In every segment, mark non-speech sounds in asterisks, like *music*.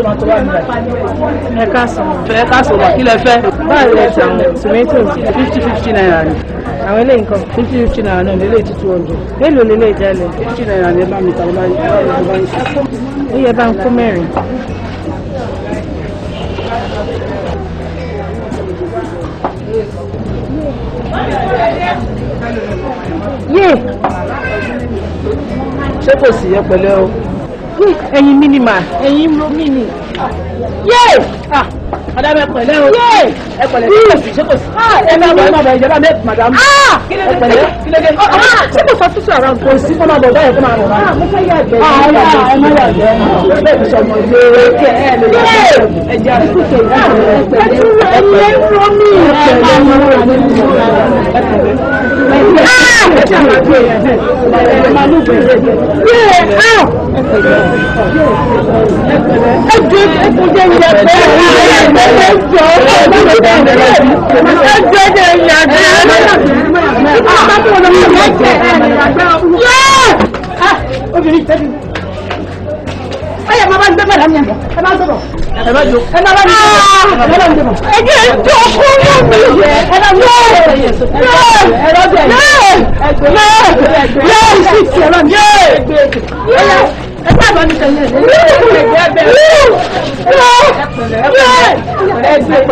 tomato wà àwọn eléyìí nǹkan fifty fifty naira náà lélẹ̀ two hundred mélòó lélẹ̀ jálẹ̀ fifty naira ni ẹ bá mi ta ọ bá yẹ ó yẹ bá ń kó mẹ́rin. ṣé kò sí yẹ pẹ̀lẹ́ o ẹ̀yin mi ni mà. ẹ̀yin ló mi ni. yéè. ah ọ̀dà mẹ́kọ̀ọ́ lẹ́wọ̀n. yéè ẹ pẹ̀lẹ́ ṣé kò sí ẹ má bọ̀ ẹ má bọ̀ ìjọba mẹ madam ẹ pẹ̀lẹ́ kílódé ṣé kò sọ sísun ara kò sí kó má bọ̀ báyìí kó má bọ̀ báyìí. mo fẹ́ yàgbẹ́ ẹ má yàgbẹ́ ẹ má yàgbẹ́ ẹ má bẹ́ẹ̀ bí sọmọ yé kí ẹ lè yàgbẹ́ ẹ jẹ́ àdúgbò tó yà ẹ pẹ̀lẹ́ ẹ pẹ̀lẹ́ ẹ pẹ̀lẹ́ ẹ jẹ́ ẹ kó jẹ́ yẹpẹ́ ẹ pẹ̀lẹ́ jọ ẹ pẹ̀lẹ́ obìnrin ẹ bá bá mi tẹ̀lé ẹ̀ lẹ́yìn ẹgbẹ́ bẹ́ẹ̀ ẹgbẹ́ pẹ̀lẹ́ ẹgbẹ́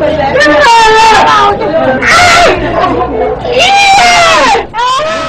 pẹ̀lẹ́ ẹgbẹ́ pẹ̀lẹ́.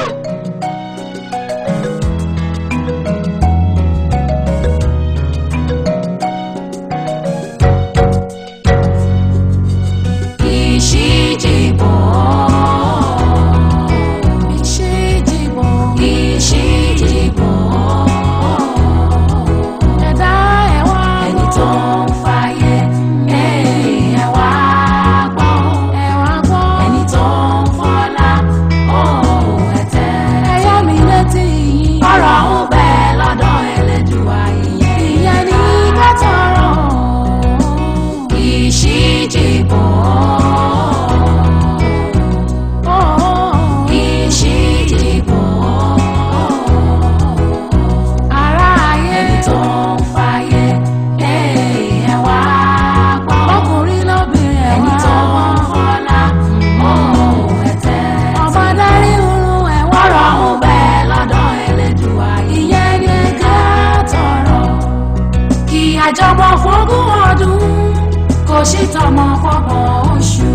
síta mọ fọmọ oṣù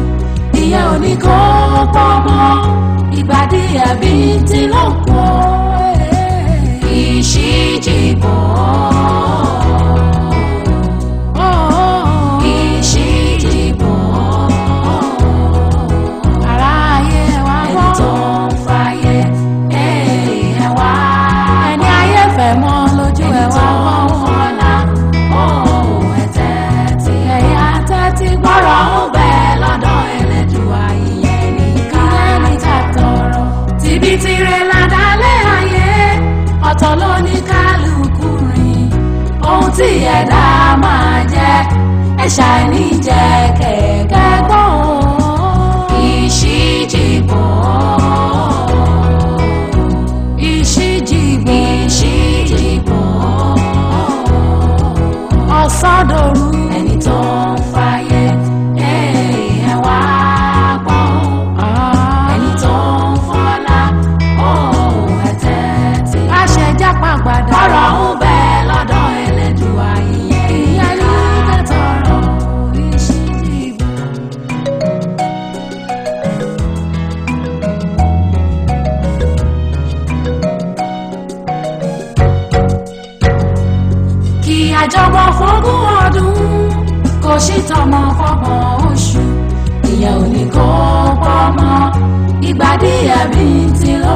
ìyẹn ò ní kó pọ̀ mọ́ ìgbàdí ẹ̀bí tí ló ṣàìní jẹ́ kẹ̀kẹ́ gbọ́n. ìṣíjì kan. síta ọmọ fọ́mọ oṣù ìyá ò ní kọ́ ọmọ ìgbà díẹ̀ ti lọ.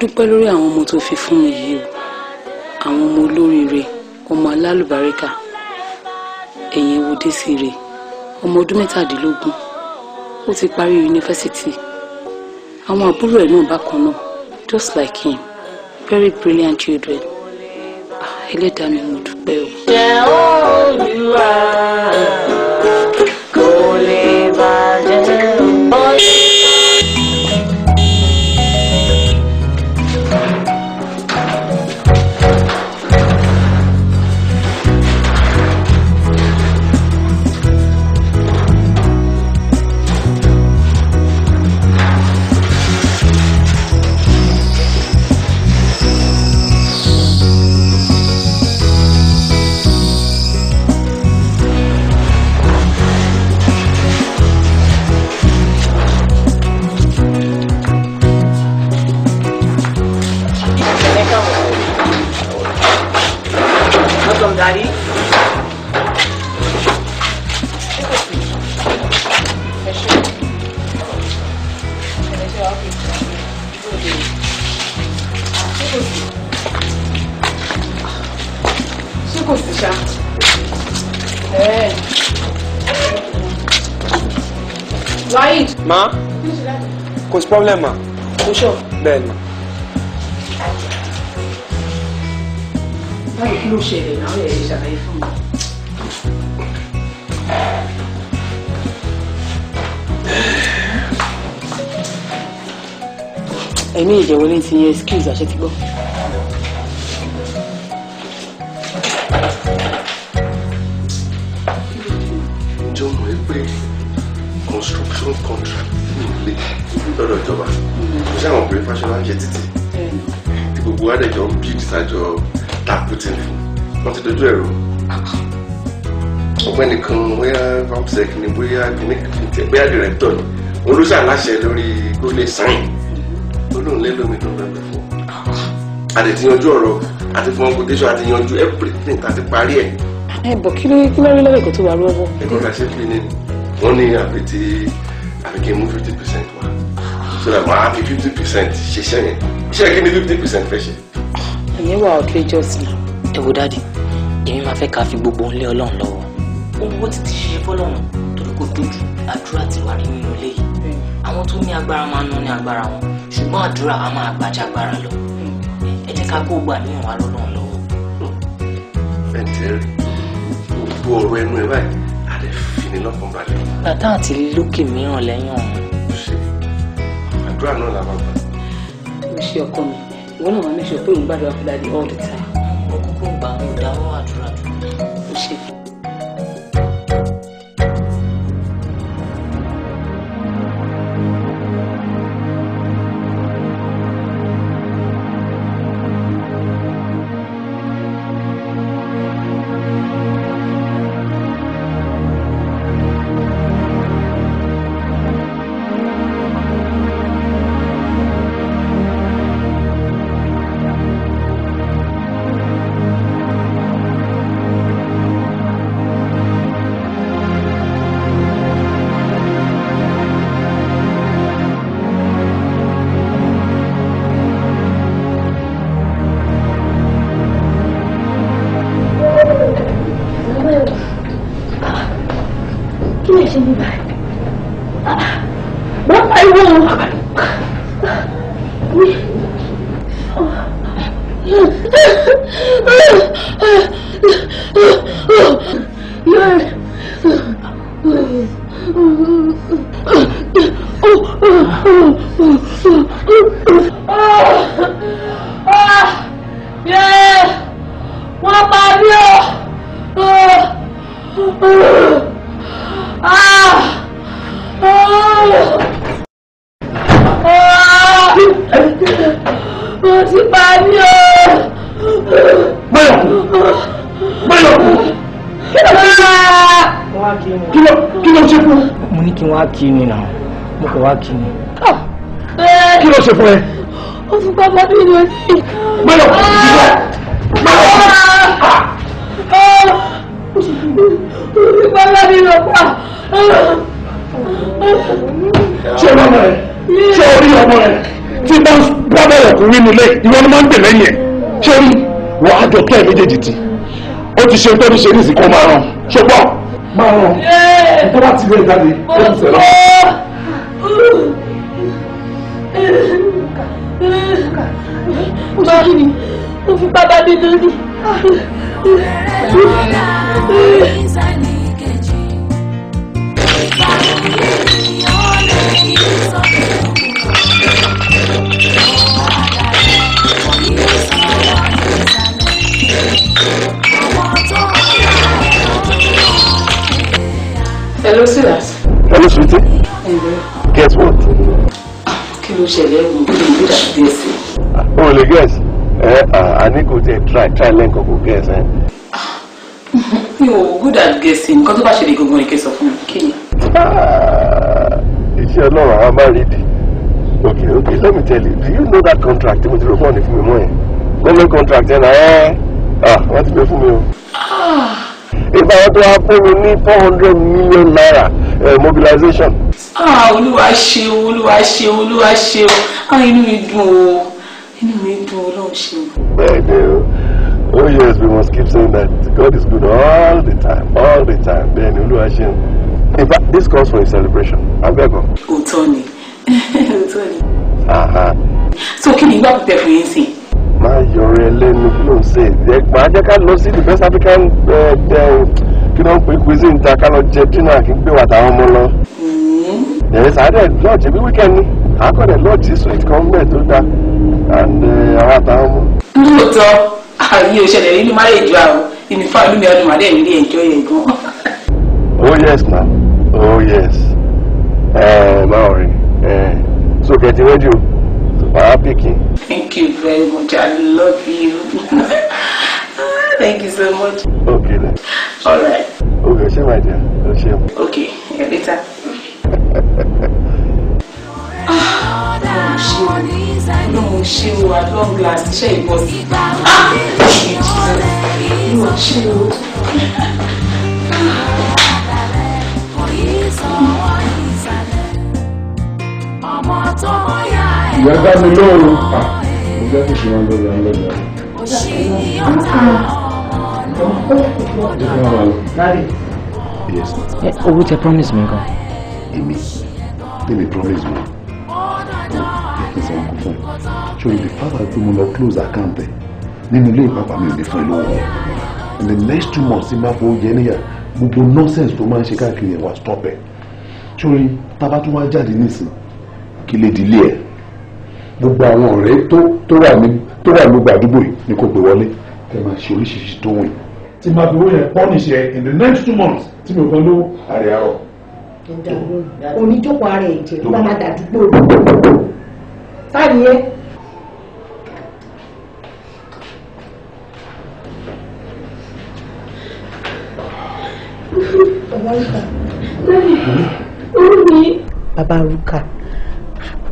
dúpẹ́ lórí àwọn ọmọ tó fi fún mi yìí o àwọn ọmọ olóríire ọmọ alálùbáríkà ẹ̀yìn ewo dé rè ọmọ ọdún mẹ́tàdínlógún ó ti parí yunifásitì àwọn àbúrò ẹ̀ náà bákan náà just like him very brilliant children ah, ẹlẹ́dàá mi mo dúpẹ́ o. ṣé ó lù wá. Ma? Cos problema? Cusho. Bẹ́ẹ̀ ni. che kí ló ṣẹlẹ̀ náà ó yẹ kí ṣàlàyé fún mi. Ẹ̀mí ìjẹ̀wọlé ti yẹ skills àṣẹ ti gbọ́. Ǹjọ́ mọ̀ ẹ́ pé. construction contract ní ìpè lọ́dọ̀ ìjọba kò sí àwọn obìnrin fáṣọ láńjẹ títì tí gbogbo wa dẹ̀jọ́ ń bí ìdìsàjọ takutin fún wọ́n ti dojú ẹ̀rọ ọgbẹ́ni kan bóyá vamsec ni bóyá kìnìkìnìtì bóyá director ni olùsà aláṣẹ lórí gólé sáyìn mm-hmm. olóhùn lé lómi tó ń bẹ̀rẹ̀ fún àti ti yanjú ọ̀rọ̀ àti fún ọgbọ̀dẹ́sọ àti yanjú everything àti parí ẹ̀. ẹ bọ̀ kí ló kí ló rí lọ́dọ̀ kó tó wà lọ́wọ́. ẹ̀kọ́ ta ṣe fi ni wọ́n ní àbí tí àbí kí n mú fifty percent wá so that màá fi fifty percent ṣiṣẹ́ yẹn ṣé kí ni fifty percent fẹ́ ṣe. ẹ̀yin wà outrageous ni. ẹ wo dáàdi èmi máa fẹ́ ká fi gbogbo ń lé ọlọ́run lọ́wọ́ owó ti ti ṣe fọlọ́run torí kò dojú àdúrà ti wà nínú ilé yìí àwọn tó ní agbára máa ń ná ní agbára wọn ṣùgbọ́n àdúrà á máa gbàjà agbára lọ ẹ jẹ́ ká kó gbà níwọ̀n wa lọ́lọ́run lọ́wọ́. ẹ jẹ́ gbogbo ọ̀rọ̀ ẹnu ẹ báyìí lè lọ́kàn balẹ̀. bàtà àti lókè mìíràn lẹ́yìn ọ̀hún. ó ṣe àdúrà náà làwọn gbà. ó ṣe ọkọ mi ìwọ náà máa ń ṣe pé òun gbàdúrà fún dáadé all the time. ó kúkú gbà ń dáwọ́ àdúrà. kí ni náà mo kò wá kí ni. Ah, eh. kí ló ṣe fún ẹ. ó ti gbá bá mi lọ sí. gbẹ́lọ̀ ìgbà gbẹ́lọ̀. ó ti gbá bá mi lọ pa. Ah. Ah. ṣé ọmọ rẹ ṣé orí ọmọ rẹ tí bá ń bá bẹ̀rẹ̀ kú nínú ilé ìwọ ni máa ń gbè lẹ́yìn ẹ̀ ṣé orí wọ́n á jọ kí ẹ̀ méjèèjì tì ó ti ṣe tó ti ṣe ní ìsìnkú máa ràn ṣùgbọ́n máa ràn ìjọba ti lè e jáde. Mami, não fui pra Babilônia. Hello, Silas. ló sùn tí. guess what. kí ló ṣẹlẹ̀ ẹ̀gbọ́n kí ló dà bí ẹsẹ̀. o lè guess ẹ eh, ah, àní kò tẹ try try lẹ́ǹkan kò guess ẹ. Eh. mi good at guessing nǹkan you bá ṣẹlẹ̀ gbogbo in case of me? kí ni. Ah, iṣẹ́ ọlọ́run àwọn máa rí okay okay let me tell you do you know that contract tí mo ti rò fún ọ̀nì fún mi mọ́ contract yẹn na eh. ah wọ́n ti gbé fún mi o. Ah. ìgbà wọn tó wá fún mi four hundred million naira Eh, mobilization. Ah, olúwa ṣeun olúwa ṣeun olúwa ṣeun àwọn ah, inú mi dùn o inú mi dùn ọlọ́run ṣeun. bẹ́ẹ̀ ni o oh yes we must keep saying that God is good all the time all the time bẹ́ẹ̀ ni olúwa ṣeun in fact this calls for a celebration abẹ́gọ̀. òótọ́ ni *laughs* òótọ́ ni. so kí ni igbá pípẹ́ fún yín sí i máa yọrọ ẹlẹ́nu kí ló ń ṣe máa jẹ́ ká lọ sí the best African uh, kí ló pé pé sí ń ta ká lọ jẹ dínà kí n gbé wà táwọn ọmọ lọ. ẹ̀rẹ́ sàádẹ́ lọ́ọ̀jì bí wíkẹ́ndì ni lọ́ọ̀jì sweet convent tó dá and eh, àwọn àtàwọn ọmọ. lóòótọ́ àyè òṣèlè nínú márèjì àwọn ìnìfà olúmi ọdún màdé ẹ̀yìn rí ẹ̀jọ́ yẹn gan. oh yes ma. oh yes ẹ máa rí ẹ so get the radio. so para pikin. thank you very much i love you. *laughs* Thank you so much. Okay then. All right. Okay, ṣé my dear? Ẹ ṣé. Okay, yeah, later. *laughs* No, she ṣe at long last iṣẹ́ ìbọn sí. Mo ṣe o. Ìyá dá mi lóorun. Mo jẹ́ kí ṣe wọn lórí àwọn lọ́jà. Eh, owó tẹ promise mi gan. èmi tèmi promise mi kí n sọ wọn fún ẹ ṣòro the father of the lọ close account Then, nínú ilé ìpapà mi ò ní fún and the next two months máa fọ oúnjẹ níyà gbogbo nonsense tó máa ń ṣe káàkiri ẹ wà stop ẹ ṣòro tábà tún wá jáde nísìn kí lè dílé ẹ gbogbo àwọn ọ̀rẹ́ tó wà ní gbogbo àdúgbò yìí ni kò gbé wọlé kẹ máa ṣe oríṣiríṣi tó wìn tí ma fi owó yẹn pọ́nìṣẹ́ in the next two months tí mi ò fẹ́ ló àrẹ àrọ. oníjókòó ara ẹ̀ jẹ́ kó máa dàdúgbò sáyé. bàbá arúkà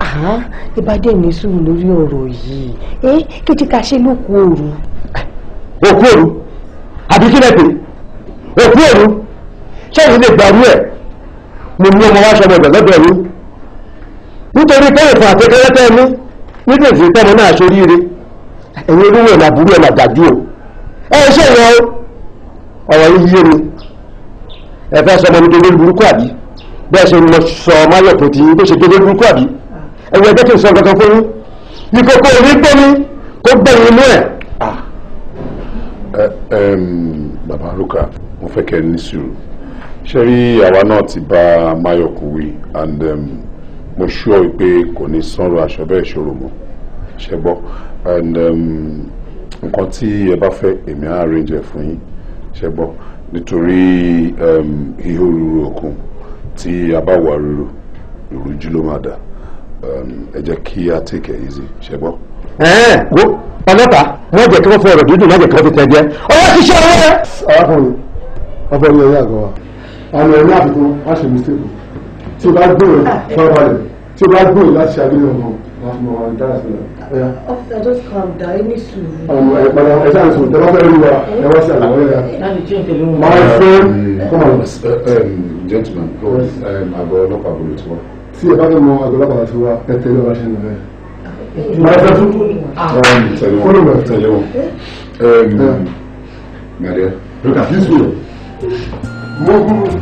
àá ìbàdí ẹ̀mí sùn lórí ọ̀rọ̀ yìí ẹ kété ká ṣe lóko òru. òkú òru àbí kílẹ̀ pé òkú èrú ṣẹ́yìn lè gbàrú ẹ̀ mo ní ọmọ wá ṣọmọ ẹ̀gbẹ̀ lọ́dọ̀ ẹ̀rú nítorí pé ìfọ̀ àtẹkẹrẹ tẹ́ mú nígbà tí tọ́mọ náà ṣe oríire ẹ̀yin olówó ẹ̀là burú ẹ̀là dàjú o ẹ ṣe ìyẹn ọ̀rọ̀ yìí yé mi ẹ fẹ́ sọmọ mi dodo burúkú àbí bẹ́ẹ̀ ṣe mọ sọ máyọ̀ kò tí bó ṣe dodo burúkú àbí ẹ̀wọ̀n ẹgbẹ́ tó sọ nǹkan kan fún yín ní kókó orí gbóni kó gbẹ̀yìn mú ẹ̀ bàbá Rúkà mo fẹ́ kẹ́ ẹ ní sùúrù ṣé rí àwa náà ti bá Máyọ̀kú wí and mo ṣúọ́ pé kò ní sanra aṣọ bẹ́ẹ̀ ṣòro mọ́ ṣe gbọ́ and nǹkan tí ẹ bá fẹ́ èmi á arrange ẹ̀ fún yín ṣe gbọ́ nítorí ihò ruru òkun tí a bá wà ruru ìrújú ló máa dà ẹ jẹ́ kí a take it easy ṣe gbọ́ wo ọlọ́pàá wọ́n jẹ́ kí wọ́n fọ ọ̀rọ̀ dídùn wọ́n jẹ́ kí wọ́n fi tẹ̀ jẹ́ ọwọ́ ti ṣe ọwọ́ rẹ. ọkùnrin ọbẹ̀ yẹn yàgò wa àwọn ẹ̀rí àbùkù wá ṣe mistake tí o bá gbòòrò ah. fọwọ́balẹ̀ tí o bá gbòòrò láti ṣe àgbélé ọmọ wọn fi mọ wọn dára sí i. officer just calm down ẹ ní sùúrù. ọmọ ẹ padà ẹ sáà sùn tẹ bá fẹ́ rí wa ẹ wá sí àgbọ̀ yẹn. my uh, friend um, come on. Um, gentleman go um, àgọ́ ọlọ́pàá bolo tiwa. tí ẹ bá mọ àgọ́ ọlọ́pàá tiwa ẹ tẹ́lẹ̀ wá ṣe nìyẹn. Follow me. Tẹ̀lé wọn. Maria, look at this way. Mo kúrò.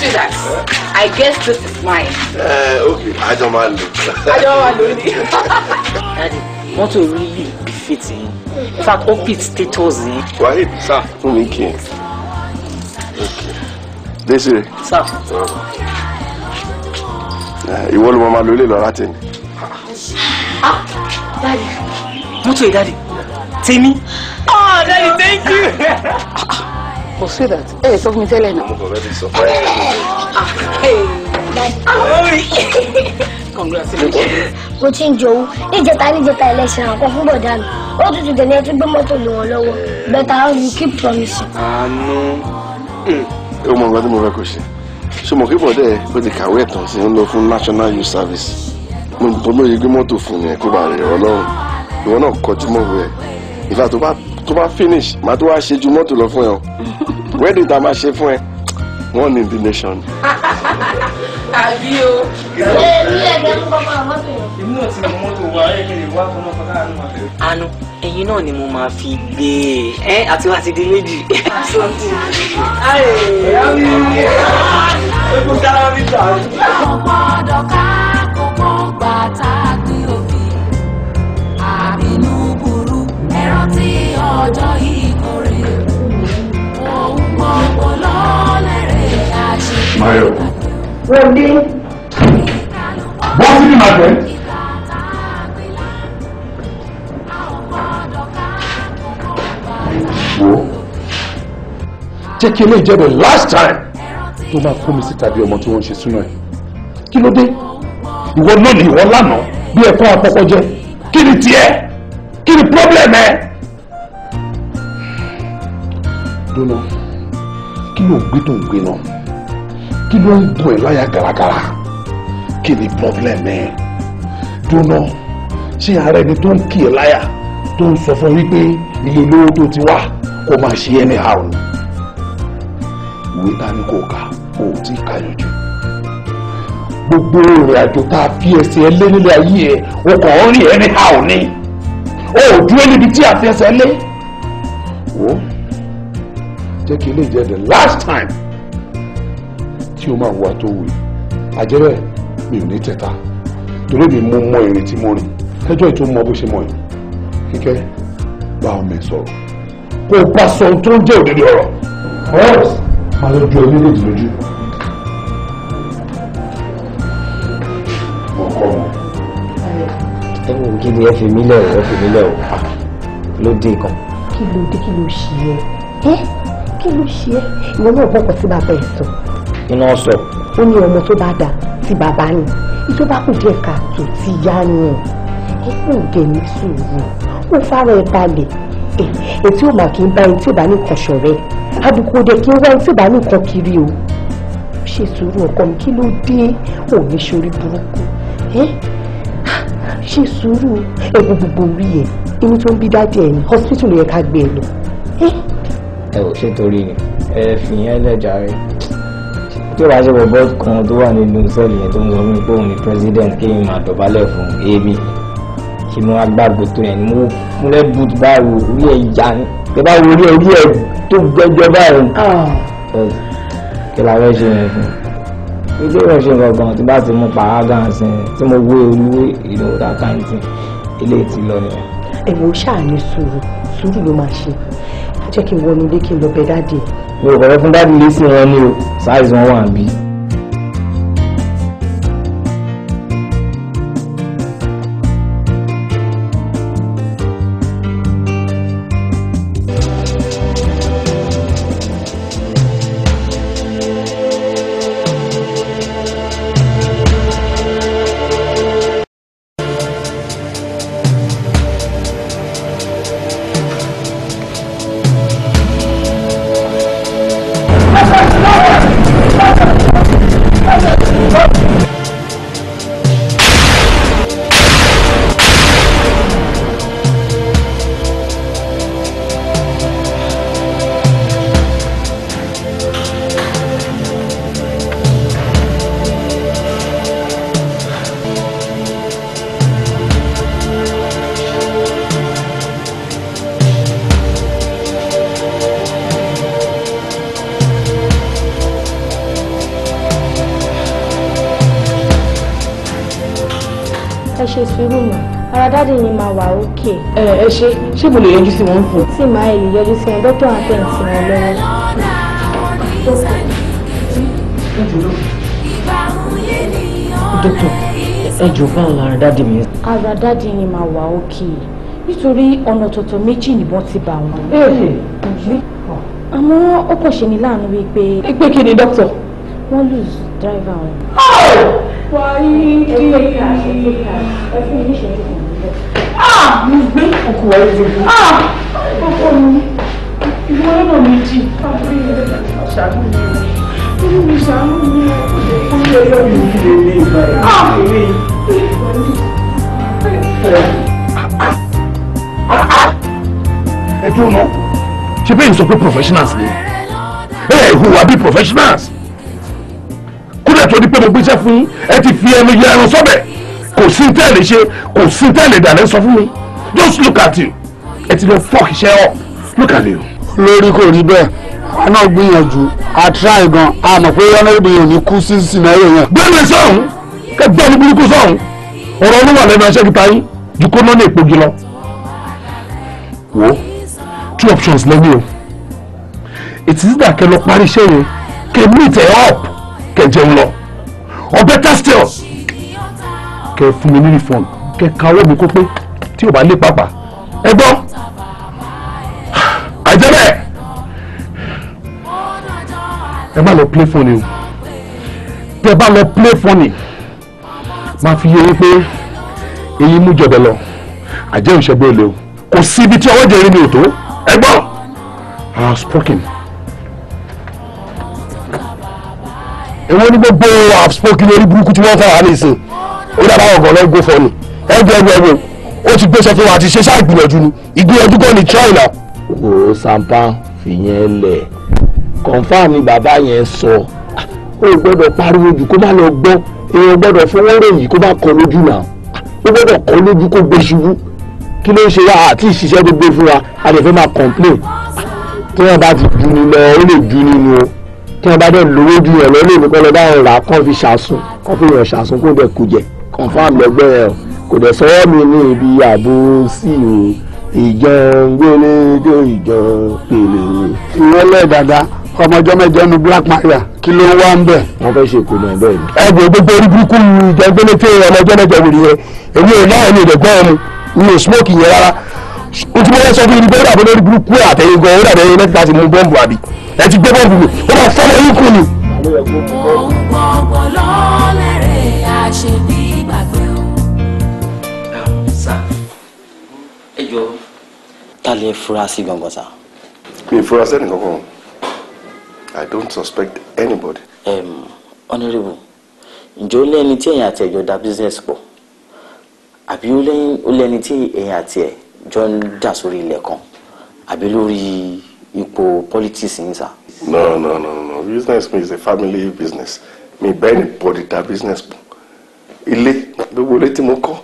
sweetheart i guess this is mine. ẹ eh, ok àjọ máa lò. àjọ máa lò Daddy, want to really be fitting? yín in fact ó fit status yín. sir fún mi kí n. desire. sir. Eh, ìwọ ló mọ máa lo ilé lọ láti ah Daddy, what's yìí Daddy? Timmy. oh ah, Daddy, thank you. Ah, ah kò see that ẹ sọ fún mi tẹ́lẹ̀ náà. mo kò rẹ́ẹ̀dì sọ fún ẹ. congratulations. mo ti ń jowú níjẹta níjẹta ẹlẹ́sìn àkọ́ fún bọ̀dá mi ó tutù tẹ̀lé ẹ tún gbé mọ́tò lé wọn lọ́wọ́ better how you to go àánú ó mọ nǹkan tí mo fẹ́ kó ṣe ṣé mo kí bọ̀dẹ́ ẹ ó ti kàwé ẹ̀tàn sí ń lọ fún national youth service mo to mo yẹ gbé mọ́tò fún yẹn to bàa rẹ̀ ọlọ́run ìwọ náà kọjú mọ́ rẹ̀ ìfà tó bá tó bá finish màá tó wá ṣe ju mọ́tò lọ fún ẹ o *laughs* wedding tá a ṣe fún ẹ one in the nation. àbí o. èmi ẹgbẹ́ ń kọ́kọ́ mọ́tò yẹn. èmi náà ti mọ mọ́tò wa ẹ̀ kí ni wá fún ọkọ̀ náà ló máa fẹ́. àánú ẹyin náà ni mo máa fi gbé e ẹ àti wá ti di méjì. ayé ẹ̀yà mi. epo sára mi jà. ọ̀pọ̀ ọ̀dọ̀ ká. ọjọ́ yìí kórè òun gbogbo lọ́lẹ́rẹ̀ àṣẹ. Mayo. Rẹ̀mí. Bọ́sí ni màá jẹ́. jẹ́ jẹ́ the last time tó máa kó mi síta bí ọmọ tí wọ́n ń ṣe sínú ẹ̀ kí ló dé ìwọ lónìí ìwọ lánàá bí ẹ̀kọ́ àkọ́kọ́ jẹ́ kí ni tiẹ̀ kí ni problem ẹ̀ dúná kí ló ń gbé tó ń gbé náà kí ló ń bọ̀ ẹ́ láyà gàràgàrà kí ni problem ẹ̀ dúná ṣé ara ẹni tó ń kì í láyà tó ń sọ fún wípé iye olówó tó ti wá kó máa ṣe ẹni àrùn ìwé tani kò kà ó ti kà yọjú gbogbo ìrìn àjò tá a fi ẹsẹ̀ lé ayé ẹ̀ o kàn ń rìn ẹni àrùn ni o ò dúró níbi tí a fi ẹsẹ̀ lé jẹ́ kí eléyìí jẹ́ the last time tí o máa wà tó wù yìí àjẹbẹ́ mi ò ní tẹ̀ta torí mi mú mọ èrè tí mo rìn ẹjọ́ ètò mọ bó ṣe mọ yìí kíkẹ́ bá ọmọ ẹ̀ sọ̀rọ̀ kó o bá sọ ohun tó ń jẹ́ òdodo ọ̀rọ̀ ọ̀rọ̀ máa lọ ju ẹ méjèèjì lójú. ẹ̀wọ̀n kí ni ẹ fi mí lẹ̀ ẹ fi mí lẹ̀ o ah, ló dé kan. kí ló dé kí ló ṣe ẹ kí ló ṣe é ìwọ náà gbọ́kàn sí bàbá ẹ̀ sọ. iná sọ. ó ní ọmọ tó bá dà tí bàbá ni ìjọ bá kù díẹ̀ káàtó ti yá yàn ẹ kò dẹ̀ ní sùúrù ó fara ẹ balẹ̀ ètí ò mà kí n bá ẹni tí ò bá ní nǹkan ṣọ̀rẹ́ àbùkù òde kí n wá ẹni tí ò bá ní nǹkan kiri o ṣe sùúrù ọkọ mi kí ló dé òní sórí burúkú ṣe sùúrù ẹ̀gbọ́n gbogbo orí ẹ̀ inú tó ń bí dáadé ẹ̀ ní hospital ló yẹ ká gbé e lọ ẹ ò ṣe torí ni ẹ fìyẹn lẹ́jà rẹ̀ tí wàá ṣe bọ̀bọ̀ kan tó wà nínú sẹ́ẹ̀lì yẹn tó ń sọ mí pé òun ni president kéyìn máa dọ̀bálẹ̀ fún èmi kí mo agbágo tó yẹn mo múlẹ̀ bùt báwo orí ẹ̀ yá ni tẹ bá wo orí ẹ̀ orí ẹ̀ tó gbẹjọ báyìí ah. kí la fẹ́ ṣe yẹn fún ojú rẹ̀ ṣe gangan tí bá ti mú paragon sí i tí mo wé olúwé ìnáwó àkáǹtì ilé ìtìlọ nìyẹn. ẹ̀wọ̀n ṣáà ní sùúrù sùúrù ló máa ṣe jẹ́ kí n wọnú ilé kí n lọ bẹ̀ dáàdì. mi ò fún dáàdì lé sí wọn ní o size wọn wà bí. ṣe ṣé mo lè yọjú sí wọn fún. tí màá èyí yọjú sí wọn dókítà àtẹ̀yìntì wọn lọ́wọ́. dókítà ẹ jù bá ọ̀la ara dáàdì mi. ara dáàdì yìí máa wà òkè nítorí ọ̀nà tọ̀tọ̀ méjì nìbọn ti bà wọ́n. àmọ́ ó kàn ṣe ni láàánú wípé. pé kí ni dókítà. wọ́n lose driver wọn. wàá yí kí. ẹ fún mi ní ìṣẹ́jú kan mo gbé ọkọ wa lójú. ọkọ ah! mi ìwọ lọ́nà méjì ṣàánú mi inú mi ṣàánú mi. ó yẹ yọ mi kí lè ní ah! ìgbà yìí. ẹ dúró náà ṣe bẹ́ẹ̀ ń sọ pé professionals ni ẹ ẹ hùwà bíi professionals kúlẹ̀ tó di pé mo gbéṣẹ́ fún yín ẹ ti fi ẹnu yẹ ẹran sọ́bẹ̀ kò sí tẹ́ẹ̀ lè ṣe kò sí tẹ́ẹ̀ lè dà lẹ́ sọ fún mi just look at you ẹ ti lọ fọ́ọ̀kì iṣẹ́ ọ̀ look at you. lórí kò rí bẹ́ẹ̀ a náà gbìyànjú a try gan a mọ̀ pé ọlọ́dún yìí ò ní kú sí sinayé yẹn. gbẹ́mí sọ̀hún kẹgbẹ́ ní burúkú sọ̀hún ọ̀rọ̀ olúwa lẹ́nu ẹṣẹ́ kíta yín ju kó náà ní èpògi lọ. wo two options lẹ́nu o it is that kẹ lọ parí iṣẹ́ yẹn kẹ meet ẹ up kẹ jẹun lọ or better still kẹ fún mi ní refund kẹ kawọ́ mi kó pé tí ò bá lè pàpà ẹ gbọ́ *sighs* àìjẹ́ ẹ má lọ play phone o tẹ bá lọ play phone máa fi yé pé èyí mú jọbẹ lọ àjẹ́ ìṣẹ́gbẹ́ olè o kò sí ibi tí ọwọ́ jẹ́ rí mi ẹ gbọ́ I have spoken. èwo ni gbogbo I have spoken lórí burúkú tí wọ́n fà wá ní ìsìn ó dábàá ọ̀gọ́ lọ́gbó fọ́ ẹ gbọ́ ẹ gbọ́ ẹ ó ti gbéṣẹ́ fún wa àti ṣe ṣáà ìgbìyànjú ni ìgbìyànjú kọ́ ni try now. o sampan fìyẹn lẹ confam ni bàbá yẹn sọ ó ah, gbọ́dọ̀ pariwo jù kó má lọ gbọ́ èèyàn gbọ́dọ̀ fọwọ́ ròyìn kó má kọ lójú náà ó ah, gbọ́dọ̀ kọ lójú kó gbé ṣubú kí ló ń ṣe wá àti ìṣiṣẹ́ gbogbo fún wa a lè fẹ́ máa complain ah, tí wọ́n bá ti ju ni lọ ó lè ju ni nu o tí wọ́n bá dẹ̀ lówó ju yàn lọ lè ní kọ́ lọ bá yàn fi ṣàsùn kán fi yàn ṣàsùn kó bẹ̀ kú jẹ confam lọ́gbẹ́ yẹn o kò dẹ̀ sọ́wọ́ mi ní ibi ààbò sí o ìjàn gbélédé ìjàn pèlè. ìrọ̀lẹ́ dada ọmọ ọjọ́ mẹ́jọ nu Black Maria kí ló ń wá ń bẹ̀. wọ́n fẹ́ ṣe ìkùnà bẹ́ẹ̀ ni. ẹ bò gbogbo orí burúkú ìjọ gbélé tí ọmọ ọjọ́ mẹ́jọ wò nìyẹn èmi ò láwọn èmi ò dẹ̀gbọ́n ọmọ mi ò smoke yẹn rárá o ti mọ ẹ sọ fún mi pé ó dàbọ̀ lórí gan ó dàbẹ̀ yẹn ti mú bọ́ǹbù àbí ẹ ti gbé bọ́ǹbù mi ó máa fọ́ ọmọ yín ni. ta lè fura sa. mi ì fura sẹ́ni i don't suspect anybody. Um, honourable ǹjẹ́ ó lẹ́ni tí ẹ̀yin àti ẹ̀jọ̀ da business pọ̀ àbí ó lẹ́ni tí ẹ̀yin àti ẹ̀ jọ ń jà sórí ilẹ̀ kan àbí lórí ipò politics yín sa. no no no no business mi is a family business mi bẹ́ẹ̀ ni body da business pọ̀ ilé gbogbo ilé tí mo kọ́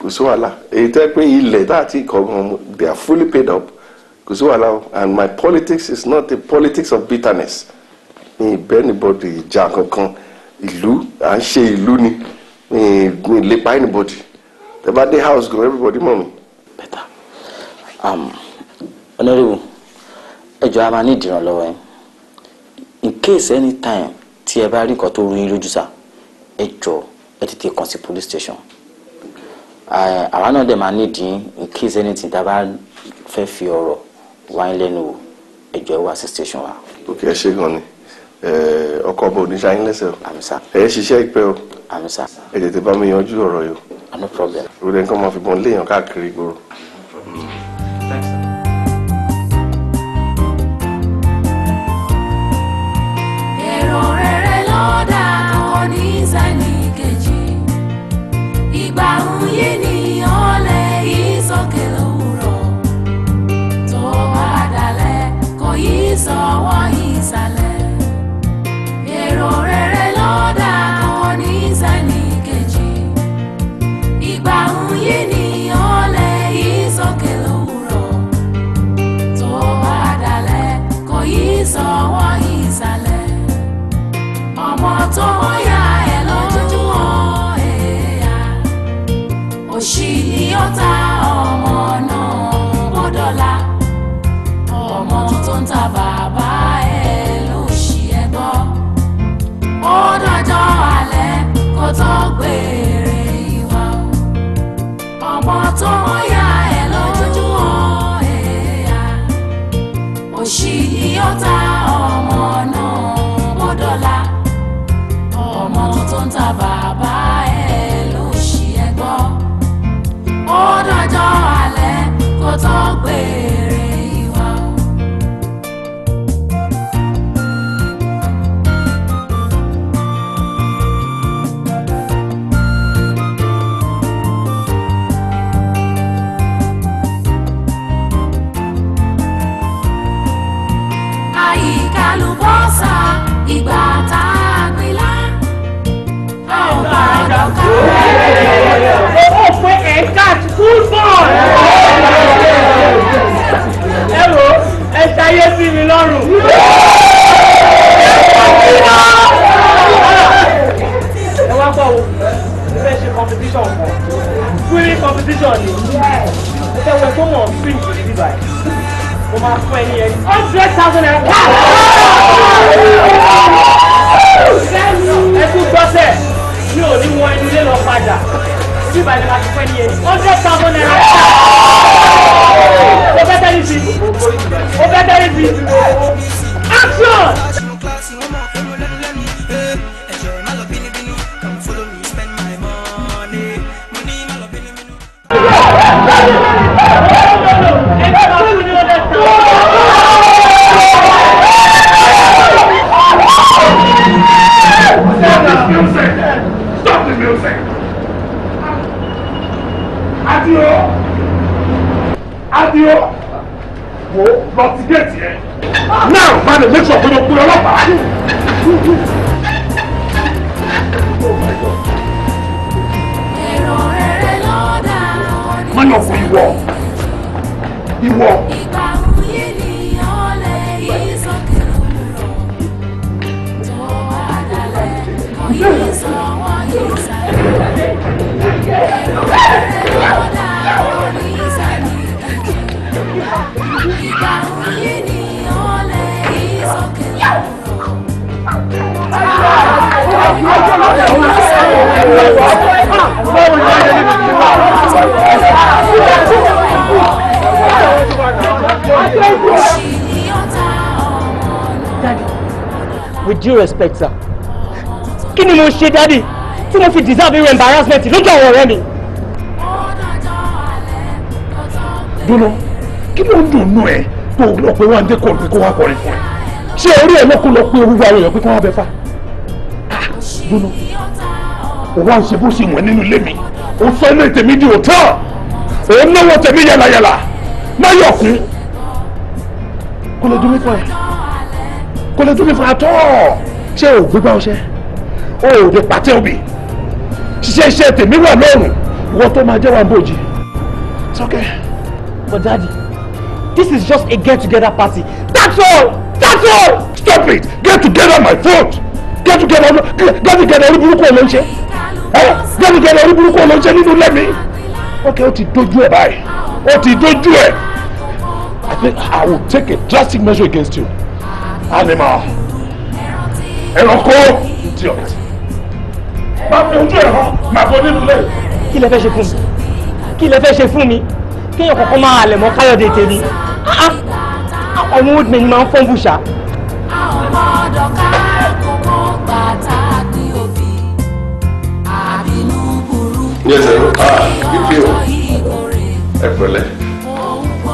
kò sí wàhálà èyí tẹ́ pé ilẹ̀ tá a ti kọ̀ they are fully paid up kò sí wàhálà and my politics is not the politics of bitterness ní ìbẹ́nibọ́dì ìjà kankan ìlú à ń ṣe ìlú ni ní ìlépa anybody The bá dé house go everybody mọ̀ mi. better um, honourable ẹ jọ̀ọ́ a máa ní ìdìrànlọ́wọ́ yẹn in case anytime tí ẹ bá rí nǹkan tó rú yín lójú sá ẹ jọ̀ọ́ ẹ tètè kàn sí police station Eh, àwa náà dẹ̀ máa nídìí in case anything tá a bá fẹ́ fi ọ̀rọ̀ wáyé lẹ́nu wò ẹjọ́ wà sí station wa. òkè ẹ ṣe gan ni eh, ọkọ ọba oníṣà yín lẹ́sẹ̀ o ẹ ṣiṣẹ́ ìpẹ́ o ẹ tètè bá mi yanjú ọ̀rọ̀ yìí o. Ah, no problem. ìròyìn kan máa fi bọ́n léèyàn káàkiri ìgboro. thanks. deserve irú embarrassment lójú àwọn ọ̀rẹ́ mi. dúró kí ló ń dùn ẹ tó lọ pé wọn dé kò ní kó wá kọrin fún ẹ ṣé orí ẹ lọkùn lọ pé orúkọ àwọn èèyàn pé kí wọn bẹ fa ah, dúró òun àwọn bó ṣe wọn nínú ilé mi òun sọ ilé tèmi di òótọ́ òun náwó tèmi yàlàyàlà má kún kò lè dún mí fún ẹ kò lè dún mí fún atọ́ ṣé o gbégbá ọṣẹ o ò lè pàtẹ́ òbí ṣiṣẹ́ iṣẹ́ tèmi wà lọ́rùn wọ́n tó máa jẹ́ wa bòjì. it's okay. but daddy this is just a get together party that's all that's all. stop it get together my fault. get together get together orí burúkú ò ló ń ṣe get together orí burúkú ò ló ń ṣe nínú lẹ́mí. okay ó ti dojú ẹ̀ báyìí ó ti dojú ẹ̀ i think i will take a drastic measure against you animal ẹranko idiot máa fi ojú ẹ̀ hàn máa bọ nínú lẹ̀. kí lẹ fẹ́ ṣe fún mi kí lẹ fẹ́ ṣe fún mi kéèyàn kọ̀ọ̀kan máa halẹ̀ mọ́ káyọ̀dé tèmi ah, ah. ọmọ old man máa ń fọ́n bùṣà. ní òbí àbínú burúkú ní ọ̀rọ̀ ẹ pẹ̀lẹ́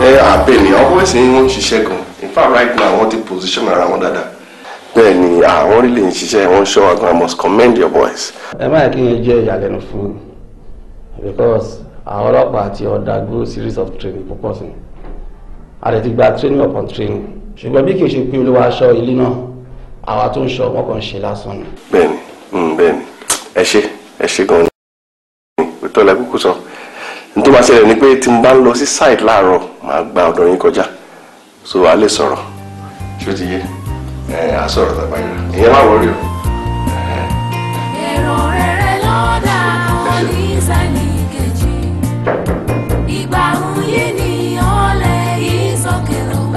ẹ àbẹnìyàn ọmọ ìsìn ń ṣiṣẹ́ gan in fact right now wọn ti position ara wọn dáadáa bẹ́ẹ̀ ni àwọn orílẹ̀ ń ṣiṣẹ́ wọn ṣọ́ àgbọn I must commend your boys. ẹ má kí n jẹ́ ìyàlẹ́nu fún because àwọn ọlọ́pàá àti undergo series of training púpọ̀ sí a lè ti gba training upon training ṣùgbọ́n bí kì í ṣe pé olówó aṣọ ilé náà àwa tó ń ṣọ wọn kàn ṣe lásán ni. bẹ́ẹ̀ni mm, bẹ́ẹ̀ni ẹ ṣe ẹ ṣe gan ni òtọ́ ilẹ̀ kúkú sọ n tó máa ṣẹlẹ̀ ni pé tí n bá ń lọ sí site láàárọ̀ màá gba ọ̀dọ̀ yín kọjá so a lè sọ̀rọ̀ ṣé ó ti yé ẹ eh, a sọ̀rọ̀ tàbá yẹn ìyẹn má wọrí o. èrò rere lọ́dà ọ̀lì ìsàlì kejì ìgbà òun yìí ni ọ̀lẹ̀ ìsọ̀kè lọ́wọ́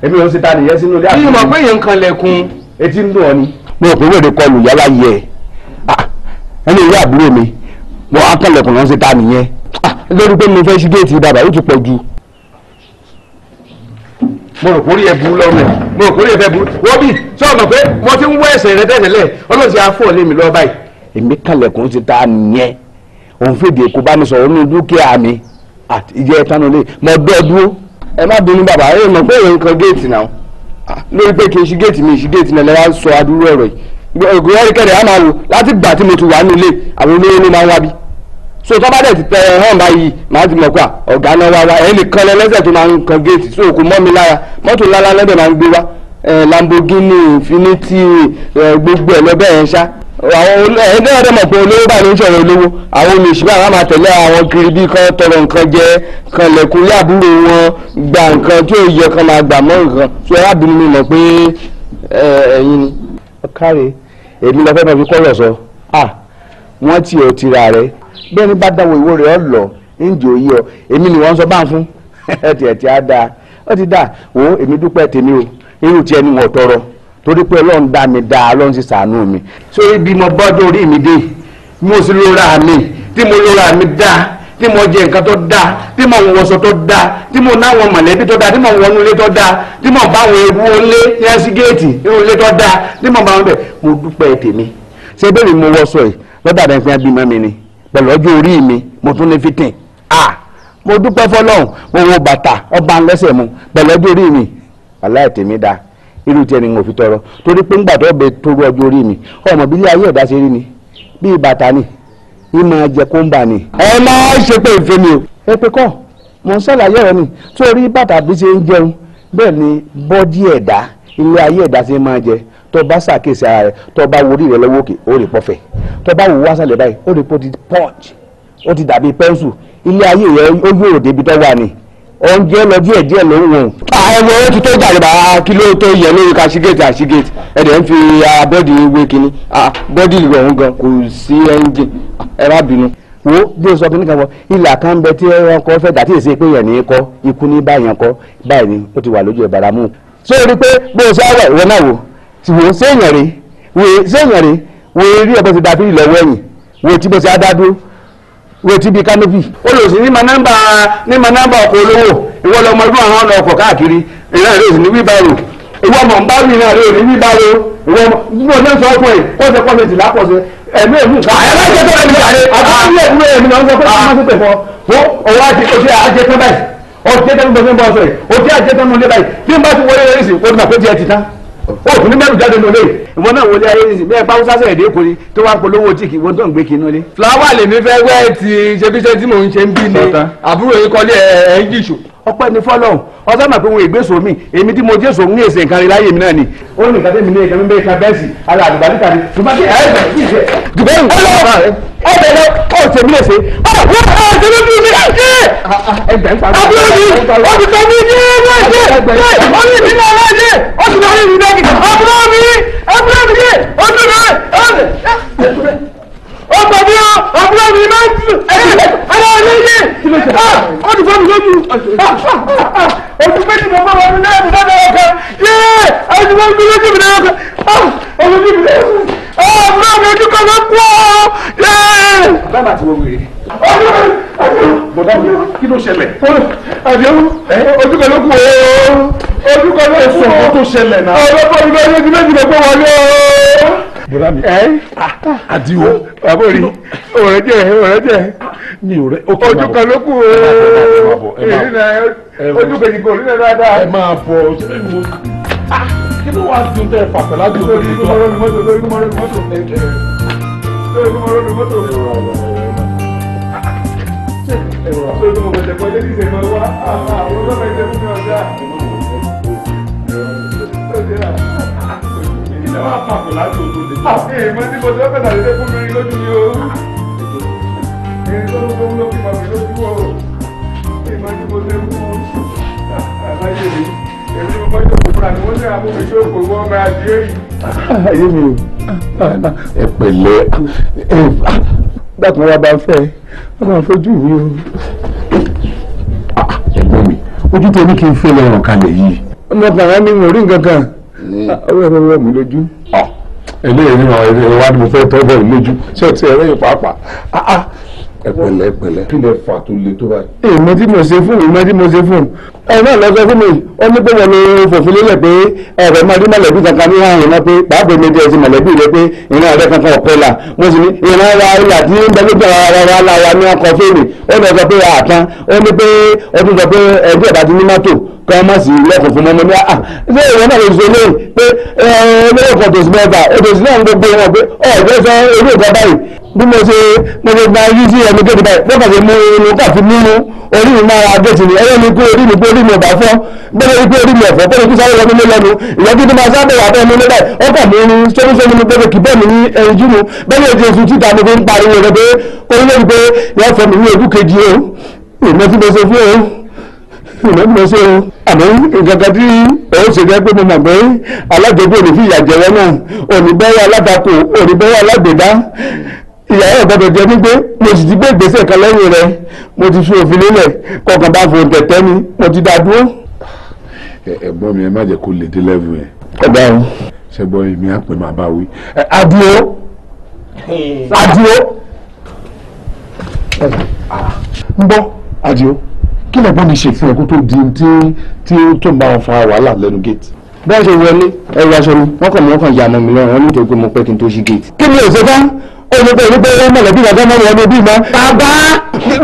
èmi ò ṣe ta nìyẹn sínú ilé àti. mi ò mọ̀ pé yẹn ń kan lẹ́kùn. etí ń dùn ọ ni. mo kò wéde kọlù yàrá yẹ ẹni ìyá àbúrò mi mo á kàn lẹ́kùn lọ́n ṣe ta nìyẹn lórí pé mo fẹ́ ṣí géètì bàbá yóò ti pọ̀ ju. mo rò kórìí ẹbu lọ́rùn ẹ̀ mo rò kórìí ẹbẹ̀ bu wọ́n bí sọ ọ̀nà pé mo ti ń wọ ẹ̀sẹ̀ rẹ tẹ̀sẹ̀lẹ̀ ọlọ́run afọ́ lé mi lọ báyìí. èmi kàn lẹ́kùn ta nìyẹn òun fèdè kó bá mi sọ̀rọ̀ nínú dúkìá mi àti ìjẹ́ tánulẹ̀ mo dọ́ dúró ẹ má bínú bàbá ẹ mọ̀ pé èrè nǹkan géètì náà lórí pé kì í ṣe géètì mi ṣe géètì náà lẹ́wọ́ á sọ adúrú ọ̀rọ̀ yìí ògùn ẹ̀rí kẹ̀rẹ̀ á máa wò láti gbà tí mo ti wà nílé àwọn olówó ló máa ń wá bí so tó bá dẹ̀ ti tẹ ẹ̀hán báyìí màá ti mọ̀ pé ọ̀gá náà wá wá ẹ̀ nìkan lọ lẹ́sẹ̀ tó máa ń kan géètì so kò mọ́ mi lára mọ́tò ńlá ńlá lẹ́dọ̀ máa ń gbé wá Lamborghini Infinity gbogbo ẹ̀ lọ bẹ́ẹ̀ yẹn ṣá àwọn ẹ̀yin náà dẹ̀ mọ̀ pé olówó báyìí ló ń sọ̀rọ̀ olówó àwọn olùsíbà wọn máa tẹ̀lé àwọn kiri bí kan tọrọ nǹkan jẹ kan lẹ̀kùn ilé àbúrò wọn gba nǹkan tí ò yẹ kan máa gbà mọ́ nǹkan tí arábìnrin mi mọ̀ pé ẹ̀yin ni. káre èmi lọ fẹ́ máa fi kọ́rọ̀ sọ wọ́n ti ọ̀ tira rẹ bẹ́ẹ̀ ni bá dáwọ́ ìwọ rẹ̀ ọ̀ lọ ǹjẹ́ òye ọ èmi ni wọ́n sọ bá ń fún *laughs* torí pé ọlọ́run dá mi dá ọlọ́run sì sàánú mi sórí bí mo bọ́dọ̀ orí mi dé mo sì lóra mi tí mo lóra mi dá tí mo jẹ nǹkan tó dá tí mo wọ ọṣọ tó dá tí mo náwọn mọ̀lẹ́bí tó dá tí mo wọnú ilé tó dá tí mo bá wọn ewu ilé ní ẹsígéètì nínú ilé tó dá tí mo bá wọn bẹ̀ mo dúpẹ́ tèmi ṣé bẹ́ẹ̀ ni mo wọṣọ yìí lọ́dà bẹ́ẹ̀ fi hàn bímọ mi ni pẹ̀lú ọjọ́ orí mi mo tún ní fitin ah mo dúpẹ́ fọlọ́run mo wo bàtà ọba ńlẹ́sẹ̀ mu pẹ̀lú ọjọ́ orí mi aláìtèmi dáa irú tiẹ̀ ni mo fi tọrọ torí pé ńgbà tó bẹ torú ọjọ́ orí mi ọmọ ilé ayé ẹ̀dá ṣe rí ni bí bàtà ni ní máa jẹ kó ń bà ní. ẹ máa ṣe o. ẹ pé kọ́ ni torí bàtà bí ṣe ń jẹun bẹ́ẹ̀ ni bọ́dí ẹ̀dá ilé ayé ẹ̀dá ṣe máa jẹ tó bá ṣàkíyèsí ara rẹ tó bá wo orí rẹ lọ́wọ́ òkè ó tó bá ti dàbí pẹ́ńsù ilé ayé ó yóò débi tó wà oúnjẹ lọ díẹ̀ díẹ̀ ló ń wọ̀n. ẹwọ ó ti tó jàre bàá kí ló tó yẹ lórí ka ṣígẹ́tì àṣígẹ́tì ẹ̀dẹ̀ ń fi ah, bọ́ọ̀dì wé kínní ah, bọ́ọ̀dì ìwẹ̀ òun gan kò sí ẹ́ńjìn ah, ẹ má bínú. wo bí o sọ kí nìkan wọ ilà kan bẹ tí wọn kọ fẹ dàtí èsì pé yẹn ní kọ ikú ní báyẹn kọ báyìí ni ó ti wà lójú ẹ̀ bàràmù. ṣé o rí pé bó o sọ ọwọ́ ìwọ náà wò wò séèyàn séèyàn rè wò eré ẹ̀ bó wò tí bó ti retí bíi kánópì ó lò sí níma nọ́mbà níma nọ́mbà ọkọ̀ olówó ìwọ lọmọ ọdún àwọn ọ̀nà ọkọ̀ káàkiri ìran rẹ̀ sì ní wíbàrò ìwọ mọ̀ ń bá mi ìran rẹ̀ ò ní wíbàrò ìwọ mọ̀ ní sọ fún ẹ kọ́sẹ̀ kọ́sẹ̀ sì lápọ̀sẹ̀ ẹ̀mí ẹ̀mí nǹkan. àyàlá jẹ́ tó ẹ̀mí rẹ̀ àti ah. ilé ìwé ẹ̀mí náà ń sọ pé kí wọ́n ti pè fọ́ fún ọwọ́ àti oṣù ó fún mi bẹ́ẹ̀ jáde nulẹ̀ ìwọ náà wọlé ayé nísìnyí bẹ́ẹ̀ báwo sásẹ̀ èdè kò tó wá polówó tí kì wọ́n tó ń gbé kì í nulẹ̀. fúláwà lèmi fẹ́ wẹ́ẹ̀ ti ṣebíṣẹ́ tí mò ń ṣe ń bí ni àbúrò yìí kọ́lé ẹ̀ ẹ̀ ń jìṣù ọpẹ́ ní fọlọ́hún ọ̀sán máa pé wọn ègbèsò mi èmi tí mo jésù ń èsè nǹkan rí láyé mi náà ni. ó ní nǹkan tẹ́mi ní ẹ̀ka mímú ẹ̀ka bẹ́ẹ̀sì ara àdùbálíkà ni ṣùgbọ́n kí ẹ̀ bẹ̀ kí ìṣe. dùbẹ́ ìwọ ẹ bẹ̀ lọ ọ ṣe mí lèṣe ọ̀rọ̀ wọ́n ọ̀ ṣe mí bí mi láti. àbúrò mi ó ti sọ mí ní ẹgbẹ́ ṣe ó ní ìdílé aláìṣe ó ti sọ mí ní ẹgbẹ́ àbúrò mi àbúrò mi ó ti rẹ̀ ọkọ̀ bí ọ àbúrò mi máa ń tù ẹ̀rọ oníyẹ ọdúnfọ́ mi lójú ojú pé tí mo bá wọn náà mo bá bá wọn kan yéé ọdúnfọ́ mi lójú ah, mi náà kan ọdún mi náà ah, ah, ọmọ mi ojú kan ló kú ọ yéé. bàbá àti wọ́n wèrè. bọ̀dá mi kí ló ṣẹlẹ̀. àdéhùn ojú kan ló kú ọ ojú kan ló kú ọ. èso tó ṣẹlẹ̀ náà. ọ̀rọ̀ bọ̀ mi lójú méjì ló gbé wọlé ọ bọ́dà mi ah, àdìwọ́ bàbá òrì òrẹ́ jẹ́ òrẹ́ jẹ́ mi ò rẹ́ ojú kan ló kù ojú kejì kò rí náà dáadáa. ẹ máa bọ ojú ah, mi wo kí ló wàá dùn tẹ fàfẹ́ láti òkè tó. lórí mọ́tò lórí mọ́tò lórí mọ́tò lórí mọ́tò lórí mọ́tò lórí mọ́tò Yeah ṣe máa pàpọ̀ láti òdo lè tà. èèmọ ní mo ti ọ́ bẹ̀rẹ̀ lé fún mi lójú ni o. èyí tó ló fún lókè màmí lójú o. èèmọ ní mo ti mú àlàyé mi. èmi mo mọ́ ìjọba fúnra mi wọ́n ní àwọn òbí yóò kó wọ́n máa di ayé mi o ẹ pẹ̀lẹ́ ẹ gbàtàn bá fẹ́ wọ́n máa fojú mi o. Ah, ẹ̀gbọ́n mi ojú tèmi kì í fẹ́ lọ́rùn kalẹ̀ yìí. ọmọ bàbá mi ò rí nǹkan kan ọwọ́ ẹ̀rọ rẹ̀ mí lójú eléyìí nínú ẹ̀rọ ẹ̀rọ wa ni mo fẹ́ tọ́ bọ̀ lójú ṣé o ti ẹ̀rọ yìí pàápàá ẹ̀pẹ̀lẹ́ ẹ̀pẹ̀lẹ́ kí lè fà tó le tó báyìí. èmi tí mo ṣe fún èmi tí mo ṣe fún ẹ náà lọ sọ fún mi ó ní pé wọn ló fòfin lélẹ̀ pé ẹ̀rọ máa rí mọ̀lẹ́bí kankan ní àwọn ìran pé pàápàá mi di ẹ̀sìn mọ̀lẹ́bí rẹ pé ìran ọ̀rẹ́ kankan ọ̀pẹ là mo sì ní ìran wa ilà tí ń bẹ lójú ara wa lára ní ọkọ̀ fèrè ó lọ sọ pé àtàn ó ní pé ó tún sọ pé ẹgbẹ́ ìbàdí ní mọ́tò kan má sì lẹ́kọ̀ọ́ fún mọ́mọ́ ní ah, à ṣé ìwọ náà lè ṣe lóyún pé olówó kan tòsí mẹ́ta òtòsí náà ń gbogbo wọn pé ọ̀ọ́dẹ́ sọ orí ìta báyìí bí mo ṣe mo ṣe gba yí sí ẹni gẹ́gẹ́ báyìí lọ́kàn ṣe mú irun káfí mímú orí mi máa gẹ̀ẹ́sì ni ẹ̀rọ mi kú orí mi kú orí mi ọ̀bà fọ́ bẹ́ẹ̀ ni kú orí mi ọ̀fọ́ bẹ́ẹ̀ ni kú sáré lọ́nu lọ́nu ìyẹn kí ni máa sábẹ̀ wà bẹ́ẹ̀ mi ní báyìí ọkọ̀ mi ní sọ́mísọ́mí ni bẹ́ẹ̀ kì bẹ́ẹ̀ mi ní ẹyin jú mu bẹ́ẹ̀ ni èso títa mi fi ń pariwo rẹ̀ pé orílẹ̀-èdè yẹn fọ́ mi ní ojú kejì o èmi ti bẹ́ẹ̀ ṣe fún o ìmọ̀ ń gbèsè o àmọ́ nǹkan tí òun ṣe jẹ́ pé mo mọ̀ pé alájọbí ò ní fi ìyà jẹrẹ náà ò ní bẹ́rẹ̀ alábàákò ò ní bẹ́rẹ̀ alágbèdá ìyàwó ọ̀gbọ́dọ̀ jẹ́ wípé mo sì ti gbé ìgbésẹ̀ kan lẹ́yìn rẹ mo ti fi òfin lélẹ̀ kọkàn bá fòun tẹ̀tẹ́ ni mo ti dá dúró. ẹ̀gbọ́n mi ẹ má jẹ́ kó lè dé lẹ́vù ẹ̀. ọ̀gá o. ṣẹ́gbọ́n mi á pè máa bá adúró adúró. Hmm. Ah, ń bọ́ adúró kí lẹ́gbọ́n mi ṣe fún ẹ kó tó di tí tí tó ń bá wọn fa wàhálà lẹ́nu gate. bẹ́ẹ̀ ṣe wọlé ẹrù aṣọ mi wọ́n kàn mí wọ́n kàn ya ọmọ mi lọ́rùn wọn nítorí pé mo pẹ́ kí n tó ṣí gate. kí ni èso fún olùgbé olùgbé owó mọ̀lẹ́bí bàbá mọ̀ wọn bí mọ́. bàbá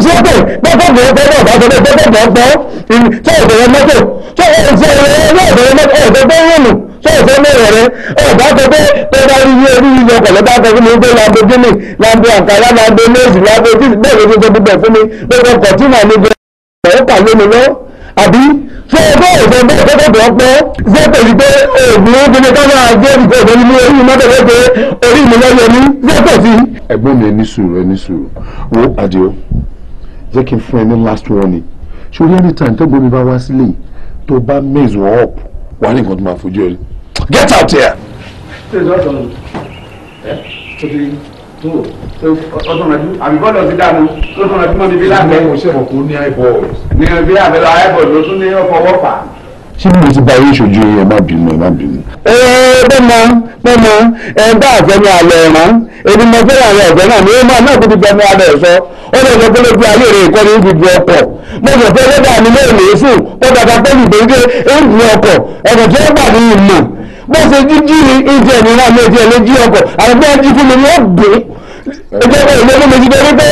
sọ́dọ̀ bàbá mi bẹ́ẹ̀ bá bàbá mi bẹ́ẹ̀ bá gbọ́ sọ̀rọ̀ mọ́tò sọ̀rọ̀ sọ̀rọ̀ mẹ́rẹ̀ rẹ ọ̀gá tó pé tó bá rí yé orí yíyọ pẹ̀lú bá fẹ́ fún mi pé lambo guinea lambo ankara lambo maize lambo bẹ́ẹ̀ ló ti sọ gbogbo ẹ̀ fún mi gbogbo ọ̀rọ̀ kà lómi lọ àbí ṣé ọgbọ́n ọ̀gbọ́n bẹ́ẹ̀ tọ́tọ̀ tó ọpẹ́ ṣé pẹ̀lú pé oògùn obìnrin ká máa gbé ìfẹ́ ọ̀gbọ́n nínú orí mọ́tẹ́lẹ́ pé orí mi lọ yẹ ní ṣé pẹ̀ sí. ẹ̀gbọ́n mi ní sùúrù ní sùúrù wo àdìo jẹ́ kí n fún ẹ ní last warning ṣùgbọ́n any time tẹ́gbọ́n mi bá wá sílé tó bá maize wọ́n up wà ní nǹkan tó máa fojú ẹ get out here. ṣé ìjọba ọ̀dọ́ ni ẹ́ ọtún rẹ bí àbí bọ́ọ̀lù ọtí dànù tó tún rẹ bí mọ́ni bí láàbẹ̀. ìṣòro ṣe mọ̀ kó ní àìbọ̀ọ̀lù. ní bí àbẹ̀lọ àìbọ̀ọ̀lù ló tún ní ọfọwọ́ fà. ṣé mi ti bá yín ṣojú ẹ má bínú ẹ má bínú. ẹ bẹ́ẹ̀ mọ bẹ́ẹ̀ mọ ẹ bá àfẹ́ ní alẹ́ ẹ̀rán èmi mọ fẹ́ràn àwọn ọ̀gbẹ́ náà ni ó máa náà kúti gbẹmí alẹ́ ẹ̀sọ́ ó lè sọ pé ló fi ayé rẹ̀ kọ́ ní gbogbo ọkọ̀ mo sọ pé lọ́dà mi lè lè fún ọ̀dà kan pé ìgbéǹde èèmù ọkọ̀ ọ̀dà tí ó gbà ní ìmọ̀ bó ṣe jíjí ní ìjẹ́ ìnira ní ìjẹ́ ìlẹ́jí ọkọ̀ àwọn bẹ́ẹ̀ jí fún mi ni ó gbé ìjọba ìlú mi ti dé wípé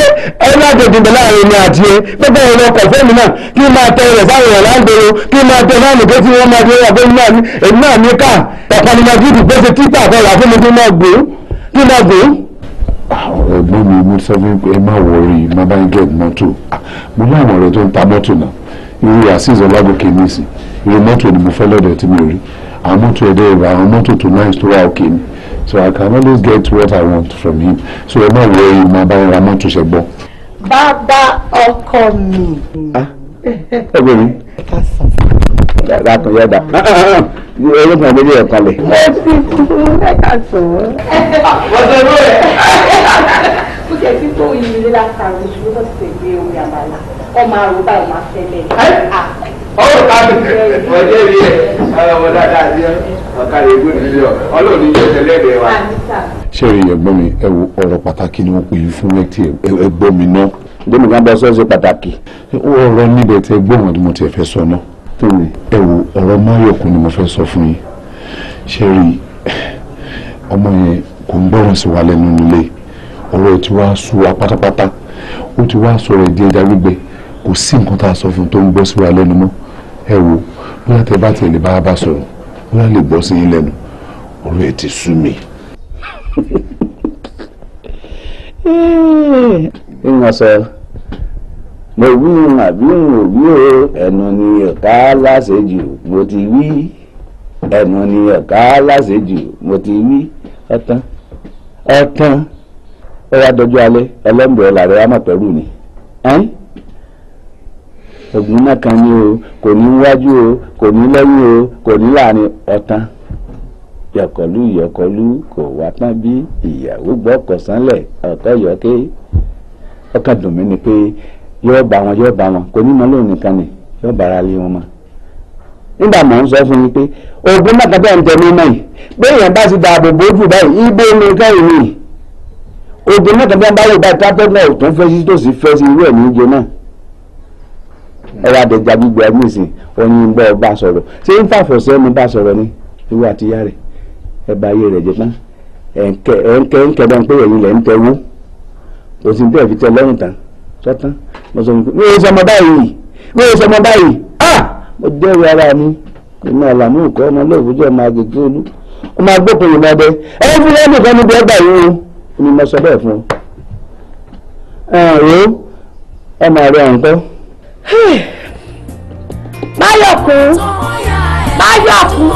ẹni àjòjì bẹ̀ láàrin mi àti ẹ pẹ́pẹ́ ẹ̀rọ kọ̀fẹ́mi náà kí máa tẹ ẹ̀rẹ̀ sáwọn ẹ̀rọ láǹdoro kí máa tẹ láàmì pé tí wọ́n máa fi ẹ̀rọ náà ní èmi náà ní ká ọ̀pọ̀ ni madrid pé ṣe títà àtọ̀rọ̀ àfún mi kí máa gbó kí máa gbó. Ah, ẹ̀gbọ́n mi mo sọ fún ẹ má wọrí má bá ń gẹ̀ mọ́tò ah, mo láwọn ọ̀rẹ́ tó ń ta mọ́tò náà irú azeez ọlágòkè níìsín irú mọ́tò ni mo fẹ́ lọ́dọ̀ tí mi rí àwọn mọ́tò tó náà ìṣòro àókè ni so I can always get what I want from him so ẹ má wọ ìmọ̀ báyìí ra mọ́tò ṣe gbọ́. bàbá ọkọ mi. Ah. ẹ gbé mi. yàrá kan yàrá ẹyẹ kan lórí ẹ̀ kalẹ̀. mo ti fún ẹ ká sọ. wọ́n ti rú ẹ̀. mo jẹ́ kí tó yin ilé látàrí ṣùgbọ́n tó ti gbé omi àbálà ọmọ àrùbá ọmọ afẹ́lẹ́ ọwọ́ kánú ọjọ́ rí ẹ ọmọ dáadáa sí ọ̀ka ìgbó nílò ọlọ́ọ̀ni yóò tẹ̀lé ẹ̀dẹ̀ wa. ṣé rí ẹ̀gbọ́n mi ẹ wo ọ̀rọ̀ pàtàkì ni wọ́n pè é fún ẹtì ẹ̀gbọ́n mi náà. gbẹ̀mí kan bá sọ́ọ́sì pàtàkì. ọ̀rọ̀ níbẹ̀ tẹ gbọ́n ọdún mo tiẹ̀ fẹ́ sọ náà. ẹ wo ọ̀rọ̀ máyọ̀kùn ni mo fẹ́ sọ fún yín. ṣé rí ọmọ yẹn kò ń gbọ́ràn sí wa lẹ́nu nílé ọ̀rọ̀ tí wàá sú wa pátápátá ó ti wá sọ̀rọ̀ ìdí ẹja gbígbẹ kò sí nǹkan tá a sọ fún un tó ń gbọ́ sí wa lẹ́nu mọ́ ẹ wo bóyá tẹ bá tiẹ̀ lè bá bá sọ̀rọ̀ bóyá lè gbọ́ sí yín lẹ́nu ọ̀rọ̀ ẹ̀ ti sú mi. ìwọ̀n sọ mo wí àbí n ò wí o ẹnu ni ọ̀ká láṣejù mo ti wí ẹnu ni ọ̀ká láṣejù mo ti wí ọ̀tán ọ̀tán ẹ wá dọjú alẹ́ ẹlẹ́mbẹ̀ẹ́ làrẹ́ àmọ̀pẹ̀rù ni ògùn náà kan ni o kò ní wájú o kò ní lẹ́yìn o kò ní láàrin ọ̀tán yọkọlú yọkọlú kò wá tán bí ìyàwó gbọ́kọ̀ sánlẹ̀ ọ̀tọ̀ yọké ọkàn dùn mí ni pé yóò bá wọn yóò bá wọn kò ní mọ lóun nìkan ni yóò bára lé wọn mọ́ nígbà mọ̀ ń sọ fún mi pé oògùn náà kábíyà ń tẹ mí mọ́ yìí pé èèyàn bá ti dáàbò bójú báyìí ibo ni káyìí ni oògùn náà kábíyà ń bá yóò bá tábẹ́ náà ò tún fẹ́ sí tòsí fẹ́ sí irú ẹ̀ ní ìjọ náà ẹ̀rọ àdẹ̀jà gbígbẹ́ agbèsè ọyìn bọ́ ọba sọ̀rọ̀ ṣé ń fàfọ̀sẹ́ ẹni bá sọ̀rọ̀ ni ìwé àtìyá rẹ̀ ẹ bá ayé rẹ̀ jẹ tán ẹ̀ǹkẹ́ ẹ̀ǹkẹ́ bá ń pè ẹ̀yìn lẹ̀ ń tẹ̀wó kò sí bẹ́ẹ̀ fi tẹ lọ́rùn tán sọ́tán mo sọ fún mi sọmọ báyìí mi sọmọ báyìí ah mo dẹ́rù ara mi ìmọ̀ àlàmú ìkọ́ ọmọ lóòfúnjọ́ máa gègé olú ọmọ agbókun máa bẹ ẹ fi lẹ́nu kan níbi ni mo sọ bẹ́ẹ̀ fún ọ. ẹ̀rọ ọmọ rẹ̀ ń báyọ̀kún hmm. báyọ̀kún.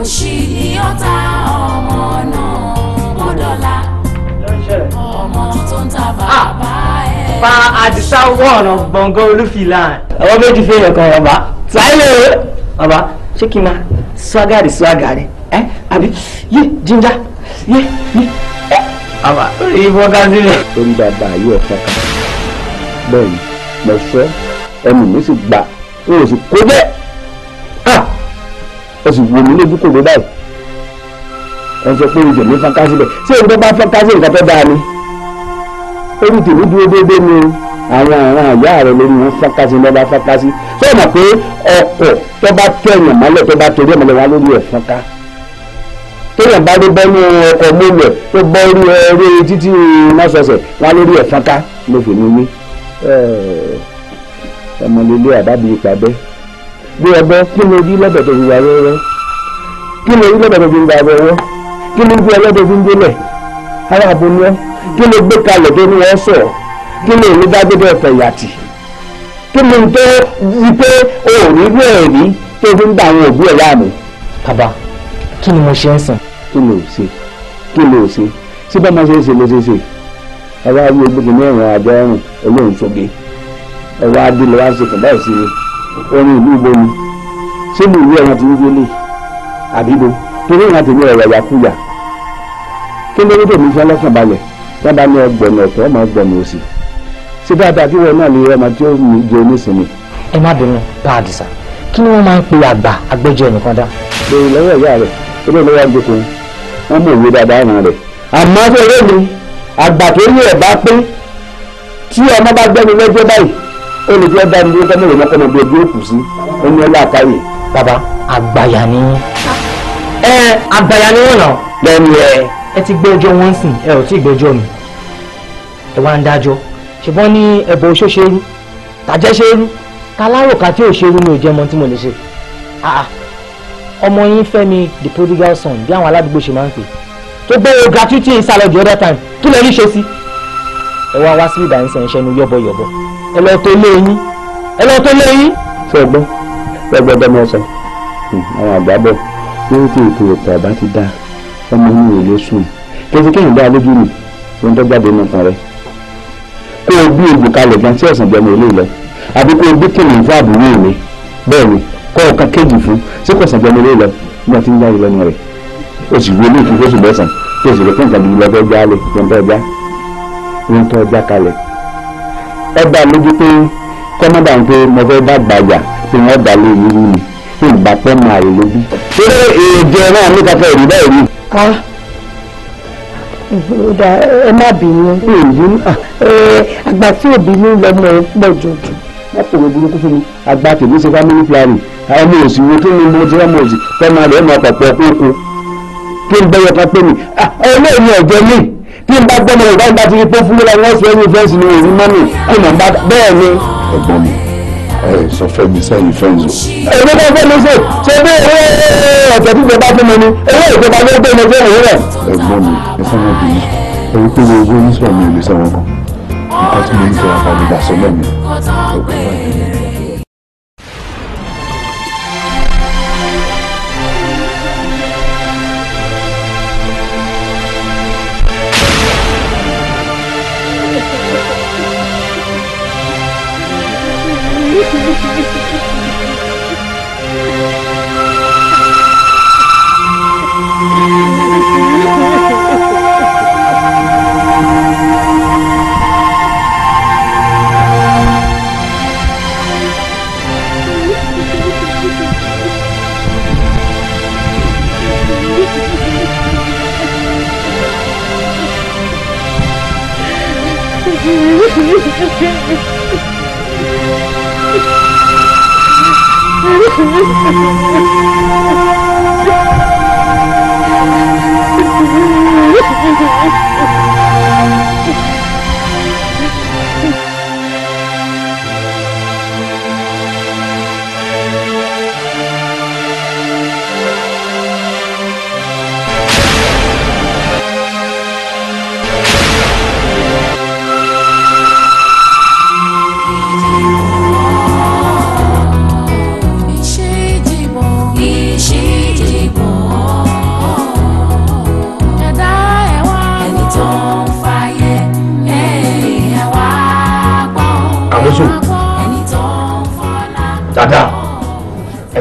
òṣì ni ọ̀tá ọmọ náà ó dọ̀la ọmọ tó ń ta bàbá ẹ̀. Ah, pa àdìsá wọ̀ ọ̀nà gbọ̀ngàn olúfìlà. ọwọ́ méjì fẹ́yàn kan ọba sáyẹ́ ọba ṣé kí n máa swagari swagari ẹ àbí yé jinja yé yé ẹ àbá ìfọkànsílẹ̀. orí bàbá yóò fọkàn bẹ́ẹ̀ni mo sọ ẹnu mi sì gbà n ò sì kó jẹ ẹ sì wò mí lójú kòkó báyìí ẹ sọ pé ìjọ mi fọ́nká síbẹ̀ ṣé ìjọ bá fọ́nká sí nǹkan tó dáa ni orí tèmi dúró déédéé ni àwọn àwọn àyà rẹ lórí wọn fọ́nká sí lọ́ba fọ́nká sọ ma pé ọkọ̀ tó bá tẹ ẹ̀yàn mọ́lẹ̀ tó bá torí ẹ̀mọ́lẹ̀ wá lórí ẹ̀ fọ́nká téèyàn bá dé bẹ́nu ọkọ̀ mọ́lẹ̀ tó bọ́ orí ẹ̀ orí títí mọ́sọ̀ọ̀sẹ̀ wá lórí ẹ̀ fọ́nká lófin ní mí. Eh, ọmọlélé àbábí ìpàdé gbé ọgbọ́n kí ló rí lọ́dọ̀ tó fi kí ló rí lọ́dọ̀ tó fi wà kí ló gbé ọlọ́dọ̀ tó ń ara àbò ni kí ló gbé kalẹ̀ tó ní wọ́n kí ló ní dágbére ọ̀fẹ́ yàtì kí ló ń tó yí pé òòrí rí ẹ̀rí tó fi ń dà àwọn òbí ẹ̀ láàmú. bàbá kí ni mo ṣe ń sìn. kí ló ṣe kí ló ṣe síbẹ̀ máa ṣe é ṣe ló ṣe ayé gbogbo ní àjọ ẹ̀rùn olóhùn sóge ẹwà adélé wá ṣe kàdá ìṣe orin ìlú ibo ni ṣé mi ìwé ẹran ti ń gbélé àbíbo torí ìran tèmi ọ̀rọ̀ yàkúyà kí ló dé mi fi ọlọ́kàn balẹ̀ dábà ní ọgbọ̀nà ọ̀tọ̀ ọmọ ọgbọ̀nà òsì ṣé dáadáa kí wọn náà lè ọmọ tí ó jẹ oníṣìíní. ẹ má bínú bá a dìsa kí ni wọ́n máa ń pe àgbà agbẹjọ́ ẹnìkan dá. lórí lọ́wọ́ ìyá rẹ̀ ilé ìlú wa ń jókòó wọ́n mú òwe dáadáa ràn àmọ́ fẹ́rẹ́ mi tí ọmọ bá gbẹ́ni lọ́jọ́ báyìí ó lè fi ọba ìdúró kẹ́mọ́ ìrònú ọkọ̀ ọmọdé ojú òkú sí ẹni ọlá àkáyè. bàbá àgbàyà ni ẹ àgbàyà ni wọn nà lẹ́nu ẹ. ẹ ti gbẹ́jọ́ wọn sìn ẹ ò tí ì gbẹ́jọ́ mi ẹ wá ń dájọ́ ṣùgbọ́n ní ẹbọ oṣó ṣe rú tàjẹ́ ṣe rú taláròkà tí ò ṣe rú mi ò jẹ́ mọ tí mo lè ṣe ọmọ yín Fẹ́mi the prodigal son bí àwọn aládùúgbò ṣe máa ń pè tó gbé o gratuity ìsàlọ̀ the other time kí lè rí ṣe sí ẹ wá wá sí ìdá yín sẹ́yìn ṣẹ́nu yọ́bọ̀yọ̀bọ̀ ẹ lọ tó lé yín ẹ lọ tó lé yín. sọgbọ́n sọgbọ́n bẹ́ẹ̀ mọ́ sọ hmm, àwọn àgbà bọ̀ lórí tí ètò ìpọ̀ ọ̀bá ti dá ọmọ inú rẹ̀ ló sùn kẹsí kéyìn dá lójú mi ló ń dọ́gbàdé inú kan rẹ kó o bí egbò kalẹ̀ gan tí ọ̀sán jẹ́ mi ò lè lọ àbí kó o bí kìnìún fún àbúrò mi bẹ́ẹ̀ ni kọ́ ọ̀ka kéjì fún sí kò ọ̀sán jẹ́ mi lọ nígbà tí ń dá ìlọ́nu rẹ̀ o sì lu olóòtú fóṣù lọ́sàn-án tó sì rẹ̀ fún nǹkan gidi lọ́gbẹ́gbẹ́ alẹ́ lọ́gbẹ́gbẹ́ ohun tó ọjà kalẹ̀ ẹ dá lójú pé kọ́mọ́dà ń pé mo fẹ́ dàgbà yà pé wọ́n dà lé ìlú mi pé ìgbà pẹ́ máa rè lójú. ṣé èròjẹ náà ní kafẹ́ rí bẹ́ẹ̀ ni. a ìgbòdà ẹ má bínú ah, àgbà tí òbí ní lọmọ ẹ pọ̀ jọjọ ọkùnrin burúkú fún mi àgbà tèmi ṣe family planning àwọn ọmọ òsì wo kí ni mo ti rán ọmọ òsì fẹ́ máa rẹ̀ ẹ́ máa pàpọ̀ kókó kí n bẹ́yẹ ká pé mi ẹ lóye ọ̀jẹ̀ mi bí n bá gbọ́mọ yorùbá nígbà tí ipò fún mi la wọ́n fi ẹyin fẹ́ǹsì ni òní mọ́mì kí nà bá bẹ́ẹ̀ ni. ẹ̀gbọ́n mi ẹ sọ fẹ́ mi sẹ́yìn fẹ́ǹsì. èmi náà fẹ́ mi sè ṣe bí ọ̀tẹ̀ tí ìjọba fún mi ni owó ìjọba ló gbé mi fún òun rẹ̀. ẹ̀gbọ́n mi ẹ sọ́wọ́n bí mi pé gbogbo oníṣòwò mi ò lè sẹ́wọ̀n kan nǹkan tí mo ń tọ́ Ha ha ha ha!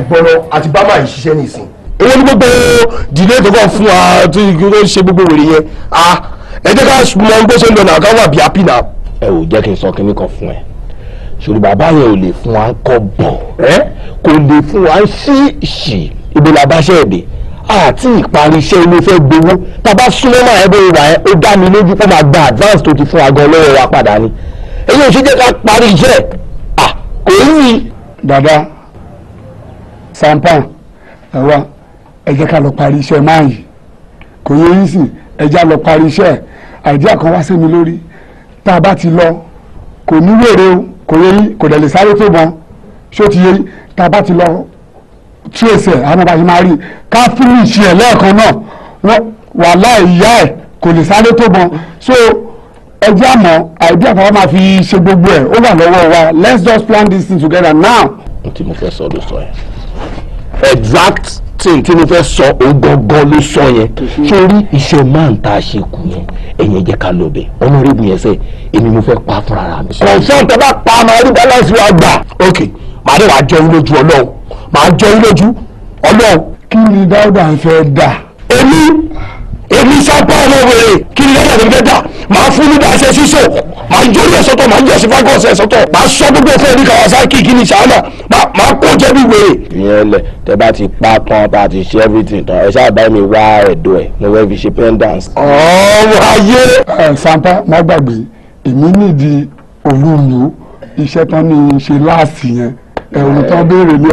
gbọ́rọ̀ àti bá máa ṣiṣẹ́ nìsín. èwo ni gbogbo dìde tó kàn fún wa tó ń ṣe gbogbo wèrè yẹn ẹ jẹ́ ká mọ bó ṣe ń lọ náà ká wà bí happy náà. ẹ ò jẹ́ kí n sọ kinní kan fún ẹ ṣòro bàbá yẹn ò lè fún wa ń kọ́ bọ̀ kò lè fún wa ń ṣí ṣì la bá ṣe èdè àti ìparí iṣẹ́ ilé fẹ́ gbowó tá a bá súnmọ́ máa ẹ bóyá ẹ ó dá mi lójú pé máa gba advance tó ti fún wa gan lọ́wọ́ wa padà ni èyí ò ṣe jẹ́ ká parí iṣẹ́ à kò rí i. dada sampan ẹ̀wà ẹ ká lọ parí iṣẹ́ máa yìí kò yẹ yín sì ẹ lọ parí iṣẹ́ àìdíà kan wá sí lórí tá a bá ti lọ kò ní wèrè o kò yẹ yín kò dẹ̀ sáré tó bọ́n ṣó ti yẹ yín tá a bá ti lọ trace ẹ̀ àwọn máa rí i ká fún ìṣe ẹ̀ lẹ́ẹ̀kan náà wàhálà ìyá ẹ̀ kò lè sáré tó bọ́n so ẹjẹ́ àmọ́ àìdíà kan wá máa fi ṣe gbogbo ẹ̀ ó wà lọ́wọ́ wa let's just plan this thing together now. ohun tí mo fẹ́ sọ ló sọ yẹn exact thing tí mo fẹ́ sọ òun gangan ló sọ yẹn mhm. sórí iṣẹ́ máa ń ta àṣekù yẹn ẹ̀yẹn jẹ́ ká lọ bẹ̀ ọ̀nàrẹ́bù yẹn sẹ́ èmi mo fẹ́ pa fúnra ra mi. kọ̀ǹfọ̀n tẹ bá pa máa rí balance wa gbà. ok màá dẹ̀ wá jọ yín lójú ọlọ́run màá jọ yín lójú ọlọ́run. kí ni dáúdà ń fẹ́ dà. èmi èmi sápá ọmọ kí ni lẹ́yìn àti gẹ́gà máa fún nígbà ẹsẹ̀ sísò máa jó ní ẹ̀sọ́tọ̀ máa jẹ́ sífà gọ́ọ̀sẹ̀ ẹ̀sọ́tọ̀ máa sọ gbogbo ẹ̀fọ́ ní kawasaki kí ni sàánà máa kó jẹ́ bí wèrè. ìyẹn lẹ tẹ bá ti pa tán tá a ti ṣe everything tán ẹ ṣáà bá mi wá ẹdọ ẹ mo fẹ́ fi ṣe pendants. ọ̀rọ̀ ayé. ẹ má gbàgbé èmi nídìí olúlu iṣẹ́ tán ní í ṣe láàsì yẹn ẹ̀rù tán béèrè ní.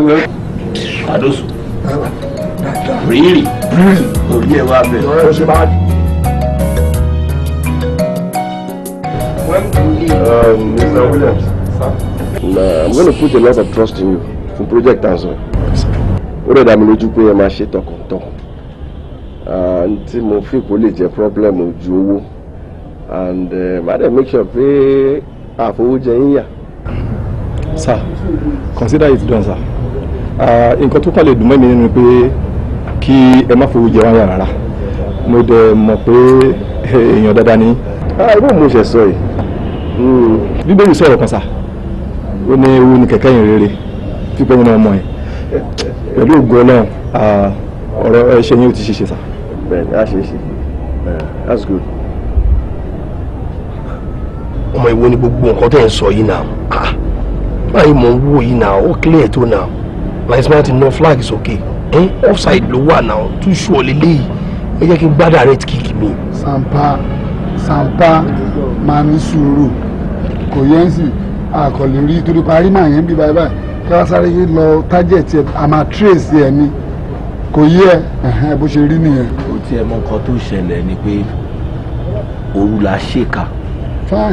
àdóso rírì òye ẹ̀ wá bẹ̀ ọ̀rẹ́ ò ṣe I'm going to put a lot of trust in you for project as well. Ó rẹ̀ dá mi lójú pé ẹ máa ṣe tọkàntọkàn. Ah, tí mo fi kò lè problem with owó and I'm going to make sure pé àfọwọ́jẹ yín yà. Sir, consider it done, sir. Ah, nǹkan tó kàn lè dùn mọ́ mi kí ẹ má fowó jẹ wá yà rárá mo dẹ̀ mọ̀ pé eh, èèyàn dáadáa ni. Ah, irú mo ṣe sọ yìí. Hmm, bíbélì sọ̀rọ̀ kan sà ó ní ewu ni kẹ̀kẹ́ yìí rere fífẹ́ yín náà mọ̀ pẹ̀lú ògo ọlọ́run ọ̀rọ̀ ẹ̀ṣẹ̀ yín ò ti ṣiṣẹ́ sà. bẹ́ẹ̀ni a ṣe é ṣe eh, that's good. ọmọ ìwo ni gbogbo nǹkan tẹ̀ ń sọ yìí náà ah, báyìí mò ń wò yìí náà ó clear tó náà my smart enough flag is okay ẹ offside ló wà náà tún ṣù ọ lélẹyìí ẹ jẹ́ kí n gbá direct kick mi. sampa sampa máa ní sùúrù kò yẹn sì àkọlé rí torí parí màá yẹn bí báyìí báyìí kí wọ́n sáré lọ target ẹ àmà trace ẹ ni kò yẹ ẹ bó ṣe rí nìyẹn. ó ti ẹ̀ mọ nǹkan tó ṣẹlẹ̀ ni pé òru la ṣèkà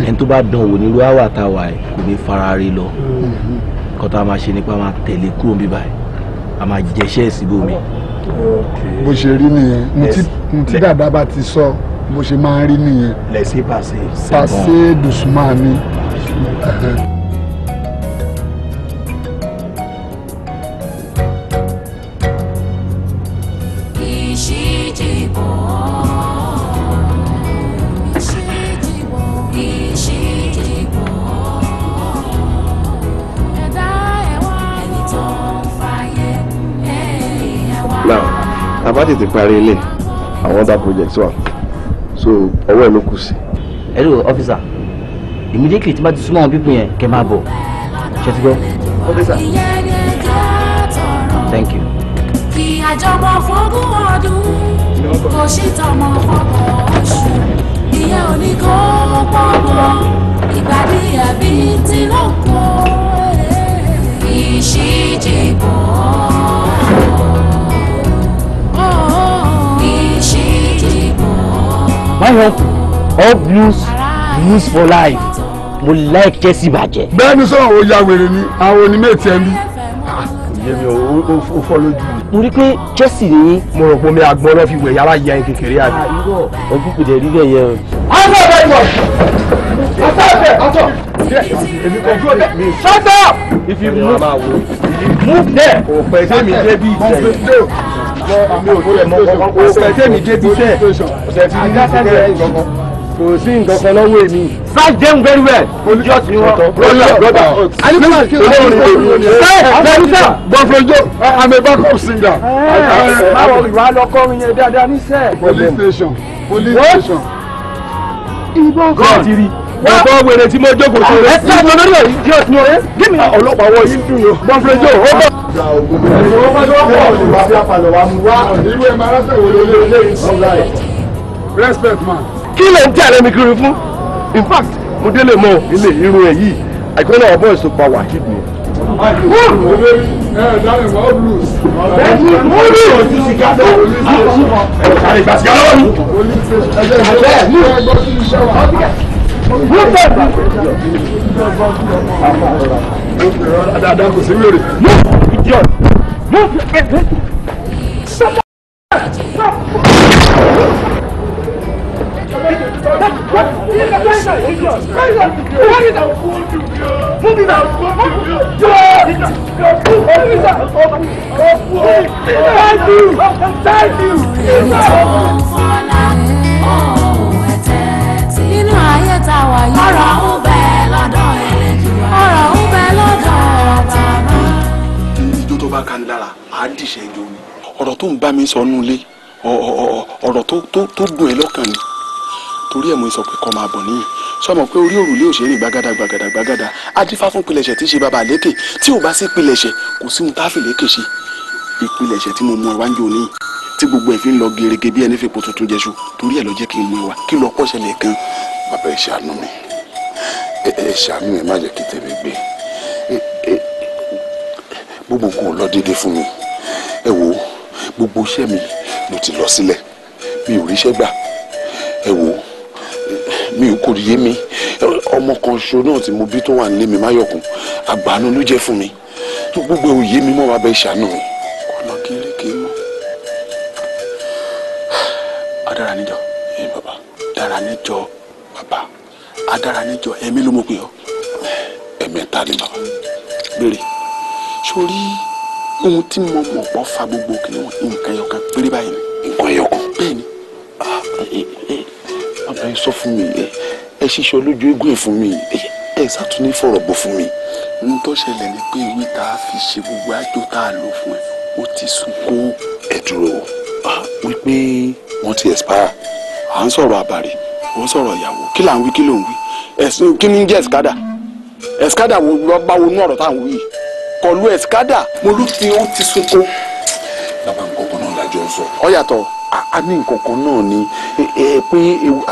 ẹni tó bá dán wò nílùú àwàtàwà ẹ kò ní fara rí lọ mm-hmm. nǹkan tá a máa ṣe nípa máa tẹ̀lé kúrò bíbáyìí a máa jẹ iṣẹ́ síbòmí. bó ṣe rí nìyẹn mo ti dàda bá ti sọ bó ṣe máa rí nìyẹn. lẹ́sìn pàṣẹ. pàṣẹ dùsùmáà ni. tá tètè parí ilé àwọn other projects wà so ọwọ́ ẹ̀ ló kù sí. hello officer immediately tí bá ti súnmọ́ àwọn pípín yẹn kẹ́ máa bọ̀ ṣe ti gbọ́. officer thank you. fi àjọmọ fọgún ọdún kò sí tọmọ fọgbọ oṣù ìyẹn ò ní kó pọgbọ ìgbàdí ẹbí tí ló ìṣíjì bọ. I help you all blues blues for life mo like Chelsea bàjẹ́. bẹ́ẹ̀ni sọ̀rọ̀ o ya wèrè ni àwọn onímẹ̀tì ẹ̀ mi yẹmi o fọ́ lójú mi. mo rí pé Chelsea ni. mo rò pé mi àgbọn lọ́ fi wẹ̀ yàrá ya ẹ kékeré àná. Ah, ọdún kò dẹ̀ rí bẹ́ẹ̀ yẹn o. àwọn ọ̀dọ́ ìwọ̀n ọ̀sán ọ̀sẹ̀ ọ̀sán sílẹ̀ èmi kò dúró shut up if you move move there kò pẹ́ them débi ìtẹ̀ mi ò tiẹ̀ mọ̀ kò pẹ́ sẹ́mi débi tẹ̀ ọ̀sẹ̀ fi ní ìtẹ̀ kò sí nǹkan kan lọ́wọ́ èmi. Fáì very well. Olùjọ́ ti wọ́n. I'm a backup singer. Police station. Police station. Ìbọn kan ọ̀pọ̀ wèrè tí mo jókòó sí rẹ̀. ẹsẹ̀ ìwọ lórí ẹ̀yìn díẹ̀ sí ọ̀rẹ́. gímì ọlọ́pàá wọ yín dùn yọ. bọ́ńfẹ́jọ́ ó bọ̀. respect man. kí lè ń tẹ̀lé mi kiri fún. in fact mo délé mọ ilé irun ẹ̀ yìí àìkọ́lé ọ̀bọ̀ ìsopa wà kídìní. Olùsọ̀rọ̀ dáadáa kò sí wèrè. Thank you! Thank you! tá a wà yìí. ọ̀rọ̀ ń bẹ lọ́dọ̀ ẹlẹ́dùn wa. ọ̀rọ̀ ń bẹ lọ́dọ̀ bàbá. ijó tó bá kani lára àá dìṣẹ́ ijó mi ọ̀rọ̀ tó ń bá mi sọ nulẹ̀ ọ̀rọ̀ tó dùn ẹ́ lọ́kàn ni torí ẹ̀ mo sọ pé kọ́ máa bọ̀ níyì sọ ma pé orí òrùlé òṣèré gbagada gbagada gbagada adífá fún pilẹ̀ṣẹ̀ tí ń ṣe bàbá lékè tí ò bá sí pilẹ̀ṣẹ̀ kò sí ohun táfì lékè ṣe ìpilẹ̀ṣẹ̀ tí mo mú ẹ wá ń jò níyì tí gbogbo ẹ̀ fi ń lọ gerege bí ẹni fi pò tuntun jẹṣu torí ẹ̀ lọ jẹ́ kí n mú ẹ wá kí lọ kọ́ ṣẹlẹ̀ kan bàbá ẹ ṣàánú mi ẹ ṣàánú ẹ má jẹ́ kí tèmi gbé gbogbo nǹkan ò lọ déédéé fún mi ẹ wo gbogbo iṣẹ́ mi ló ti lọ sílẹ̀ mi ò ríṣẹ́ gbà ẹ wo mi ò kò yé mi ọmọ kan ṣo náà tí mo bí tó wà nílé mi máyọ̀kùn àgbàánu ló jẹ́ fún mi tó gbogbo ẹ ò yé mi mọ́ bàbá ẹ ṣàánú mi. ọ̀nà kéré kéré mọ́ adára níjọ dára níjọ adára níjọ ẹ̀mí ló mọ̀ pé ọ́ ẹ̀mẹ́ta ni bàbá béèrè sórí ohun tí mo mọ̀ pọ̀ fa gbogbo kìnìún nǹkan ẹyọkan péré báyìí ni. nǹkan ẹyọkan. bẹ́ẹ̀ni ah, eh, eh, eh, bàbá yẹn sọ fún mi ẹ ṣiṣẹ́ olójú eégún ẹ̀ fún mi ẹ sátúní fọ̀rọ̀ bọ̀ fún mi. n tó ṣẹlẹ̀ ni pé ìwé tá a fi ṣe gbogbo àjò tá a lò fún ẹ ó ti sùn kó. ẹ dúró ah, wípé wọ́n ti expire à ń sọ̀rọ̀ àbàrí ò ń sọ̀rọ̀ ìyàwó kí là ń wí kí ló ń wí ẹ̀sìn kí ni jẹ́ ẹ̀sìkádà ẹ̀sìkádà wo lọ bá wọnú ọ̀rọ̀ tá à ń wí yìí kọlu ẹ̀sìkádà mo ló fi ó ti sunko. bàbá nǹkan náà lájọ sọ. ó yàtọ̀ a ní nǹkan kan náà ni pé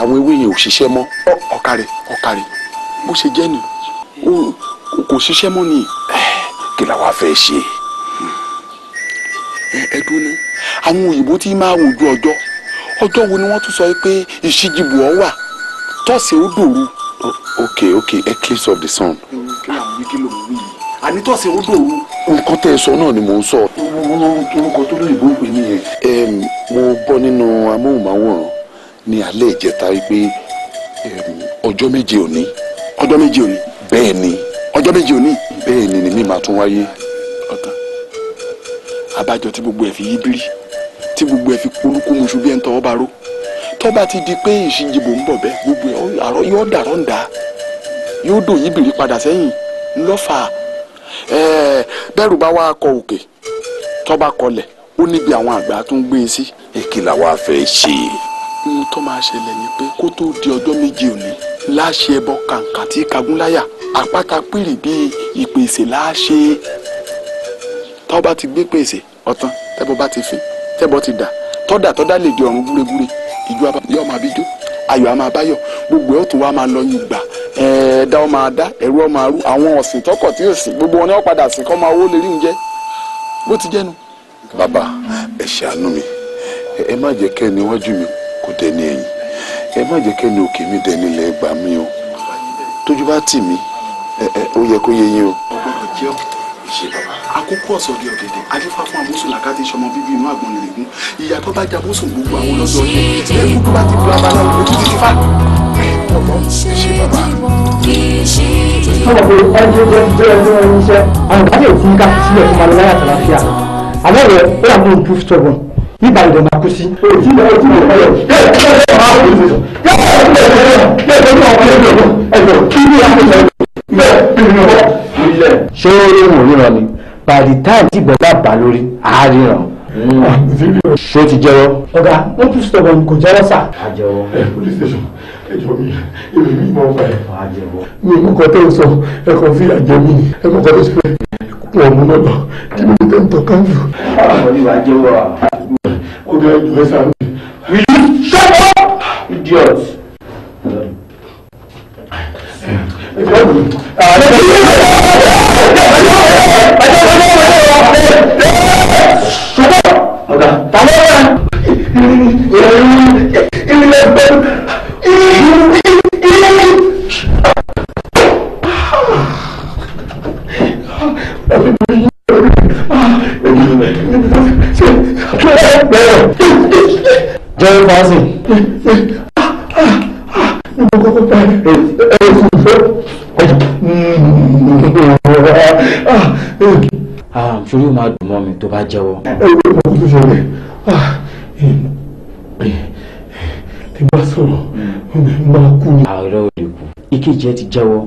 àwọn ewé yẹn ò ṣiṣẹ́ mọ́ ọ̀kàrẹ̀ ọ̀kàrẹ̀ bó ṣe jẹ́ ni kò ṣiṣẹ́ mọ́ ni. kí la wá fẹ́ ṣe. ẹ ẹ dúró ná àwọn òyìnbó ti máa wojú ọjọ́ ọjọ́ wo ni wọ́n tún sọ pé ìṣíjìbù ọ wà tọ́sẹ̀ ó dòru. ok ok eclipse of the sun. kí ló ń wí kí ló ń wí àní tọ́sẹ̀ ó dòru. nǹkan tẹ́ ẹ sọ náà ni mò ń sọ. orúkọ tó lóyìnbó ń pè nìyẹn. mo bọ́ nínú amóhùnmáwòrán ní alẹ́ ìjẹta wípé ọjọ́ méje òní. ọjọ́ méje òní. bẹ́ẹ̀ ni. ọjọ́ méje òní. bẹ́ẹ̀ ni ni mi máa tún wáyé. ọ̀tàn abájọ tí gbogbo ẹ̀ fi yí bírí tí gbogbo ẹ̀ fi polúkú muṣu bí ẹ̀ ń tọwọ́ bá ró tọ́ba ti di pé ìṣìjìbò ń bọ̀ bẹ́ẹ̀ gbogbo ẹ̀ àrọ́ yóò dàrọ́ ń dà yóò dò yí bìrì padà sẹ́yìn ńlọ́fà bẹ́ẹ̀rù bá wá kọ òkè tọ́ba kọlẹ̀ ó níbi àwọn àgbà tó ń gbé e sí. èkì làwa fẹ́ ṣe. ohun tó máa ṣẹlẹ̀ ni pé kó tó di ọjọ́ méje òní láṣẹ ẹbọ kàǹkà tí kagúnláyà àpáta pìrì bíi ìpèsè láṣẹ tọ́ba ti gbé pèsè ọ̀tán tẹ́bọ̀ bá ti fi tẹ́bọ̀ ti dà tọ́dà tọ́dà lè di ọ̀run gúregúre ìjọ yọ máa bíjó ayọ̀ á máa báyọ̀ gbogbo ẹ̀ ó tún wá máa lọ yín gbà ẹ̀ẹ́dá ó máa dá ẹ̀rú ó máa rú àwọn ọ̀sìn tọkọ̀ tí ó sìn gbogbo wọn ni wọ́n padà sìn kọ́ máa owó lè rí oúnjẹ bó ti jẹ́nu. bàbá ẹ ṣàánú mi ẹ má jẹ́ kẹ́ ẹni iwájú mi kó dẹni ẹ̀yìn ẹ má jẹ́ kẹ́ ẹni òkè mi dẹni ilẹ̀ gbà mí o tójú bá tì mí ó yẹ kó yẹ yín o. ọgbọ́n kò jẹ́ ọ́ ìṣe bàbá àkókò ọ̀sọ̀dẹ̀ ọ̀dẹ̀dẹ̀ adífá fún abósùn làkàtì ìṣọmọ bíbí inú àgbọn nìlẹ̀gún ìyá tó bá jẹ abósùn gbogbo àwọn lọ́dọ̀ ọ̀dẹ̀ ẹ̀kú tó bá ti bu abala ìwé títí ti fà. ọ̀pọ̀ ṣe bàbá. ọ̀pọ̀ ẹni tó ń gbé ẹni wọn níṣẹ́ àwọn ìbáṣẹ̀ tí ká fi sílẹ̀ fún malọ́láyà tàlàfíà àlẹ́ rẹ̀ ó yà mú un dúf tọ̀gbọ̀n nígbà ìdè máa kú sí. èyí ló ti lè fẹ́ yẹ kí ló ń bá wọlé lọ kí ló ń bá wọlé lọ kí ló ń bá wọlé lọ ẹ̀jọ̀ kí ló ń bá wọlé lọ bẹ́ẹ̀ kí ló ń bá wọlé lọ. ṣé ó rí ìwòrán ni by the time tí bẹ̀rẹ̀ bá lórí àáríran ṣó ti jẹ́wọ́. ọ̀gá wọ́n tún sọ̀rọ̀ kò jẹ́wọ́ sà. àjẹwọ́ ẹ police station ẹjọ́ mi èmi mi mọ̀ ọ́fà ẹ̀. àjẹwọ́ mi mú kọ́ tó sọ ẹ kàn fi àjẹ́ mi ẹ mọ̀ kọ́ tó sọ ẹ kún ọmọ náà lọ kí ló dé tán kán jù. àwọn ìwà jẹ́wọ́ à. ọ̀gá ẹjọ́ ẹ sàn mí. will you shut up idiot. ẹ jẹ́ mi. sórí ó máa dùn mọ́ mi tó bá jẹ́wọ́. ẹ wọ́n mọ̀ tó ṣẹlẹ̀ tí bá sọ̀rọ̀ hmm. máa kú ni. ààrẹ ò lè kú ìkejì ẹ ti jẹ́wọ́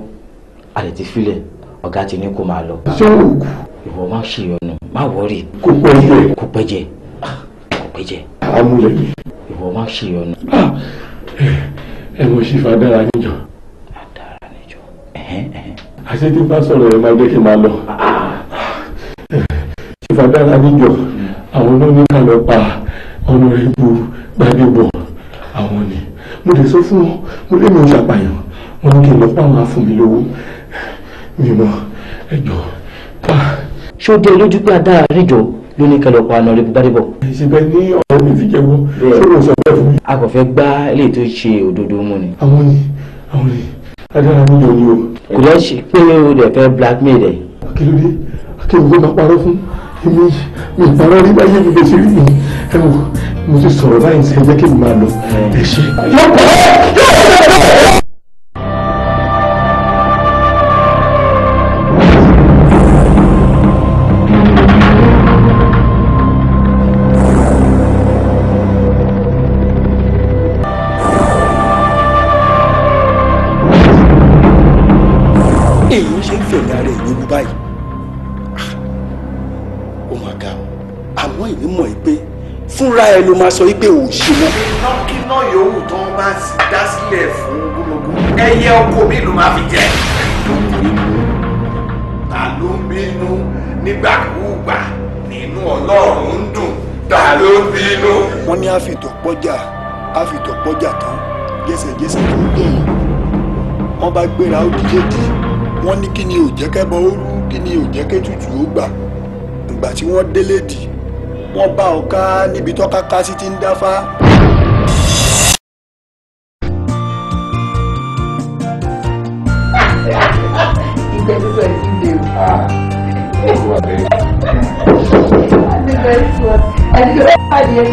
àlè ti filẹ̀ ọ̀gá ti ní kó máa lọ. ṣé o kù. ìwọ má ṣe ìyọnu má wọrí. kò pẹ́jẹ. kò pẹ́jẹ ah, kò pẹ́jẹ. amúlẹ̀ mi. ìwọ má ṣe ìyọnu. Ah, ẹ mọ̀ sí fàdára níjọ. fàdára níjọ àṣẹ tí bá sọ̀rọ̀ ẹ̀ máa jẹ́ kí n máa lọ. ìfàdára níjọ àwọn olóníkà lọ pa ọ̀nà ìbú gbàdébọ̀ àwọn ni mo lè sọ fún wọn mo lè mi ò ṣàpàyàn wọn ní kí n lọ pa àwọn afún mi lówó mi mọ ẹjọ pa. ṣó dé lójú pé adára ríjọ ló ní kẹlọ pa ọ̀nà ìbú gbàdébọ̀. ìṣègbè ní ọ̀rọ̀ mi fi jẹ́wọ́ ṣé mo sọ bẹ́ẹ̀ fún mi. a kò fẹ́ gbá eléyìí tó ṣe òdodo mu ni. àwọn ni àwọn ni adára níjọ ni o kò lọ ṣe pé o lè fẹ́ blackmail ẹ̀. akérèdé akérèdé máa parọ́ fún èmi mi parọ́ rí báyé mi bẹ̀ṣẹ̀ rí mi ẹ mo ti sọ̀rọ̀ báyìí sí ẹ kí n máa lọ ẹ ṣe. yóò pọ̀ yóò pọ̀ báyìí ló máa sọ wípé ò ṣe mọ́. inákiná yòówù tó ń bá dá sílẹ̀ fún gbólógún ẹyẹ ọkọ mi ló máa fi jẹ. ta ló ń bínú nígbàkúùgbà nínú ọlọ́run ń dùn ta ló ń bínú. wọ́n ní àfìtọ̀pọ̀jà àfìtọ̀pọ̀jà tán jẹ́sẹ̀jẹ́sẹ̀ tó ń dùn wọ́n bá gbéra ó díje dì wọ́n ní kí ni ò ó rú kí ni ò ó gbà ìgbà tí wọ́n délé dì í wọ́n bá ọ̀ká níbi tọ́ka ká sí ti ń dáfá. ìgbẹ́ pípẹ́ ti dé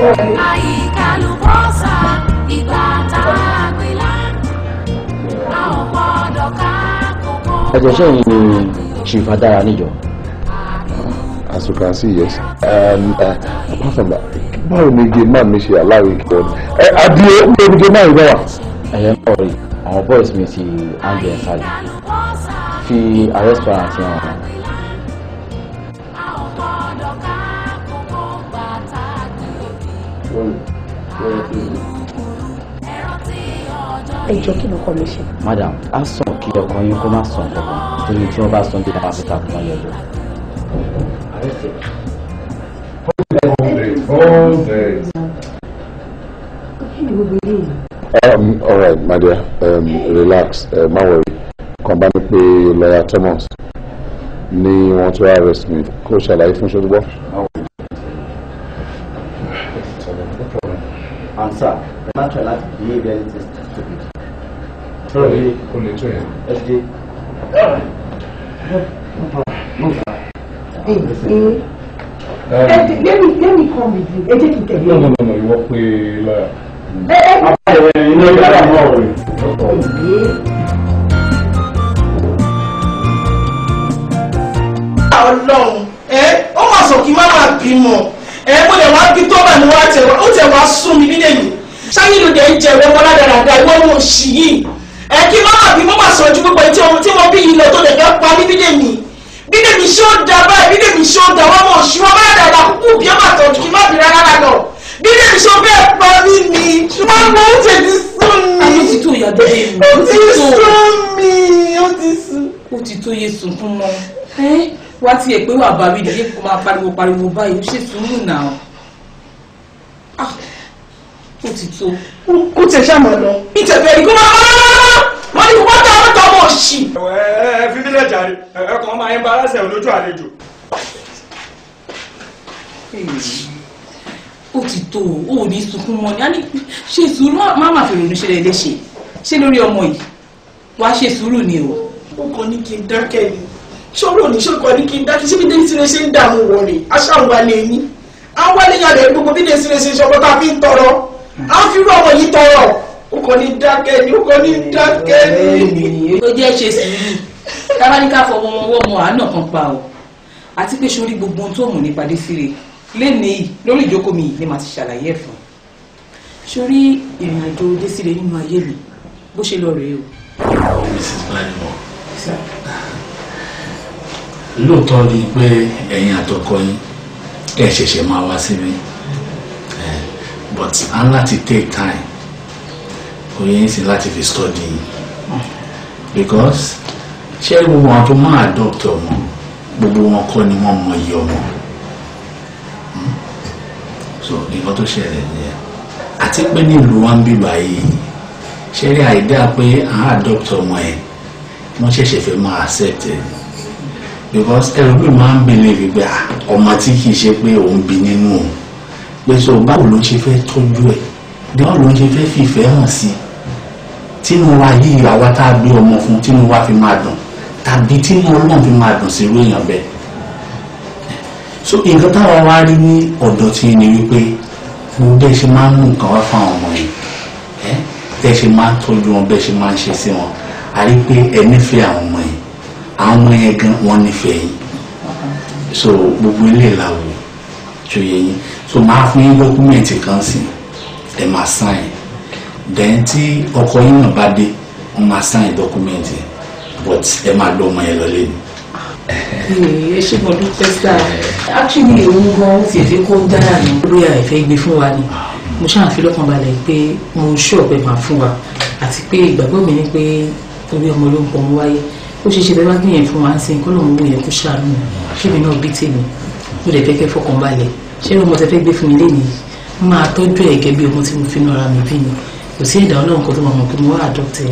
o. àyíká ló bọ́ sá ìgbà tá a gbé lánàá a ò gbọ́dọ̀ ká kókó. ẹ̀jẹ̀ sẹ́yìn ni ṣèfà dára níjọ. as you can see yes. Um, uh, báwo ni gèmá mi ṣe aláwọ̀ ìkọ́ ni adìẹ ń bẹ ní gèmá yìí náà wà. ẹ̀yẹ́ ń kọrin àwọn boys mi ti ángẹ̀ ń sáyé fi restaurant yẹn wà. ẹ jọ kí lọkọ mi ṣe. madam a sàn kí ọkọ yín kó má sàn kankan torí tí wọn bá sàn bí wọn bá fi ta kún ọ lọ. Um, all right, my dear, um, relax, uh, má worry. Come back mi pé lawyer Thomas ní want to arrest me kó ṣàlàyé fún ṣọ́dúbọ́. Answer, ẹ má tẹ̀ láti bí ẹgbẹ́ ẹni tí ó ti kò lè tó yẹn. Um, let me let me come with you. No, no, kí No no no, ìwọ pé lawyer ọlọ́run ẹ ó wà sọ kí má máa bímọ ẹ mo lè wá bí tó bá ní wá tẹ ó tẹ wá sún mi nílé yìí sáyé ló dé ń jẹ ìwé mọ́lá dáradára ìwé mo ṣì yìí ẹ kí má máa bí mo máa sọ ju gbogbo etí ohun tí mo bí yìí lọ tó lè fẹ́ pa mí nílé mi bídèmí ṣé ó da báyìí bídèmí ṣé ó da wọ́n mọ̀ ṣùgbọ́n báyà dáadáa kúkú bí ó máa tọ́jú kí má bí rárá lọ bílẹ̀ ìṣó bẹ́ẹ̀ parí mi wọ́n mọ oúnjẹ ti sún mi. a ló ti tó ìyá bẹ́ẹ̀ mi. ó ti sún mi ó ti sún. ó ti tó yé sunkún mọ́ wá tí ẹ pé wà bá mi nìyẹn kó máa pariwo pariwo báyìí ó ṣe sùúrù náà ah, ó ti tó. kó tẹ ṣàmà lọ. ìtẹ̀fẹ̀ ìkó máa wọ́n ní wọ́n tẹ ọ́n tọmọ òṣì. ẹ fi mílẹ̀ jàre ẹ kàn máa ń bá aláṣẹ olójú àlejò ó ti tó o ò ní sunkún mọ́ ni a ní ṣe sùúrù má má fèrè oníṣẹ́ rẹ̀ léṣe ṣé lórí ọmọ yìí wàá ṣe sùúrù ni o. ó kàn ní kí n dákẹ́ ni ṣọ́rọ̀ oníṣẹ́ kan ní kí n dákẹ́ síbi débi tí lè ṣe ń dààmú wọ̀ rè aṣáwálé ni àwálé yàrá ẹ̀ gbogbo bí lè ṣe ṣe ṣọkọ tá a fi ń tọrọ à ń fi rú ọmọ yìí tọrọ ó kàn ní dákẹ́ ni ó kàn ní dákẹ́ ni. ó jẹ́ ṣe sùúrù tábàníkà fọwọ́ wọn wọ́ ọmọ àánà kan pa ọ́ àti pé sórí gbogbo ohun tó mọ̀ nípa dé síre lẹ́ni lórí ìjókòó mi yìí ni màá ti ṣàlàyé ẹ̀ fún un ìrìn àjò désìrè nínú ayé mi bó ṣe lọ rèé o. Mrs. Glanimo lóòótọ́ ni pé ẹ̀yin àtọkọ yín ẹ̀ ṣẹ̀ṣẹ̀ máa wá síbí but a ń láti take time oyin sì láti fi study because ṣé gbogbo wọn tó máa adopt ọmọ gbogbo wọn kọ́ ni wọ́n mọ iye ọmọ so nǹkan tó ṣẹlẹ̀ nìyẹn àti pé nílùú wa ń bí báyìí ṣe rí àìdá pé àwọn àdọ́pítọ̀ ọmọ ẹ̀ wọ́n ṣẹ̀ṣẹ̀ fẹ́ máa accept ẹ̀ because ẹlòmíì máa ń believe pé ah, ọmọ tí kì í ṣe pé òun bí nínú o pé so báwo ló ń ṣe fẹ́ tọ́jú ẹ̀ báwo ló ń ṣe fẹ́ fìfẹ́ hàn sí tínú wa yìí àwa tá a gbé ọmọ fún tínú wa fi máa dùn tàbí tínú ọlọ́run fi máa dùn sí irú èèyàn bẹ́ẹ̀ so nǹkan táwọn wá rí ní ọ̀dọ̀ tí ni wípé bẹ́ẹ̀ ṣe máa ń mú nǹkan wá fún àwọn ọmọ yìí bẹ́ẹ̀ ṣe máa ń tọ́jú wọn bẹ́ẹ̀ ṣe máa ń ṣe sí wọn a rí pé ẹ nífẹ̀ẹ́ àwọn ọmọ yìí àwọn ọmọ yẹn gan wọn nífẹ̀ẹ́ yìí so gbogbo ilé ìlàwọ̀ tó yẹ so máa fún yín dọ́kúmẹ̀ntì kan sí ẹ máa sáìn then tí ọkọ yín náà bá dé wọ́n máa sáìn dọ́kúmẹ̀ntì but ẹ máa lọ ọmọ yẹn lọ lẹ́nu ẹ mo dúpẹ́ sáà actually òun gan ti fi kó dára ní lórí àìfẹ́ gbé fún wa ni mo ṣáà fi lọ́kàn balẹ̀ pé mo ṣú ọ̀pẹ máa fún wa àti pé ìgbàgbọ́ mi ni pé orí ọmọ ló ń pọ̀ mú wáyé ó ṣe ṣe bẹ́ẹ̀ bá gbìyànjú fún wa ń sin kó lóun mú yẹn kó ṣàánú ṣébi náà bí tèmi mo lè fẹ́kẹ́ fọkàn balẹ̀ ṣé ọmọ tẹ fẹ́ gbé fún mi lénìí máa tọ́jú ẹ̀ gẹ́gẹ́ bí ọmọ tí mo fi nara mi bí ni kò sí ẹ̀dá ọlọ́run kan tó máa mọ̀ pé mo wá àdọ́tẹ̀.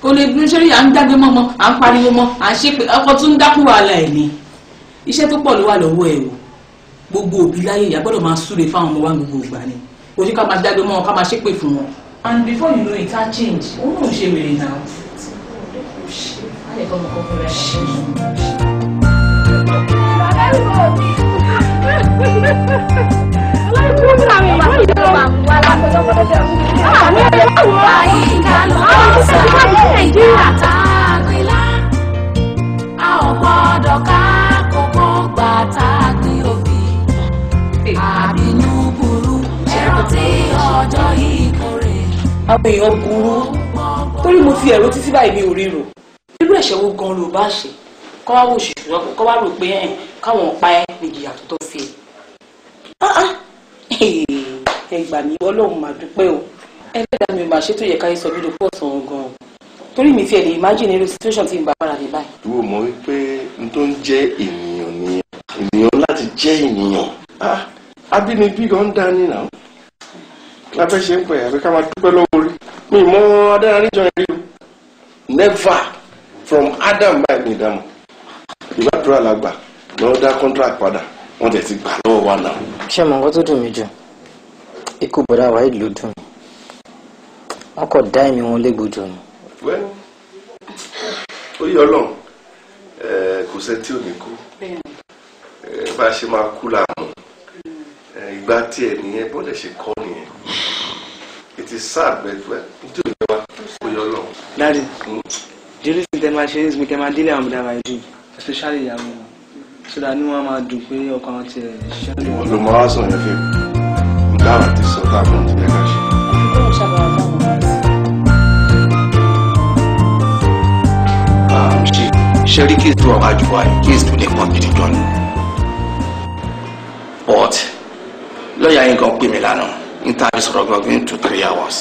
kò lè dúró sórí ń dágbé mọ́mọ́ à ń pariwo mọ́ à ń ṣépè ọkọ tún dákú wàhálà ẹ̀ ni iṣẹ́ tó pọ̀ ló wà lọ́wọ́ ẹ̀ o gbogbo òbí láyé ìyá gbọ́dọ̀ máa súre fáwọn ọmọ wa gbogbo ìgbà ni kò sí ká máa dágbé mọ́ ká máa ṣépè fún wọn. and before you know it a change òun náà ṣe wèrè náà. Thank *laughs* you àwọn èèyàn torí mo ti ẹ̀rọ títí báyìí mi ò ríro irú ẹ̀ṣẹ̀ wo gan ló bá ṣe kọ́ wá wò ṣùṣù kọ́ wá rò pé káwọn pa ẹ́ nìjìyà tó tọ́ sí ẹ ẹ gbà ọlọ́run mà dúpẹ́ o ẹlẹ́dàá mi máa ṣe tó yẹ ká sọ bí dopọ̀ sọ̀rọ̀ gan-an torí mi tiẹ̀ lè imagine irú situation tí n bá para mi báyìí. ìwọ mọ̀ wípé n tó ń jẹ́ ènìyàn nìyẹn ènìyàn láti jẹ́ ènìyàn àbínibí ah, gan dání náà lábẹ́ ṣe ń pẹ̀ àbí ká máa dúpẹ́ lọ́wọ́ orí mi mọ́ adáranijọ́ ẹ̀rí o never from Adam báyìí ní ìbádùrà làgbà lọ́ọ́ contract padà wọ́n tẹ̀ ti gbà lọ́wọ́ wa náà. ṣé mo nǹkan tó dùn mí jù ikú bọ̀dá wa ìlú dùn mí wọ́n kọ̀ dá ẹ̀mí wọn légbodò ni. ó yọ Ọlọ́run kò sẹ́ni tí ò ní kú bá a ṣe máa kú làmú ìgbà tí ẹ̀ nìyẹn bọ́dẹ̀ ṣe kọ́ nìyẹn ètí sáà gbẹgbẹ nítorí wa ó yọ Ọlọ́run. dáàdi jírí tẹ máa ṣe é mi tẹ máa délé àwọn ọmọdé àwọn ẹbí especially ìyàwó wọn sódà ni wọ́n máa dùn pé ọkàn ti ẹ̀ ṣẹ́. ìwọ ló máa sọ yẹn fún mi nígbà ti sọ táàbù ti yẹ ṣe. àfikún ṣàbàwọ̀ táwọn máa ń sọ. ṣẹ́rí kí lè pọ̀ gidi gan ni. but lọ́ọ̀yà yẹn gan pè mí lánàá interview sọ̀rọ̀ gan within two three hours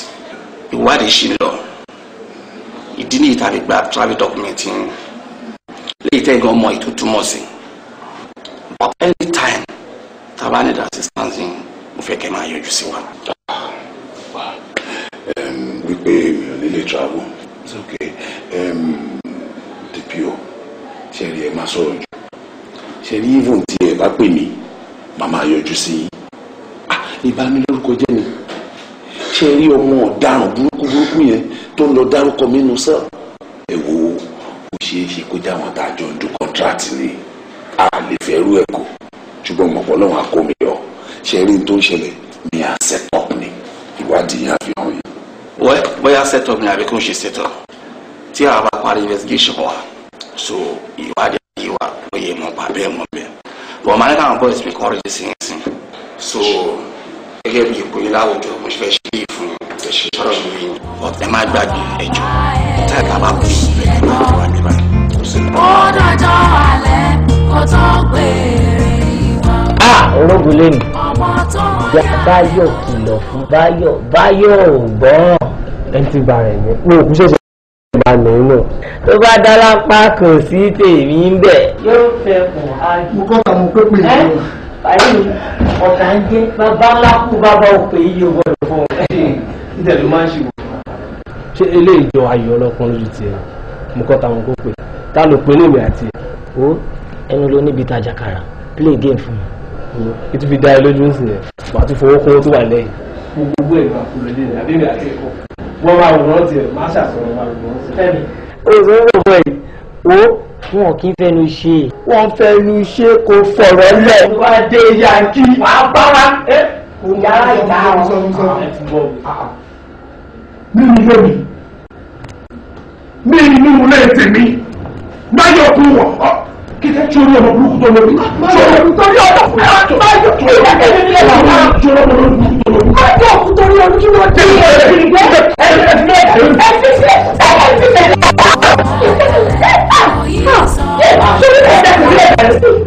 ìwádìí ṣì ń lọ ìdí nìyí tàbí gba travel document yẹn léyìí tẹ́ gan mọ ètò túmọ̀ sí i but anytime tá a bá need assistance yín mo fẹ́ kẹ́ máa yọjú sí wa. wípé mi ò nílé travel it's okay dpo ṣe rí ẹ máa sọ̀rọ̀ jù ṣe rí even tí ẹ bá pè mí màmá yọjú sí i ah, ìbánilórúkọ jẹ́ ni ṣe rí ọmọ ọ̀daràn burúkú burúkú yẹn tó ń lọ dárúkọ mínú sẹ́ẹ̀ ẹ wo ó ṣeé ṣe kó jáwọn tá a jọ ń du kọ́ńtíráàtì ni a lè fẹ́rú ẹ̀ kó ṣùgbọ́n mọ̀pọ̀ lọ́wọ́ àkómi yọ ṣe rí n tó ń ṣẹlẹ̀ ní a set up ni ìwádìí yẹn àfihàn yìí. wẹ́ bóyá set up ni àbí kò ṣe set up tí a bá parí investigation wa so ìwádìí yìí wa ó yẹ mọ̀ bá bẹ́ẹ̀ mọ̀ bẹ́ẹ̀ bọ̀ máa ní káwọn boys mi kọ́ rẹ́jì sí ẹ̀sìn so gẹ́gẹ́ bí ipò yìí láwùjọ mo ṣe fẹ́ ṣe yìí fún ẹ̀ṣẹ̀ sọ̀rọ̀ mi ọ̀tẹ̀ má gbàgbé ẹ̀jọ̀ tẹ́lẹ̀ ká bá kú sí ẹ̀jọ̀ tó wà níbàdàn. ó dọ̀jọ́ alẹ́ ọkọ tó gbèrè ìwà. a ológun lẹ́nu ìyá báyọ̀ kìlọ̀ fún báyọ̀ báyọ̀ ò gbọ́ràn ẹ ti gbà rẹ̀ mi mi ò kú ṣẹ̀ṣẹ̀ ìgbà lòun náà. tó bá dára pa kò sí tèmi ń bẹ̀. yóò fẹ́ kù àjù. mo kọ́ ta mo pé pé ìlú. báyìí ọ̀gá ń jẹ́ bàbá ńlá bàbá òpè yìí ò gbọ́dọ̀ fún ọ. níta ló máa ń ṣe wò. ṣé eléyìí jọ ayọ̀ ọlọ́kùnrin ju tiẹ̀ mo kọ́ ta mo pé pé ta ló pinnu ẹnu ló níbi ìtajà kara play game fún mi. ètò fi dá ẹ lójú ń sìn ẹ màá tún fọwọ́ kọ́ tó wà lẹ́yìn. gbogbo ẹ̀ máa kúrò lẹ́yìn àbẹ́rẹ́ akẹ́kọ̀ọ́ wọ́n máa wòrán tiẹ̀ máa ṣàṣọ̀rọ̀ máa wòrán tiẹ̀. o ò sọ fún ẹ wo fún ọ kí n fẹnu ṣe. wọ́n fẹnu ṣe kó fọ̀rọ̀ lẹ̀. wá dé yankí wàá bá wa. yàrá ìta àwọn nínú lónìí ní inú ilé tèmi báyọ̀ kú wọ̀ ọ́ kíkẹ́ tí orí ọmọ burúkú tó lóbi. sọ̀rọ̀ ah, torí ọ̀dọ̀ fún ẹ máa yọ kí ẹ kẹ́ lè lè bàbá. sọ̀rọ̀ ọmọ burúkú tó lóbi. máa yọ kú torí ọmọ kí wọ́n dé ilé rẹ̀ kiri gbé. ẹ ẹ fi ṣe ẹ fi ṣe ẹ fi ṣe. sori tẹ ẹ fi ṣe ẹ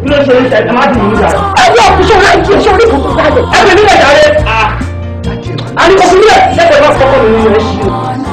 ní sori tẹ ẹ má dùn mí sáré. ẹ yọ kú sori ẹ jẹ sori kò kú sáré. ẹ fi mi lẹ sáré. àní kò fi mi lẹ sẹ́kẹ̀ẹ́ bá fọ́kọ́ mi ní ẹ ṣí o.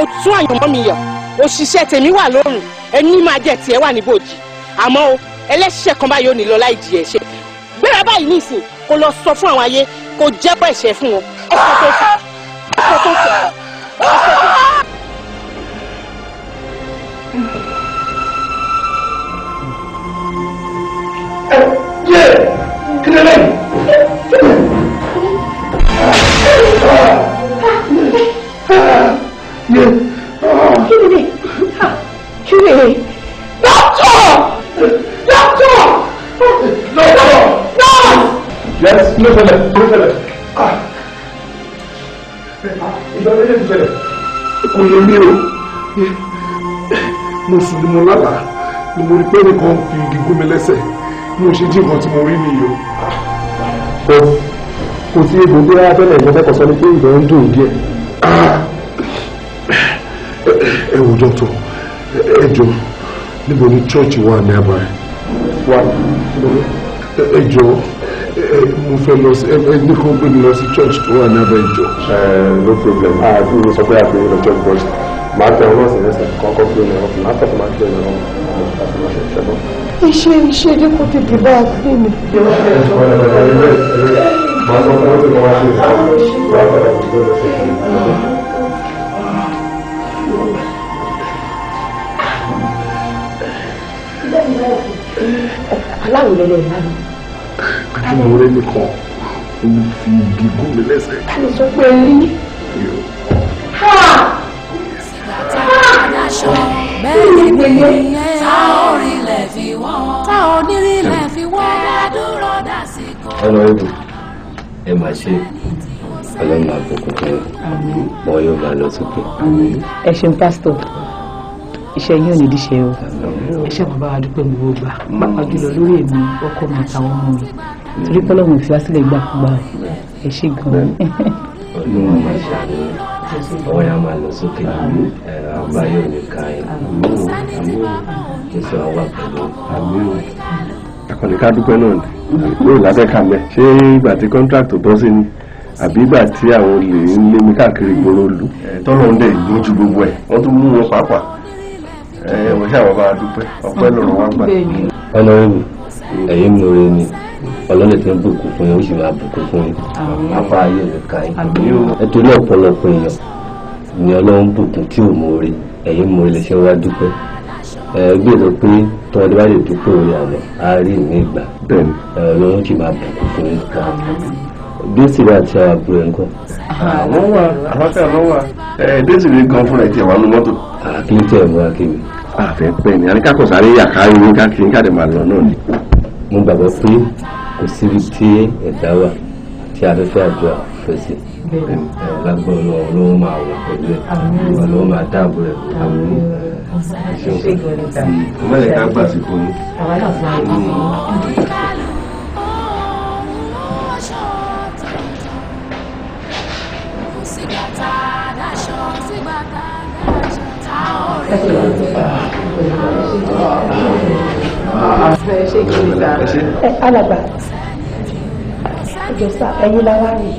o tún àyànmọ́ mi yọ òṣìṣẹ́ tèmi wà lọ́rùn ẹni máa jẹ́ tiẹ̀ wà níbòjì àmọ́ o ẹlẹ́ṣẹ̀ kan báyìí ò ní lọ láì di ẹ̀ṣẹ̀ gbéra báyìí nísìn kó lọ sọ fún àwọn ayé kó jẹ́pọ̀ ẹ̀ṣẹ̀ fún wọn ẹ̀ṣẹ̀ tó fẹ́ ẹ̀ṣẹ̀ tó fẹ́ ẹ̀ṣẹ̀ tó fẹ́. Yeah, can I? yes ló ṣẹlẹ̀ ló ṣẹlẹ̀ ah ìgbàlódé lè ṣẹlẹ̀ kò lè mí o mo sùn ní mo lálàá ni mo rí pé nìkan fi igi gún mi lẹ́sẹ̀ mo ṣe jí nǹkan tí mo rí nìyí o. kò sí egbò tó yára tẹ́lẹ̀ ìjọba kò sọ ní pé ìbọn ń dùn díẹ̀. Ah. ẹ wò dọ́tọ̀ ẹ níbo ni church wà ní abàá. wà níbo ni mo fẹ́ lọ sí ẹ ní kó gbé mi lọ sí church tó wà náà bẹ́ẹ̀ jọ. no problem a ti mo sọ pé a gbé mi lọ church but màá tẹ ọ lọ́sìn ẹsẹ̀ kọ́kọ́ gbé mi lọ́sìn máa tẹ̀sán máa gbé mi lọ́sìn láti máa ṣe ṣẹ́gun. iṣẹ́ iṣẹ́ dín kó tètè bá a gbé mi. màá sọ fún ọtí kan wá sí ìgbà wà padà sí ìgbà aláwọ̀ lọ́lọ́ ìlànà àti mo rẹ nìkan ó fi igi gún mi lẹ́sẹ̀. ẹ sọ pé rí. bẹ́ẹ̀ ni gbèlè ẹ máa ṣe ọlọ́run àbùkù fún bọ́ yóò bá lọ sókè. ẹ ṣeun pásítọ̀ iṣẹ́ yín ò ní díṣe o ẹ ṣẹ́kù bá wa dúpẹ́ gbogbo gbà pàápàá jùlọ lórí èmi ọkọ mi àtàwọn ọmọ mi torí pọ́lọ́mù ìfẹ́ sílẹ̀ gbàkúgbà ẹ ṣe gan-an. ọlọ́run máa ṣe àwọn ọyà máa lọ sókè ẹ̀rọ àbáyọ nìkan ẹ̀ àmì ò jésù àwọn pẹ̀lú àmì ò. akọ̀nìká dúpẹ́ náà lóò lásẹ̀ka mẹ́ ṣé ìgbà tí kọ́ńtrákì bọ́ sí ni àbí ìgbà tí àwọn olè ń lé mi káàkiri ìgboro lù tọ́lọ́ ń dẹ̀ lójú gbogbo ẹ̀ wọ́n tún mú wọn pàápàá ẹ̀wọ̀n ṣàwọ̀bá gbà. ọlọ́run mi orin ni ọlọ́lẹ̀ tí ń bùkún fún yín ó sì máa bùkún fún afá ayé rẹ̀ ká yín ọ̀pọ̀lọpọ̀ èèyàn ni ọlọ́run bùkún tí ò lè ṣe wá dúpẹ́ ẹgbẹ́ pé tọ́wọ́ lè dúpẹ́ orí á rí ìgbà ọlọ́run sì máa bùkún fún ká àwọn wà àwọn wà gan fúnra wà mú akéwì. àfẹ́ ah, pẹ́ ni àníkà kò sáré yà kárí ní káàkiri káàdé máa lọ náà ni. mo gbàgbọ́ pé kò síbi tí ẹ̀dá wà tí afẹ́fẹ́ àdúrà fẹ́ sí lágbọ́n ọlọ́run ọlọ́run máa wọ̀ pẹ̀lú ẹ̀ ọlọ́run máa dáàbò rẹ̀ àwọn ẹ̀ṣẹ̀ òṣèlú. mo mẹ́rin ká gbà alaba ẹjọ sá ẹ̀yin la wá rí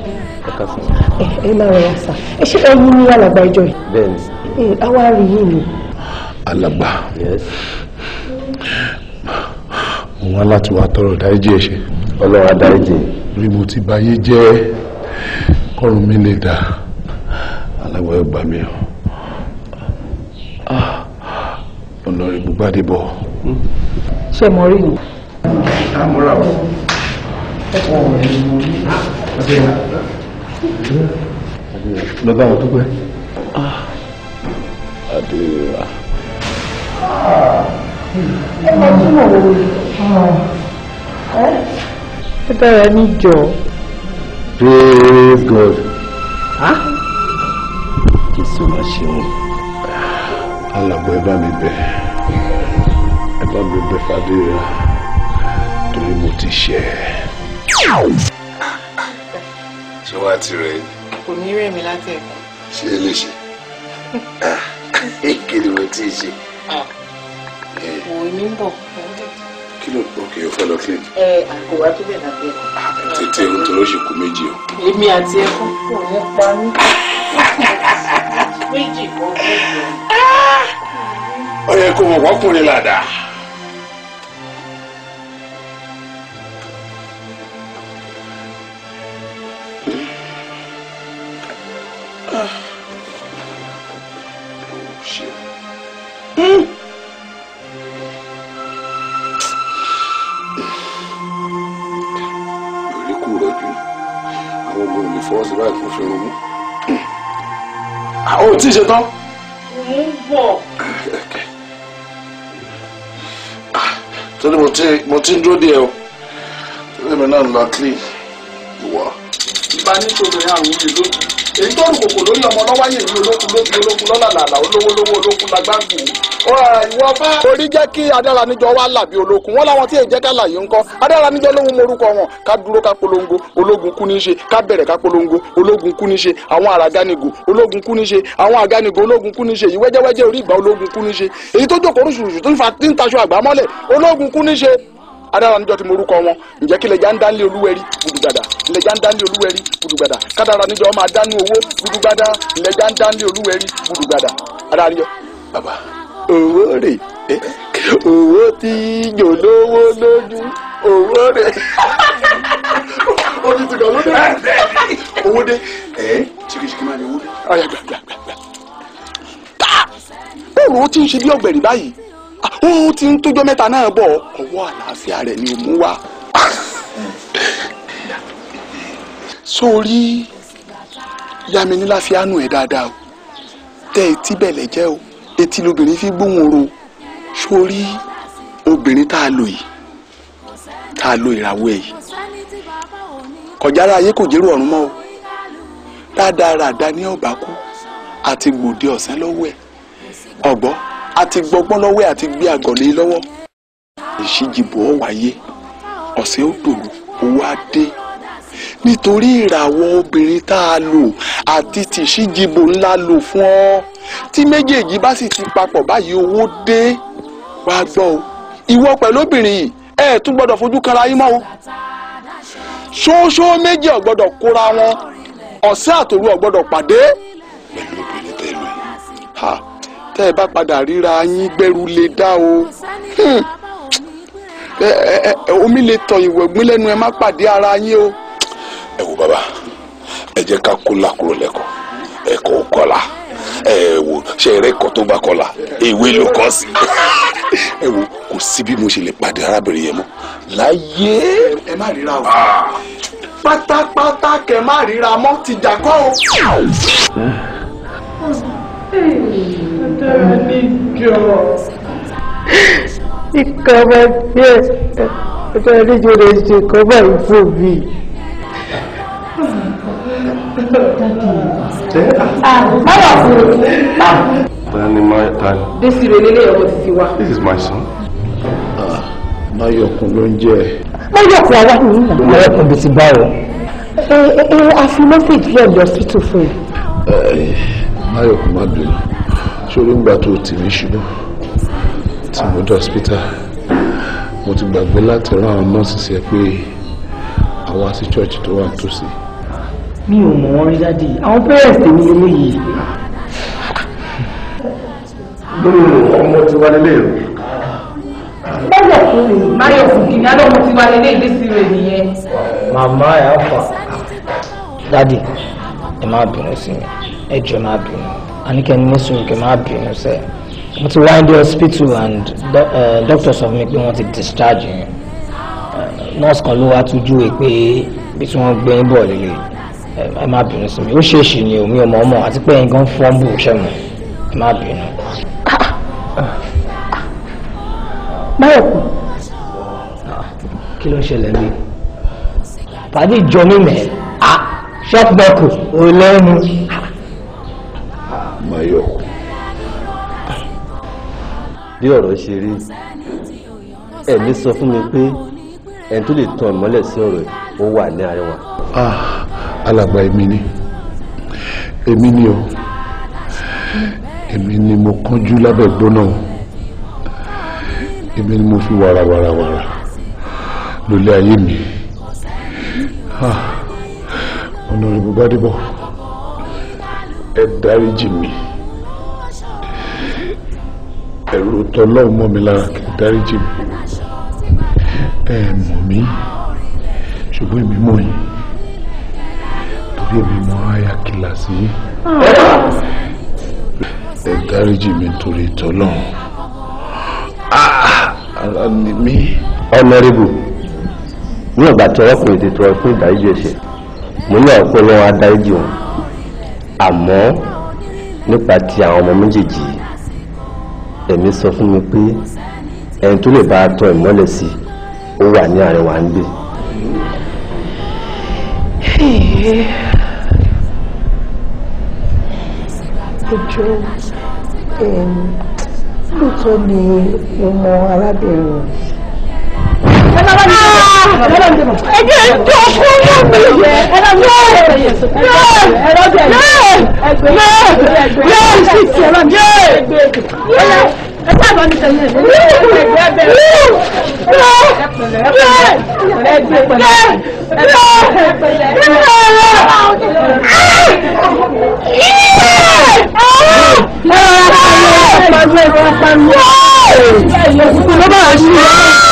ẹ̀yin la wọra sá ẹ ṣe ẹ̀yin ní alàgbà ẹjọ yìí a wá rí yìí ni. alàgbà mo wá láti wá tọrọ dáríjì ẹ̀ṣẹ̀. ọlọ́wà dáríjì. bí mo ti báyé jẹ́ kọ́run mi lè dá alàgbà ẹ gbà mí o. Honorable Gbadebo. ṣé mo rí ni. àmúra o lọ bá wọn tó pẹ. àdúrà. ẹ máa túmọ̀ wò ó. ẹ dára níjọ. praise God. Ah! jésù máa ṣe wọn alàgbà ẹ bá mi bẹ̀ ẹ bá mi bẹ̀ Fadéyọ̀ torí mo ti ṣẹ̀. ṣé wàá ti rẹ̀ kò ní rẹ̀ mí láti ẹ̀kọ́. ṣé ẹ lè ṣe *laughs* kí ni mo ti ṣe. òun ah. ní bọ̀ kí ló òkè o fẹ́ lọ kí ni. ẹ àgọ́ tó bẹ̀ náà bẹ́ẹ̀. Ah, tètè ohun tó ló ṣe kú méjì o. èmi àti ẹkún kò ní pa mí. méjì kò kú. ó yẹ kó mọ̀ wọ́kùnrin làdá. Dùrùmú ah, ó tí ì ṣe tán. mú bọ̀. Ah, torí mo ti ń dúró díẹ̀ o torí mi náà lọ clean ìwọ. ìbánisọ̀rọ̀ yà wúlò lókun èyí tó rùkòkò lórí ọmọ lọ́wáyé ìlú olókun lóbi olókun lọ́làlàlà olówó lówó olókun lágbàgbù. ìwọ bá. orí jẹ́ kí adáranijọ wá làbí olókun wọn làwọn tí èjẹ́ ká láàyè ńkọ́ adáranijọ lóhun morúkọ wọn ká dúró ká polongo ológun kú ní ká bẹ̀rẹ̀ ká polongo ológun kú ní àwọn àràgánigo ológun kú ní àwọn àgánigo ológun kú ní ìwẹ́jẹ́wẹ́jẹ́ orí ìgbà ológun kú ní èyí tó jókòó rúṣùrùṣù tó ń fa tí ń taṣọ àgbámọ́lẹ̀ ológun kú ní adára níjọ́ tí mo rúkọ wọn ǹjẹ́ kí lẹ̀jà ń dá nílé olúwẹ̀rí gudugbada lẹ̀jà ń dá nílé olúwẹ̀rí gudugbada kádàrà níjọ́ máa dánú owó gudugbada lẹ̀jà ń dá nílé olúwẹ̀rí gudugbada adára níjọ́. bàbá owó rè é eh, owó tí yò lówó lójú owó rè *laughs* orí ti kàn ló dé owó dé eh, ṣìkìṣìkì máa ní owó dé. ọ̀yà gbàgbàgbà báwo ti ń ṣe bí ọ̀gbẹ̀rì báyìí àwọn ah, tí ń tójọ́ mẹ́ta náà bọ̀ ọwọ́ àlàáfíà rẹ̀ ni òun wà. sórí yaminíláfíàánú ẹ̀ dáadáa o tẹ etí bẹ̀lẹ̀ jẹ́ o etí lobìnrin fi gbóhùn ro sórí obìnrin tá a lò yìí tá a lo ìràwọ̀ ẹ̀ yìí kọjára ayé kò jẹ́rù ọ̀run mọ́ o dáadáa ràdá ní ọ̀bá àti gbòde ọ̀sán lọ́wọ́ ẹ̀ ọ̀gbọ́n àti gbọgbọ́n lọ́wọ́ àti gbé àgọ̀lé e lọ́wọ́ ìṣíjìbò ọ̀ wáyé ọ̀sẹ̀ ó dòru owó á dé nítorí ìràwọ̀ obìnrin tá a lò àti tìṣíjìbò ńlá lò fún ọ tí méjèèjì bá sì ti papọ̀ báyìí owó dé wàá gbọ́ o ìwọ pẹ̀lú obìnrin yìí ẹ ẹ̀ tún gbọ́dọ̀ fojú kanra yín mọ́ o ṣóṣó méjì ò gbọ́dọ̀ kóra wọn ọ̀sẹ̀ àtòru ò pàdé pẹ̀lú obìnrin tẹ̀lé ha. tẹ́ ẹ bá padà ríra yín gbẹ́rù lè dá o hmm. omi lè tọ̀ ìwẹ̀gbín lẹ́nu ẹ má pàdé ara yín o. ẹ wo bàbá ẹ jẹ ká kó làkúrò lẹ́kọ̀ọ́ ẹkọ kọla ẹ wo ṣe eré tó bá ẹ wo kò sí bí mo ṣe lè pàdé arábìnrin yẹn láyé ẹ má ríra o o. Hmm. Hmm. náà níjọ. ikọ̀ ọmọ díẹ̀ ọjọ́ níjọ lè ṣe kọ́ báyìí fún mi. báwa my un. Tani my tani. Bísí rẹ̀ nílé ẹ̀kọ́ ti fi This is my son. Máyọ̀kùn ló ń jẹ́ ẹ̀. Máyọ̀kùn ara mi nà. Máyọ̀kùn bí ti bá ọ. Ẹ ẹ a fi mọ́sẹ̀jì lọ́dọ̀ sí tòfin. Máyọ̀kùn má bínú sórí ńgbà tó tì mí ṣubú tí mo dé hospital mo ti gbàgbé láti rán àwọn nọ́ọ̀sì sí ẹ pé àwọn àti church tó wà tòsí. mi ò mọ̀ wọ́n rí dáàdì àwọn parents tèmi lélẹ́yìí. lóòrò ọmọ ti wá lélẹ́ o. báyọ̀ fún mi báyọ̀ fún kìnìún adọ́mọ ti wá lélẹ́ ìdísí rẹ̀ nìyẹn. màmá ẹ̀ á fà. dáàdì ẹ má bínú sí mi ẹ jọ̀ọ́ má bínú anike ni mùsùlùmí kẹ máa bínú but mo ti wá ní hospital and do, uh, doctors have made pé want to discharge you, eh, nurse kan ló wá tújú ẹ pé bí tí wọ́n gbé bọ̀ lélẹ̀ eh, ẹ má bínú sí mi ó ṣèṣì ni omi ọmọ ọmọ àti pé nǹkan fọ́nbù ṣẹ́mu ẹ má bínú. báyọ̀ kù. Ah, kí ló ń ṣẹlẹ̀ mi pàdé ìjọ mímẹ́ ah, ṣọ́ọ̀pù bẹ́ẹ̀ kù ò lẹ́nu máa yọ̀ kù. bí ọ̀rọ̀ ṣe rí ẹ̀mí sọ fún mi pé ẹni tó lè tan ìmọ́lẹ̀ sí ọ̀rọ̀ ó wà ní àríwá. Ah, alàgbà èmi ni èmi ni o èmi ni mo kánjú lábẹ́ gbóná o èmi ni mo fi wàràwàràwàrà lólé ayé mi ah, ọ̀nà òrìbùbá dìbò ẹ dáríjì mi ẹ̀rù tọ́lọ́ mọ́ mi lára kí ẹ dáríjì mi ẹ mọ̀ mí ṣùgbọ́n èmi mọ̀ yín torí èmi mọ àyà kìláàsì yìí ẹ dáríjì mi torí tọ́lọ́ ah, ara ni mí. ọ̀nàrẹ́bù ní ọ̀gbà tí ọlọ́kùnrin ti tọrọ fún ìdáríjì ẹ̀ṣẹ̀ mo ní àwọn pé ọlọ́run wọn àmọ́ nípa ti àwọn ọmọ méjèèjì ẹ̀mí sọ fún mi pé ẹni tó lè bá a tọ ìmọ́lẹ̀ sí ó wà ní àárín wa ń gbé. ẹjọ́ lóòótọ́ ni mo mọ arábìnrin ẹgbẹ́ ìjọ fún mi. Yeah!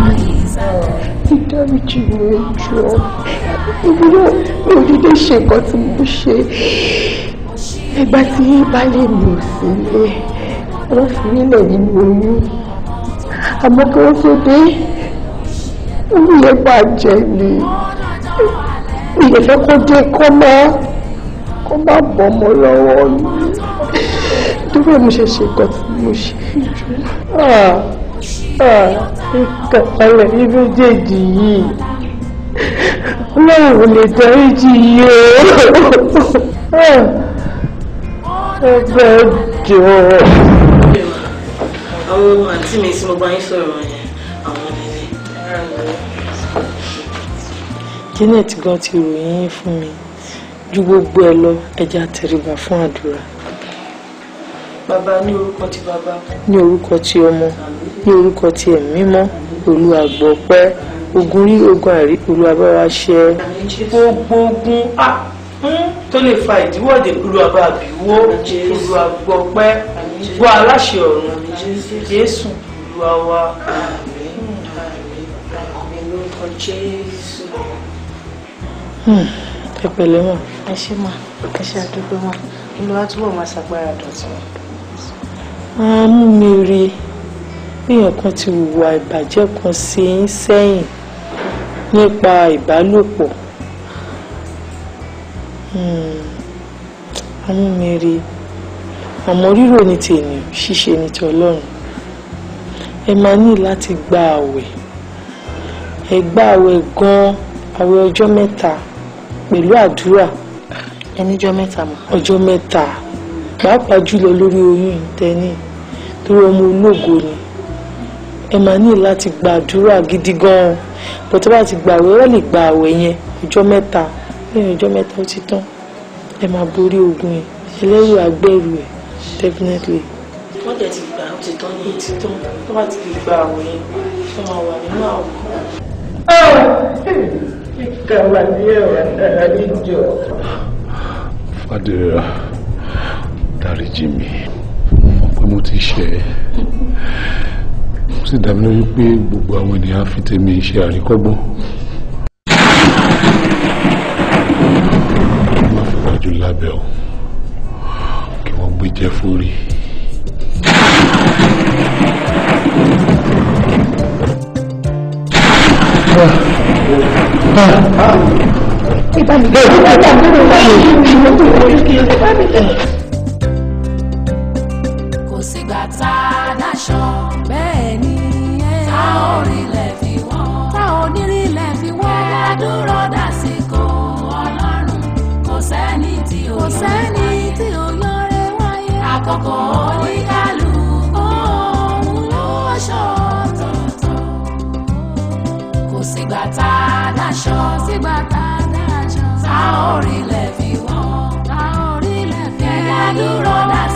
dáríjì mi jọ èmi náà mi ò dédé ṣe nǹkan tí mo ṣe ìgbà tí baálé mi ò sílé wọ́n fi nílẹ̀ nínú oyún àmọ́ kí wọ́n tó dé orí yẹn bàjẹ́ ni ìyẹ̀fẹ́ kó dé kó má kó má bọ́ ọmọ lọ́wọ́ mi dúró mo ṣe ṣe nǹkan tí mo ṣe jù. Ah. Ah, ìkàpalẹ̀ ní méjèèjì yìí ọlọ́run lè dáríjì yìí o ah, ẹgbẹ́ jọ. àwọn àǹtí mi tí mo bá yín sọ̀rọ̀ yẹn àwọn nílé. Janet gan ti ròyìn fún mi ju gbogbo ẹ lọ ẹja tẹríba fún àdúrà bàbá ní orúkọ ti bàbá. ní orúkọ ti ọmọ ní orúkọ ti ẹ̀mí mímọ́ olúwa gbọpẹ́ ogun rí ogun àrí olúwa ṣe. gbogbo ogun a hmm, tó lè fa ìdíwọ́de olúwa bá bíwó olúwa gbọpẹ́ gbọ́ aláṣẹ ọ̀run jésù olúwa wa. àmín àmín àmín lórúkọ jésù ẹ pẹ̀lẹ́ mọ. ẹ ṣe máa ẹ ṣe àdúgbò máa olúwa túbọ̀ máa ṣàgbára dọ̀tún àánú mi rí èèyàn kan ti hùwà ìbàjẹ́ kan sí í sẹ́yìn nípa ìbálòpọ̀ àánú mi rí àmọ́ rírò ní tènìyàn ṣíṣe ní ti ọlọ́run ẹ máa ní láti gba àwẹ̀ ẹ gba àwẹ̀ gan-an àwẹ̀ ọjọ́ mẹ́ta pẹ̀lú àdúrà ẹníjọ́ mẹ́ta mọ́ ọjọ́ mẹ́ta pàápàá jùlọ lórí oyún ìtẹ́ni irú ọmọ ológo ni ẹ máa ní láti gbàdúrà gidi gan-an bó tó bá ti gbàwẹ̀ wọ́n lè gba àwẹ̀ yẹn ọjọ́ mẹ́ta lẹ́yìn ọjọ́ mẹ́ta ó ti tán ẹ máa borí ogun yẹn ẹlẹ́rù agbẹ́rù ẹ̀ definitely. wọ́n jẹ́ ti gbà ó ti tán ní ti tán tó bá ti lè gba àwẹ̀ yẹn wọ́n wà nínú àwọn. Ah! kíkà wà ní ẹ̀wà dára níjọ. fàdéra dáríjì mi pé mo ti ṣẹ̀ ẹ́ ó sì dá mi lójú pé gbogbo àwọn ènìyàn fi tèmi ṣe àríkọ́gbọ́n. má fi wájú lábẹ́ o kí wọ́n gbé jẹ́ fórí. ah ìbámu, ìbámu, ìbámu, ìbámu ìgbà tá a dáṣọ. bẹ́ẹ̀ ni ẹ̀ tá a ò rí lẹ̀ fi wọ́. tá a ò ní rí lẹ̀ fi wọ́. ẹ̀yà dúró dásìkò ọlọ́run kò sẹ́ni tí ò yọrẹ wáyé. kò sẹ́ni tí ò yọrẹ wáyé. àkókò oníkálùkù òun ló ṣọ̀tọ̀ọ̀tọ̀. kò sígbà tá a dáṣọ. sígbà tá a dáṣọ. tá a fi wọ́. tá a fi wọ́. ẹ̀yà dúró dásìkò.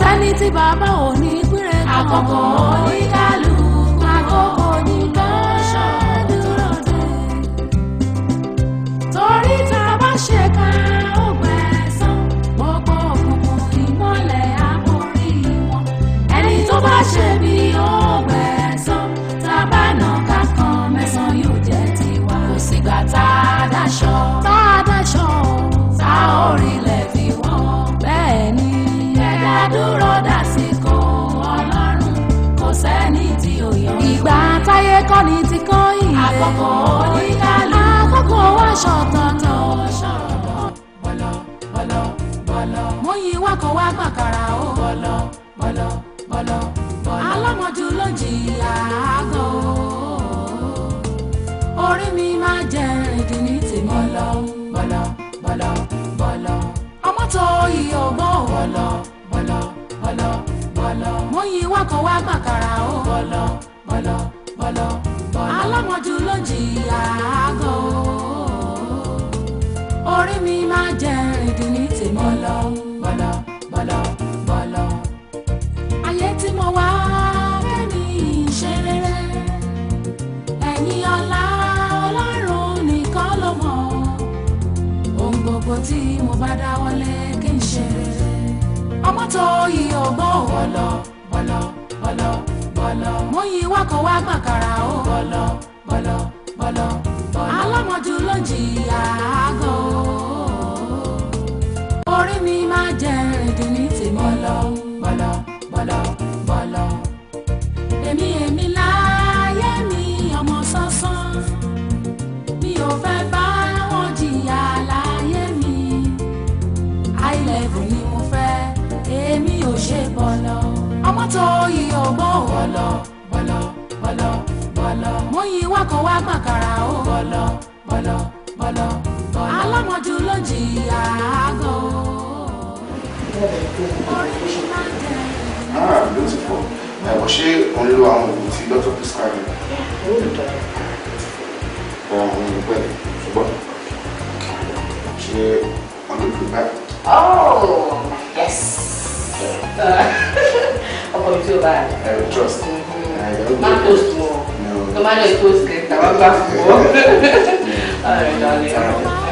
sẹ́ni tí bàbá ò ní pínrẹ̀ kan. àkókò oníkálukú àkókò ní lọ́ṣọ́ dúró dé. torí tá a bá ṣe ká ó gbẹ̀san gbogbo òkùnkùn ìmọ́lẹ̀ àkórí wọn ẹni tó bá ṣe bí ó. dúró dàsìkò ọlọ́run kò sẹ́ni tí ó yọ. ìgbà táyé kọ́ ni ti kọ́ ilé àkókò oníkàlù àkókò wáṣọ tọ̀tọ̀. bọ́lọ̀ bọ́lọ̀ bọ́lọ̀ mo yí wákọ̀ wá gbàkàrà ó. bọ́lọ̀ bọ́lọ̀ bọ́lọ̀ bọ́lọ̀ alámọ̀jù ló jìyà àgọ́ orí mi máa jẹ ìdí ní tèmi. bọ́lọ̀ bọ́lọ̀ bọ́lọ̀ bọ́lọ̀ ọmọ tó yí ọgbọ́n wọ̀lọ̀ yí wá kan wá gbàkàrà ó. bọ́lọ́ bọ́lọ́ bọ́lọ́ bọ́lọ́. alámọ̀jù ló jìyà àgọ́. orí mi máa jẹ rìndìn ní tèmi. bọ́lọ́ bọ́lọ́ bọ́lọ́ bọ́lọ́. ayé tí mo wá kẹ́mi ṣe rere ẹ̀yìn ọ̀la ọlọ́run nìkan ló mọ̀ ohun gbogbo tí mo bá dáwọ́lé kí n ṣe rere ọmọ tó yí ọgbọ́n wọ̀ lọ bọ́lọ́ bọ́lọ́ bọ́lọ́. mo yin iwakọ̀ wá gbàkàrà o. bọ́lọ́ bọ́lọ́ bọ́lọ́ bọ́lọ́. alámọ̀jù ló ń jìyà àgọ́. orí mi máa jẹ rìndìn ní tèmi. bọ́lọ́ bọ́lọ́ bọ́lọ́ èmi èmi. tó iyọ̀ gbọ́ bọ̀lọ̀ bọ̀lọ̀ bọ̀lọ̀ bọ̀lọ̀ mo yin wá kan wá gbàkàrà ó bọ̀lọ̀ bọ̀lọ̀ bọ̀lọ̀ bọ̀lọ̀ alámọ̀jù ló jìyà àgọ́. orí mi máa ń ah, ẹ wọ́n ṣe òun lo àwọn oògùn tí doctor prescribe. ọ̀hún ìpẹ́ ṣùgbọ́n ṣe ọdún tó bá. oh yes. *laughs* *laughs* ọkọ tí o bá rẹ. I will trust. Mhm. Má post wọn. Tó má lè post kẹ́ tàwọn gbà fún ọ. Ọ̀rẹ́ ìdálẹ́ ọ̀rẹ́. Má pẹ̀lú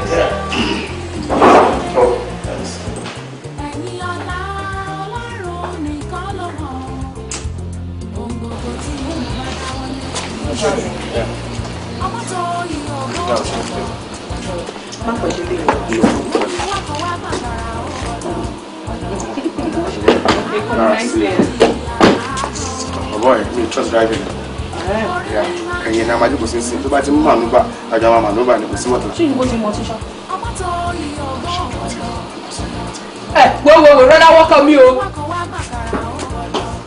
*laughs* My boy, we trust driving. Yeah. Can you now my people say to buy the man over? I got my man over and see what. She go to motion. Eh, wo wo wo, rárá wọ́kọ̀ mi o.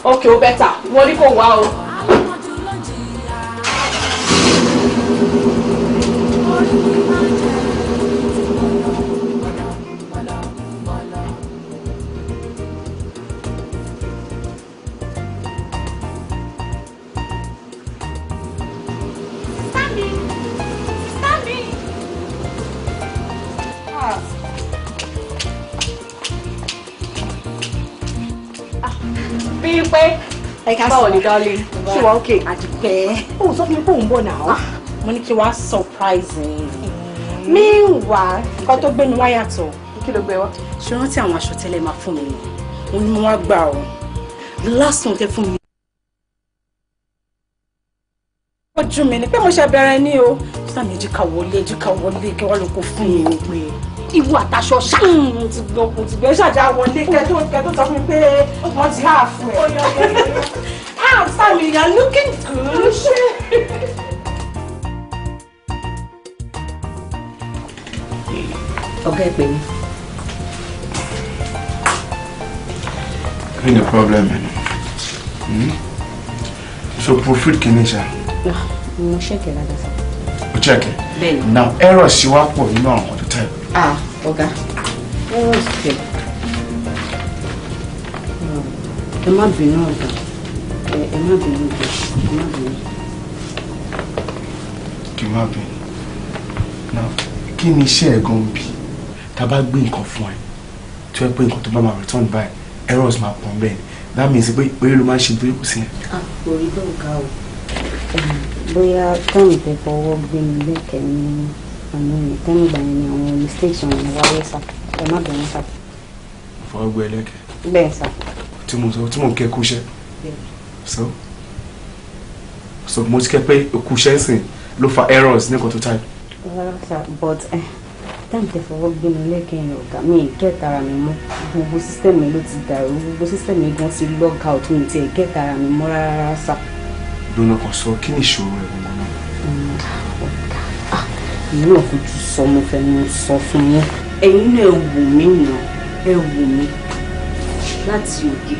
Okay, o oh, better. Wọ́n ní kò wá o. Oh. ẹ ká sọ ní dálé ṣé wàá òkè àdìpẹ́ ó sọ fún mi pé òun bọ̀ náà ah, mo ní kí wàá surprising hmm. meanwhile nǹkan tó gbénu wá yàtọ̀ kí ló gbé wá. ṣé rántí àwọn aṣọ tẹ́lẹ̀ máa fún mi ni wọ́n mo wá gbà ọ́ last one tẹ́ fún mi. ojú mi ni pé mo ṣe bẹ̀rẹ̀ ní o sáà mi jí ká wọlé jí ká wọlé kí wọ́n lọ kó fún mi ni hmm. pé ìwọ àtàṣọ ṣá. Mm, mo ti gbọ́ mo ti gbọ́ ṣàjà wọlé kẹtó kẹtó sọ fún mi pé wọ́n ti há fún ẹ. ah Sammy you are looking good. ọ̀gá ẹ pè mí. kí ni problem ẹ hmm? nù so profit kìíní ṣá. Ah, mo ṣẹ̀kẹ̀ ládàá sọ. o ṣẹ̀kẹ̀ now error ṣì wá pọ̀ nínú àwọn ọ̀dọ́ tẹ́lẹ̀ ah ọ̀gá ọ̀sẹ̀ hmm. ẹ má bínú ọ̀gá ẹ má bínú ọ̀gá ẹ má bínú. kí n má bínú na kí ni iṣẹ́ ẹ̀ gan bí tá a bá gbé nǹkan fún ẹ tí wọ́n return báyìí errors máa pọ̀ that means pé ìpèrè ló máa ń ṣe nítorí kò sí yẹn. a kò rí bẹ́ẹ̀ ká o bóyá táwọn ìbẹ̀bọ̀ ọwọ́ gbé mi lẹ́kẹ̀ẹ́ ní àwọn ìtàn ìgbà yẹn ni àwọn mistakes wọn so mo ti kẹ pé kú iṣẹ́ ló fa errors ní nǹkan tó type. rárá sá eh, fọwọ́ gbé mi lẹ́kẹ̀ẹ́ ọ̀gá mi kẹ́tara mi mọ́ gbogbo sísẹ́mì ló ti dàrú gbogbo sísẹ́mì gan ti lọ́ọ̀gá ọ̀tún mi tiẹ̀ kẹ́tara mi mọ́ rárá sá. lónà kan sọ kí ni ìṣòro ẹ̀ gbọ̀ngàn èyí náà fojú sọ mo fẹ́ mo sọ fún yín ẹ̀yin náà ẹ wò mí nà ẹ wò mí láti òkè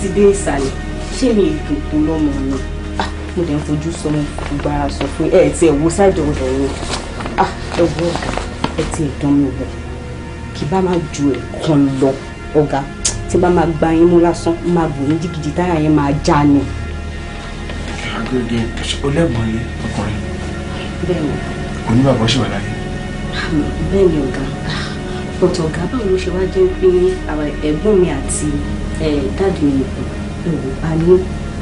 títí dé ìsàlẹ̀ ṣé mi ìdùn tó lọ́mọ ni ah, mo dẹ̀ ń fojú sọ mo gbára sọ fún ẹ ẹ ti ẹ̀ wo ṣáàjọ ọ̀dọ̀ yẹn ẹ wo ọ̀gá ẹ ti ìdán mi wọ̀ kì bá má ju ẹ̀kan lọ ọ̀gá tí bá máa gba yín mú lásán máa bò ní jìgìjì táyà yẹn máa já ni. agége olẹ́gbọ̀n yẹn ọkùnrin bẹ́ẹ̀ni. onígbàgbọ́ ṣì wà láyé. bẹ́ẹ̀ni ọ̀gá ọ̀tọ̀ ọ̀gá báwo ló ṣe wá jẹ́ pé ẹ̀gbọ́n mi àti dáàdì mi nìkan ló bá ní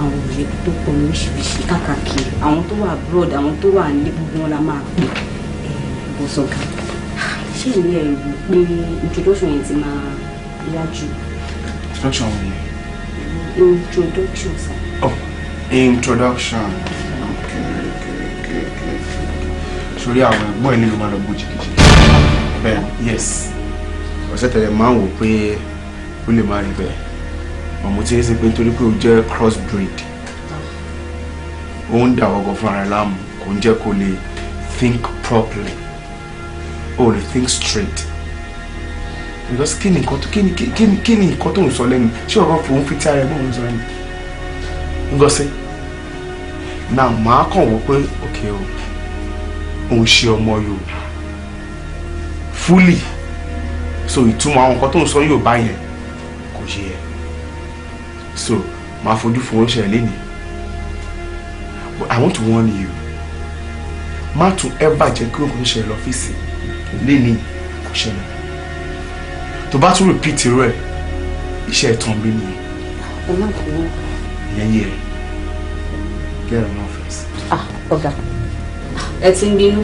àwọn ọ̀rẹ́ tó pọ̀ lóríṣiríṣi káàkiri àwọn tó wà abroad àwọn tó wà nílé gbogbo wọn la máa pè bọ́sọ̀gà ṣé ìlú ẹ̀ rò pé introduction yẹn ti máa yá jù. introduction wo ni. introduction sir. oh introduction sórí àwọn ẹ̀gbọ́n ẹ̀ nílùú máa lọ gbójì kejì bẹ́ẹ̀ yes ọ̀sẹ̀ tẹ̀lé máa ń wò pé ó lè má rí bẹ́ẹ̀ ọ̀mú tí ó ṣe pé nítorí pé ó jẹ́ cross breed ó ń dà wọ́gọ̀ fún ara láàmú kò ń jẹ́ kó lè think properly ó lè think straight because kí ni nǹkan tó kí ni kí ni kí ni nǹkan tó ń sọ lẹ́nu ṣé ọ̀rọ̀ fòun fi tí ara ẹ̀ mọ̀ ń sọ ẹni ń gọ́sí now màá kàn wọ́n pé okay o. Okay, òun ṣe ọmọ yorùbá fúlì so ìtumọ̀ àwọn nǹkan tó ń sọ yorùbá yẹn kò ṣe yẹ so máa fojú fo oúnjẹ lẹ́nìí but i want to warn you má tún ẹ bàjẹ́ kí òun kò ṣẹlẹ̀ lọ́fíìsì lẹ́nìí kò ṣẹlẹ̀ tó bá tún repeat rẹ̀ iṣẹ́ ìtàn mi nìyẹn. ìyẹn yẹ get an office. ah ọ̀gá. Okay ẹ ti ń bínú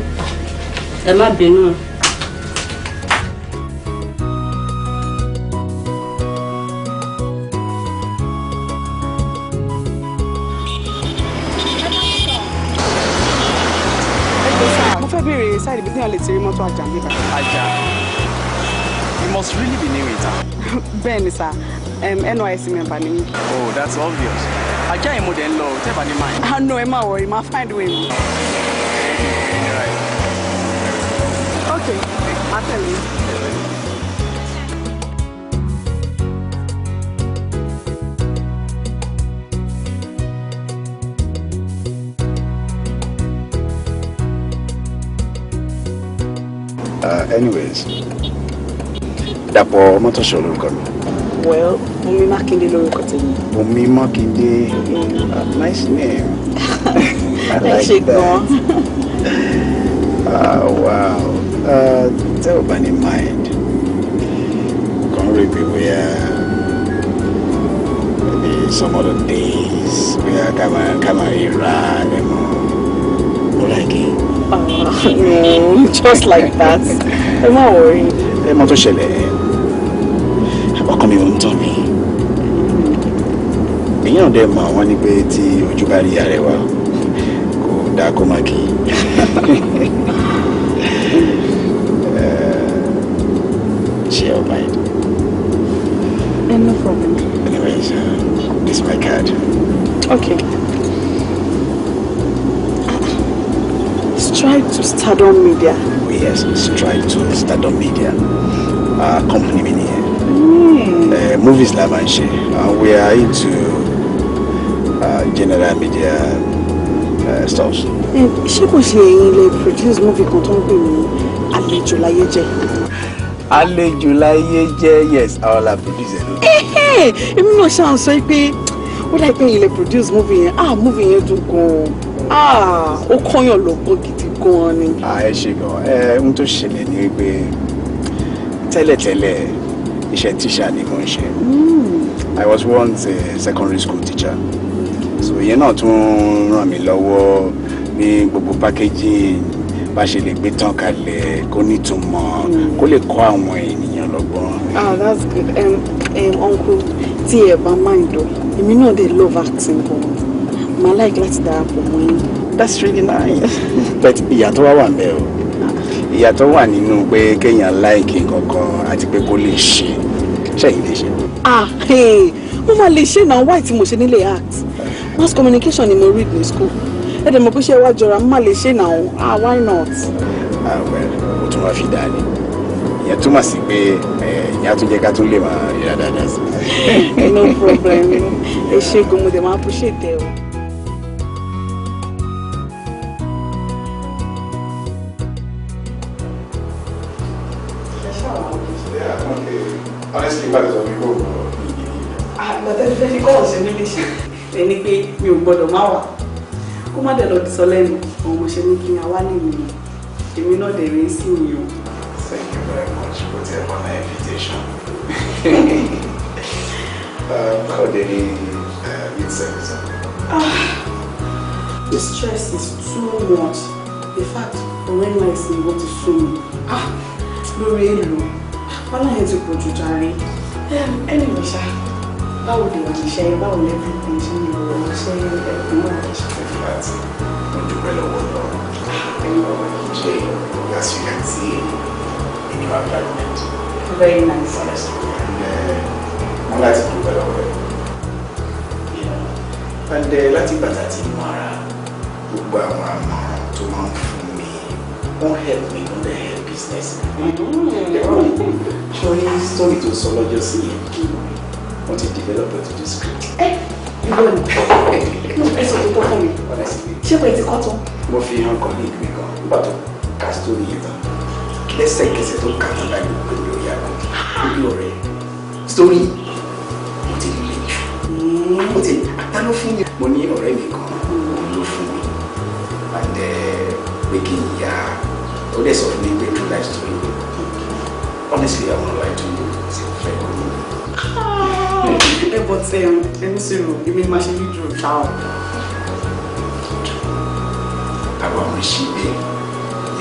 ẹ má bínú. mo fẹ́ béèrè sáà ibi tí wọ́n lè you must really be new ita. *laughs* bẹ́ẹ̀ni sá NYSC member ni mí. oh that's obvious ajá ìmúdẹ̀ ń lọ tẹ́bà ní mind. ah no ẹ má wọrí máa find way. tẹ̀lé. Uh, anyways, Dàpọ̀ Mọ́tòṣọ́ lórúkọ mi. Well, Bùnmi Mákindé lórúkọ tèmi. Bùnmi Mákindé, mm. uh, nice name. *laughs* I like that. *laughs* uh, wow. Uh, tẹ́ ò bá ní mind kàn rí bí wíyá bí some other days wíyá kàmá kàmá ìrà ẹ̀mọ́ ó láìké. *laughs* no just like that ẹ má wọrí. ẹ mọ tó ṣẹlẹ̀ ọkàn mi ò ń tàn mí èèyàn dẹ̀ mọ̀ àwọn ni pé tí ojú bá rí arẹwà kò dáa kó má kí *laughs* Yeah, no problem. Anyways, uh, this is my card. Okay. Strive to start on Media. Oh, yes, Strive to start on Media. Our company in here. Mm. Uh, movies lab Uh, we are into uh, general media uh, stuff. ṣé kò ṣe ẹ̀yin lè produce movie kan tó ń pè ní àlejò láyé àlejò láyé jẹ́ yes àwọn la produce ẹ̀ lọ. èmi náà ṣáà sọ pé ó dà pé ilẹ̀ produce movie yẹn ah movie yẹn dùn gan ah, ó kọ́yàn lọ́gbọ́n gidi gan-an ni. ẹ ṣe gan ẹ ohun tó ṣẹlẹ̀ ni pé tẹ́lẹ̀tẹ́lẹ̀ iṣẹ́ tíṣà ni mo ń ṣe hmm. I was once a secondary school teacher so ìyẹn náà tún ràn mí lọ́wọ́ ní gbogbo packaging bá ṣe lè gbé tán kalẹ̀ kó nítumọ̀ kó lè kọ́ àwọn ènìyàn lọ́gbọ́n. ah that's good um, um, uncle tí ẹ bá máa ń dọ èmi náà dey love acting but màá like láti darapọ̀ mọ́ yín. that's really nice. *laughs* but ìyàtọ̀ wá wà ńbẹ̀ o ìyàtọ̀ wà nínú pé kéèyàn láìkì kankan àti pé kó lè ṣe ṣẹ́yìn lè ṣe. ah mo máa lè ṣe na why tí mo ṣe nílé act mass communication ni mo read ní school ẹ dẹ̀ mọ̀ pé ṣé wá jọra má lè ṣe nà ọ́n ah why not. mo ah, tún máa fi dáa ni ìyẹn túmọ̀ sí pé ìyẹn á tún jẹ́ ká tún lè máa rí dáadáa sí i. *laughs* no problem ẹ ṣe gan dẹ̀ máa bú ṣètẹ́ o. Ah, ẹni pé mi ò gbọ́dọ̀ má wà kó má dẹ̀ lọ sọ mo ṣe ní kí n wá mi èmi náà dẹ̀ rèé sí mi o. thank you very much for the honor invitation. um, *laughs* how did he uh, meet Samson? Ah, the stress is too much. In fact, ọ̀rẹ́ náà ìsìn ìwọ ti sún mi. Ah, lórí èlò, wọ́n láyé ti pọ̀ jù jàre. Um, anyway, ìwọ̀n ṣá, báwo lè wà níṣẹ́, báwo lẹ́bí ìpín ìṣẹ́ ìwọ̀n ṣe ẹ̀kún náà ṣe fẹ́ that mo dúpẹ́ lọ́wọ́ náà ẹni ọmọ yìí jẹ́ ìyá sírí àti in your environment. Very nice. Honestly. Mo eh, láti dúpẹ́ lọ́wọ́ ẹ̀. And eh, láti bàtà tí mo ara gbogbo àwọn àmọ̀ràn tó máa ń fún mi wọ́n help me wọ́n dẹ̀ help business. Mm. Ṣé o ní sọ́ọ̀rì tó sọ lọ́jọ́ sí yẹn? Wọ́n ti develop it to the script. Eh, ìwọ ni inú fẹ́ sọ tó tọ́ fún mi ṣé pé ti kọ́ tán. mo fi hàn kan ní ìpín kan nígbà tó ka sítórí yìí tán lẹ́sẹ̀kẹsẹ̀ tó kà tán báyìí pé mi ò yá kan lórí ọ̀rẹ́ sítórí mo ti lè jù mo ti ta ló fún mi. mo ní ọ̀rẹ́ mi kan òun ló fún mi àtẹ eh, pé kí n yá ó dẹ̀ sọ fún mi pé true life story honestly I wan lie to you ẹ bọ̀ tẹ ẹ̀hún ẹni sèrò èmi ni màá ṣe ní dùn ṣá o. àwọn àwọn ìṣẹ̀lẹ̀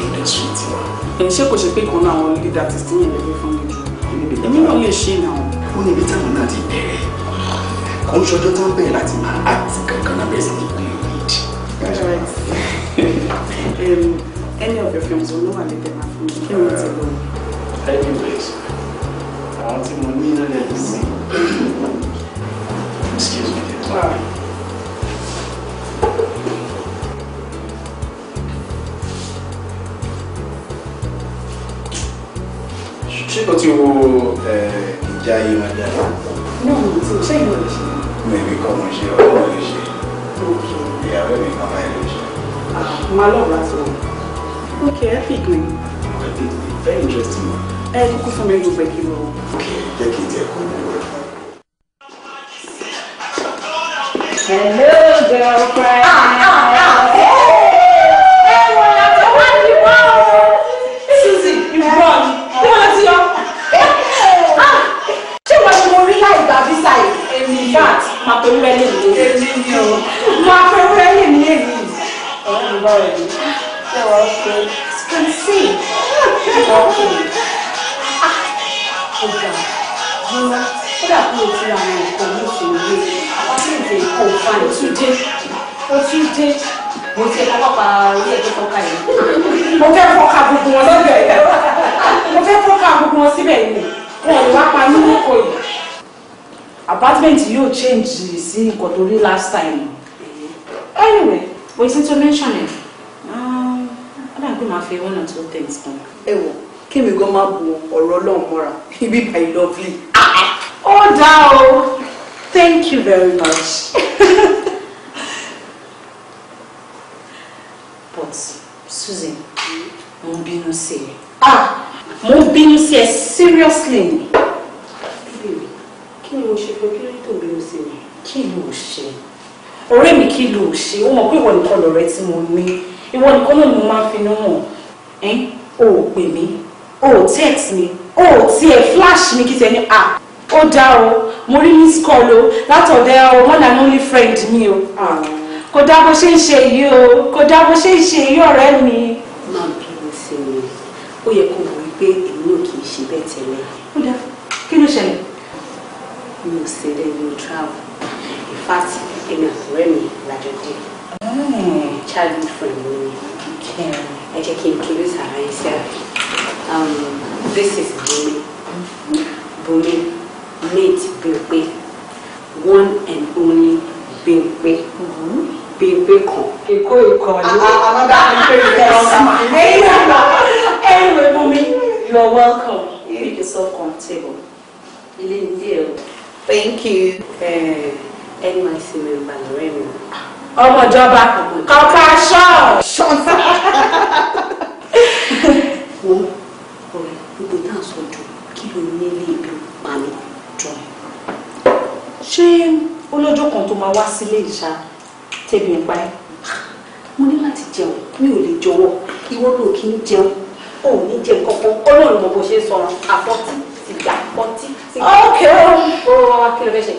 leader street wa. ẹ ṣé kò ṣe pé kan náà àwọn leader ti sí yẹn lẹ́gbẹ́ fún mi jù èmi náà lè ṣe náà. ó ní ibi táwọn náà ti bẹ̀rẹ̀ kò ń ṣọjọ́ tó ń bẹ̀rẹ̀ láti act kankan náà bẹ̀rẹ̀ sí ní play *laughs* with. Um, any of your films ló wà lẹ́gbẹ̀ẹ́ máa fún mi kí ni ti lọ. anyways àwọn tí mo ní náà lè sí. Excuse me. Sorry. ṣé kò tí wo eh, ìjà yìí máa dára? náà mi ti ṣé ìwọ lè ṣe. mi ìbí kọ́ mo ṣe ọlọ́run lè ṣe. ìyàwó mi kan ah, máa lè ṣe. máa lọ́ọ̀ bá tó. okay epic ni. epic ni very interesting. ẹ kúkú fún mi gbogbo ẹ kí n lọ. okay jẹ́ kí n tiẹ̀ mi lọ. Hello, girlfriend. Ah, ah, ah. ma ah! pe wúrẹ́ lè ní èmi ni o ma pe wúrẹ́ lè ní èmi ọ̀rẹ́ mi lọ́rẹ̀ mi ṣé wọ́n ṣe can see ọ̀kẹ́ ọ̀gá ọ̀gá ó dà kúrò sí àwọn fine tún dé ó tún dé mo ti ẹ̀ka pápá orí ẹ̀jẹ̀ fọ́ká yìí. mo fẹ́ fọ́ká gbogbo wọn lọ́bẹ̀ ẹ̀ mo fẹ́ fọ́ká gbogbo wọn síbẹ̀ ni wọn ò wá pa mí lóko yìí. apartment yóò change sí nǹkan tó rí last time. anyway mo ti tó mention ẹ̀ aláàgbé ah, máa fi one or two things kan. ẹ wọ kí mi gan máa bu ọ̀rọ̀ ọlọ́run mọ́ra ibi by lovely. Ah, ah. ó dáa o. Thank you very much. *laughs* But Susan, mo ń bínú Ah, mo ń bínú seriously Baby, Bíbélì, kí ni mo ṣe fún kí ló tó bínú sí mi? Kí ló ṣe? Ọ̀rẹ́ mi kí ló ṣe? Ó mọ̀ pé ìwọ nìkan lọ̀rẹ́ tí mo ní. Ìwọ nìkan O ò pè o text me. o ò tiẹ̀ flash mi kí tẹ ní à. Ah, ó dá o mo rí miss call o látọ̀dẹ̀ o one and only friend mi o kò dá bó ṣe ń ṣe yìí o kò dá bó ṣe ń ṣe yìí ọ̀rẹ́ mi. máa bínú sí mi ó yẹ kó mọ̀ wípé èmi ò kì í ṣe bẹ́ẹ̀ tẹ́lẹ̀. ó dá kí ló ṣẹlẹ̀. mi ò ṣe lẹ́nu travel in fact èmi àtọ̀rẹ́ mi lájọ dé. Hmm. childhood friend mi ni ẹ jẹ́ kí n kiri sàrà yín sí àbí um, this is Bumi Bumi late Bímpé one and only Bímpé mm-hmm. Bímpé kan. èkó ìkànnì another Bímpé ìkànnì. ẹ̀yin àgbà ẹ̀yin Anyway, bùnmi you are welcome you make yourself comfortable ilé ilé ẹ̀ o. thank you. Eh, nyc member lọ́rẹ́ mi. ọmọ ìjọba kọ̀ọ̀kan aṣọ. ṣọ́ọ̀tà. wọ́n ọ̀rẹ́ gbogbo náà sọ jù kí ló nílé ibi pa mi jọ ṣé olójó kan tó máa wá sílé ìṣá tẹbi ń pa ẹ mo ní láti jẹun mi ò lè jọ̀wọ́ ìwọ ló kí ń jẹun ò ní jẹ kankan Ọlọ́run mọ bó ṣe ń sọ̀rọ̀ àpọtí sìgá pọtí sìgá. ok o wa wa kí ló fẹ́ ṣe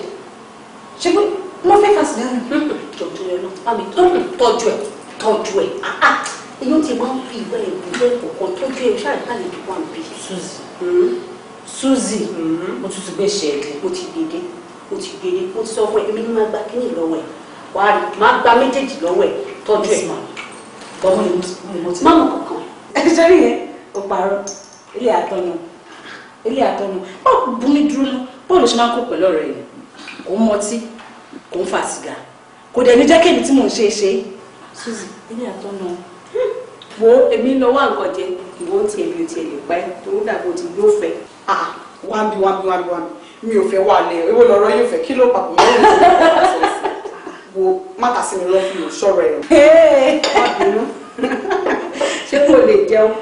ṣé pé mo fẹ́ fàṣẹ dáná tọ́jú ẹ lọ àmì tọ́jú ẹ tọ́jú ẹ èyí ó ti máa ń fi ìwé ẹ̀ bí lẹ́kọ̀ọ̀kan tọ́jú ẹ ṣáà ìbálẹ̀ tó wà ń bí. Suzy mo tún ti gbé ṣẹ́ẹ̀dì. mo ti dédé mo ti dédé mo ti sọ fún ẹ èmi ni máa gba kíní lọ́wọ́ ẹ wàá rí máa gba méjèèjì lọ́wọ́ ẹ tọ́jú ẹ tọ́jú ẹ má mọ̀ kankan. ẹ ti sẹ́rí yẹn o parọ́ ilé àtọ́nu ilé àtọ́nu báwo bumi dúró lọ báwo ló ṣe máa ń kó pẹ̀lú ọ̀rẹ́ yẹn kò ń mọtí kò ń fa sìgá kò dẹ̀ ní jẹ́ kéèmí tí mò ń ṣe é ṣe Suzy ilé àtọ́nu wo èmi lọ wá nǹkan jẹ ìwọ ti tiẹ̀ lè pẹ́ tó dàbò ti gbófẹ́ ah wáńbí wáńbí wáńbí wáńbí mi ò fẹ́ wà lẹ̀ ewé lọ́rọ́ yóò fẹ́ kí ló papọ̀ mọ́ ẹ̀rọ wo mátà sí mi lọ́fún mi sọ̀rọ̀ ẹ̀rọ. ṣé kò lè jẹun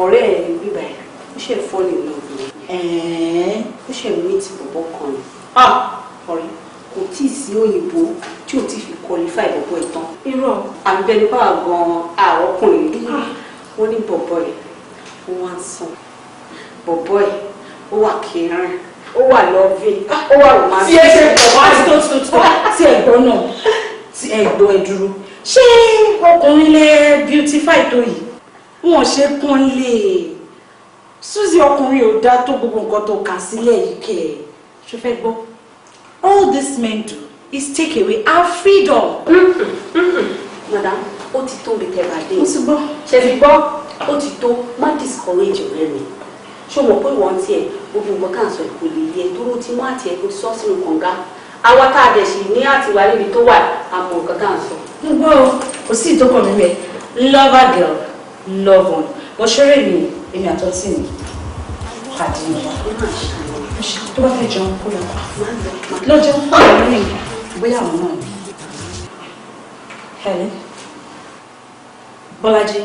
ọ̀rẹ́ ẹ̀ ní bíbá ẹ̀ ó ṣe fọ́ ní ìlú obìnrin ó ṣe mít bọ̀bọ̀ kan ni ah! ọ̀rẹ́ kò tí ì sí òyìnbó tí ò ti fi qualify bọ̀bọ̀ ìtàn. irọ́ àbẹ̀lẹ̀ bá gan-an àrọ́kùnrin ah! wọ́n ní bọ̀bọ̀ yẹn wọ́n wá ń sàn bọ̀bọ̀ ẹ̀ ó wà kẹrin ó wà lọ́ọ̀vì ó wà romantic. tí ẹ ṣe bọ̀bọ̀ àti tó tó tó tí ẹ gbọ́ náà tí ẹ gbọ́ ẹ dúró ṣé ọkùnrin lè beautify tó yìí wọn ṣe pọ́n lè Suzy ọkùnrin ò dá tó gbogbo nǹkan tó kà sílẹ̀ yìí kẹ́ ẹ̀ ṣe fẹ́ gbọ́ all these men do is take away our freedom. madam ó ti tó bí tẹ́ bá dé. mo ti gbọ́. ṣe ti gbọ́ ó ti tó má discourage ọ̀rẹ́ mi ṣó mọ̀ pé ìwọ̀n tiẹ̀ gbogbo nǹkan kà ń sọ kò lè yẹ dúró tí wọ́n àti ẹ̀kọ́ sọ sínú kànga àwa tá a dẹ̀ sì ní àtiwá níbi tó wà àmọ́ nǹkan kà ń sọ. n gbọ́ kò sí ìtọ́kọ̀ mi mẹ́ lover girl love one bó ṣeré mi èmi àtọ́ tì mí pàdé mi wá tó bá fẹ́ jẹun kó lọ pa lọ́jọ́ fún àwọn ọmọ bóyá àwọn náà ni. Bọ́lájí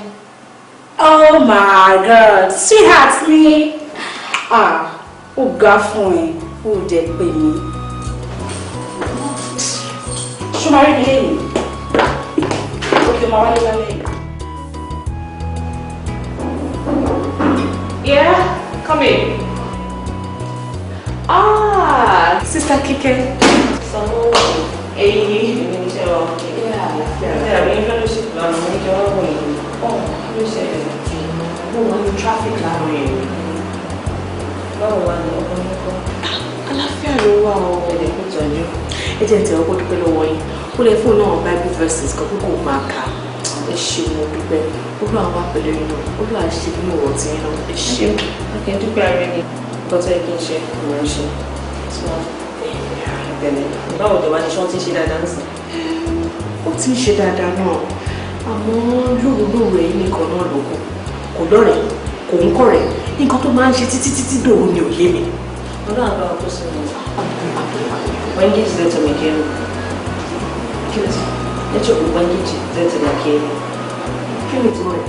oh my god sweetheart mi ah ó ga fún ẹ ó dẹ pé mi ṣó máa rí mi lẹ́yìn òkè máa wá lọ́wọ́ lẹ́yìn. Yeah, come in. Ah, Sister Kike. Sanwó-Owó, èyí ni mo ṣe wà. Yeah, yeah. Ìfẹ́ àmì fellowship lọ́nà mi jọ wọ́n wọ̀nyí ló ṣẹlẹ̀ mo wà ní traffic láwọn èèyàn báwo wà ní ọkọ ní kọ́ aláfíà ló wà ọ ẹ̀dẹ̀ kò tọ́jú ẹ jẹ́ ìtẹ̀wọ́ kó dúpẹ́ lọ́wọ́ yín ó lè fún náà bible verses kan kókò máa kà ẹ ṣe mo dúpẹ́ olúwa wà pẹ̀lú yín náà olúwa ṣe bí mo wọ̀ tí yín náà ẹ ṣe. ọkẹ́ dúpẹ́ ara ẹni tọ́tọ́ ẹ kí n ṣe mo ń ṣe tí wọ́n tẹ̀lé báwo dẹ̀ wá ní ṣọ́ọ́ ti ṣe dáadáa ń sìn. ó ti ń ṣe dáadáa náà àmọ́ lóòrùn rẹ̀ nìkan náà lókun kò lọ́rẹ̀ kò ń kọ̀ rẹ̀ nǹkan tó máa ń ṣe títí títí dòun ni òye mi. ọlọ́run àbá wa kó sí mi wengi zetu mikeni ẹjọ wengi zetu mikeni kí ni tí mo rẹ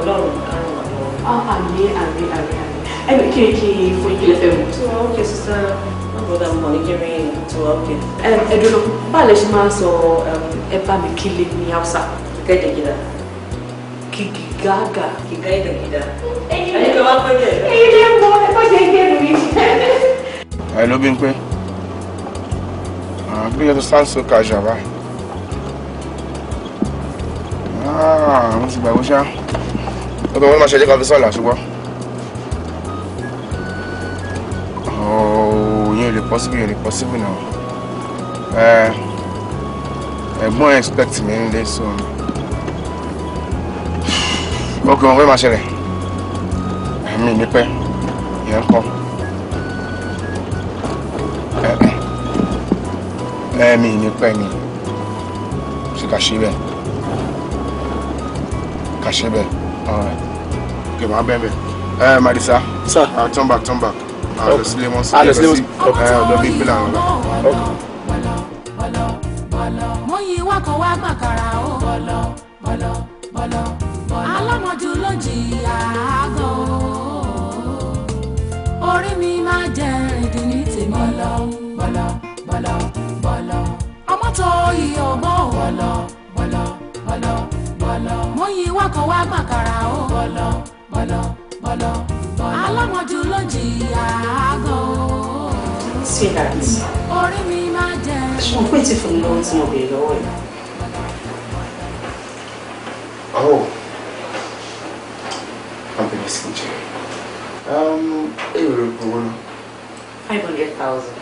Ọlọ́run àrùn àwọn. Ah, àmì àmì àmì àmì ẹnì kí ni kí fún ìpínlẹ̀ fẹ́ mu. tí wọn ókè sísá má bọ́dà mọ̀ ní kí ni tí wọn ókè. ẹ ẹ dúró báà lè ṣe máa ń sọ ẹ bá mi kí lè ní Hausa kai da gida kigaga Gaga. kai da gida ai ka wá ni. dé ai dé mo ko je ke mi ai lo ah beli yo san so ka ah mo si ba Kau sha o do won ma se je ka fi sola ṣùgbọ́n oh yẹn le possible le possible now eh ẹ̀gbọ́n expect me this one ogun ọ̀rẹ́ máa ṣẹlẹ̀ ẹ̀mí mi pẹ́ ìyẹn ń pọ̀ ẹ̀mí mi pẹ́ ni ṣe kà ṣe bẹ́ẹ̀ kà ṣe bẹ́ẹ̀ ọ̀rẹ́ kì máa Marisa sir uh, turn back turn back àlọ́ sílé mọ́ sílé mọ́ sí ọ̀dọ́ bíi pílà ọ̀la. mọ́yì wákọ̀ wá gbàkà. tó iye ọgbọ́n wọ̀lọ̀ wọ̀lọ̀ wọ̀lọ̀ wọ̀lọ̀ mo yí wákọ̀ wá ó wọ̀lọ̀ wọ̀lọ̀ wọ̀lọ̀ wọ̀lọ̀ alámọ̀jù ló jìyà àgọ́. orí mi máa jẹ. ṣùgbọ́n pé tí fún mi lọ́wọ́ tí mo béèrè lọ́wọ́ yìí. Oh, I'm being sincere. Um, èrò hundred thousand.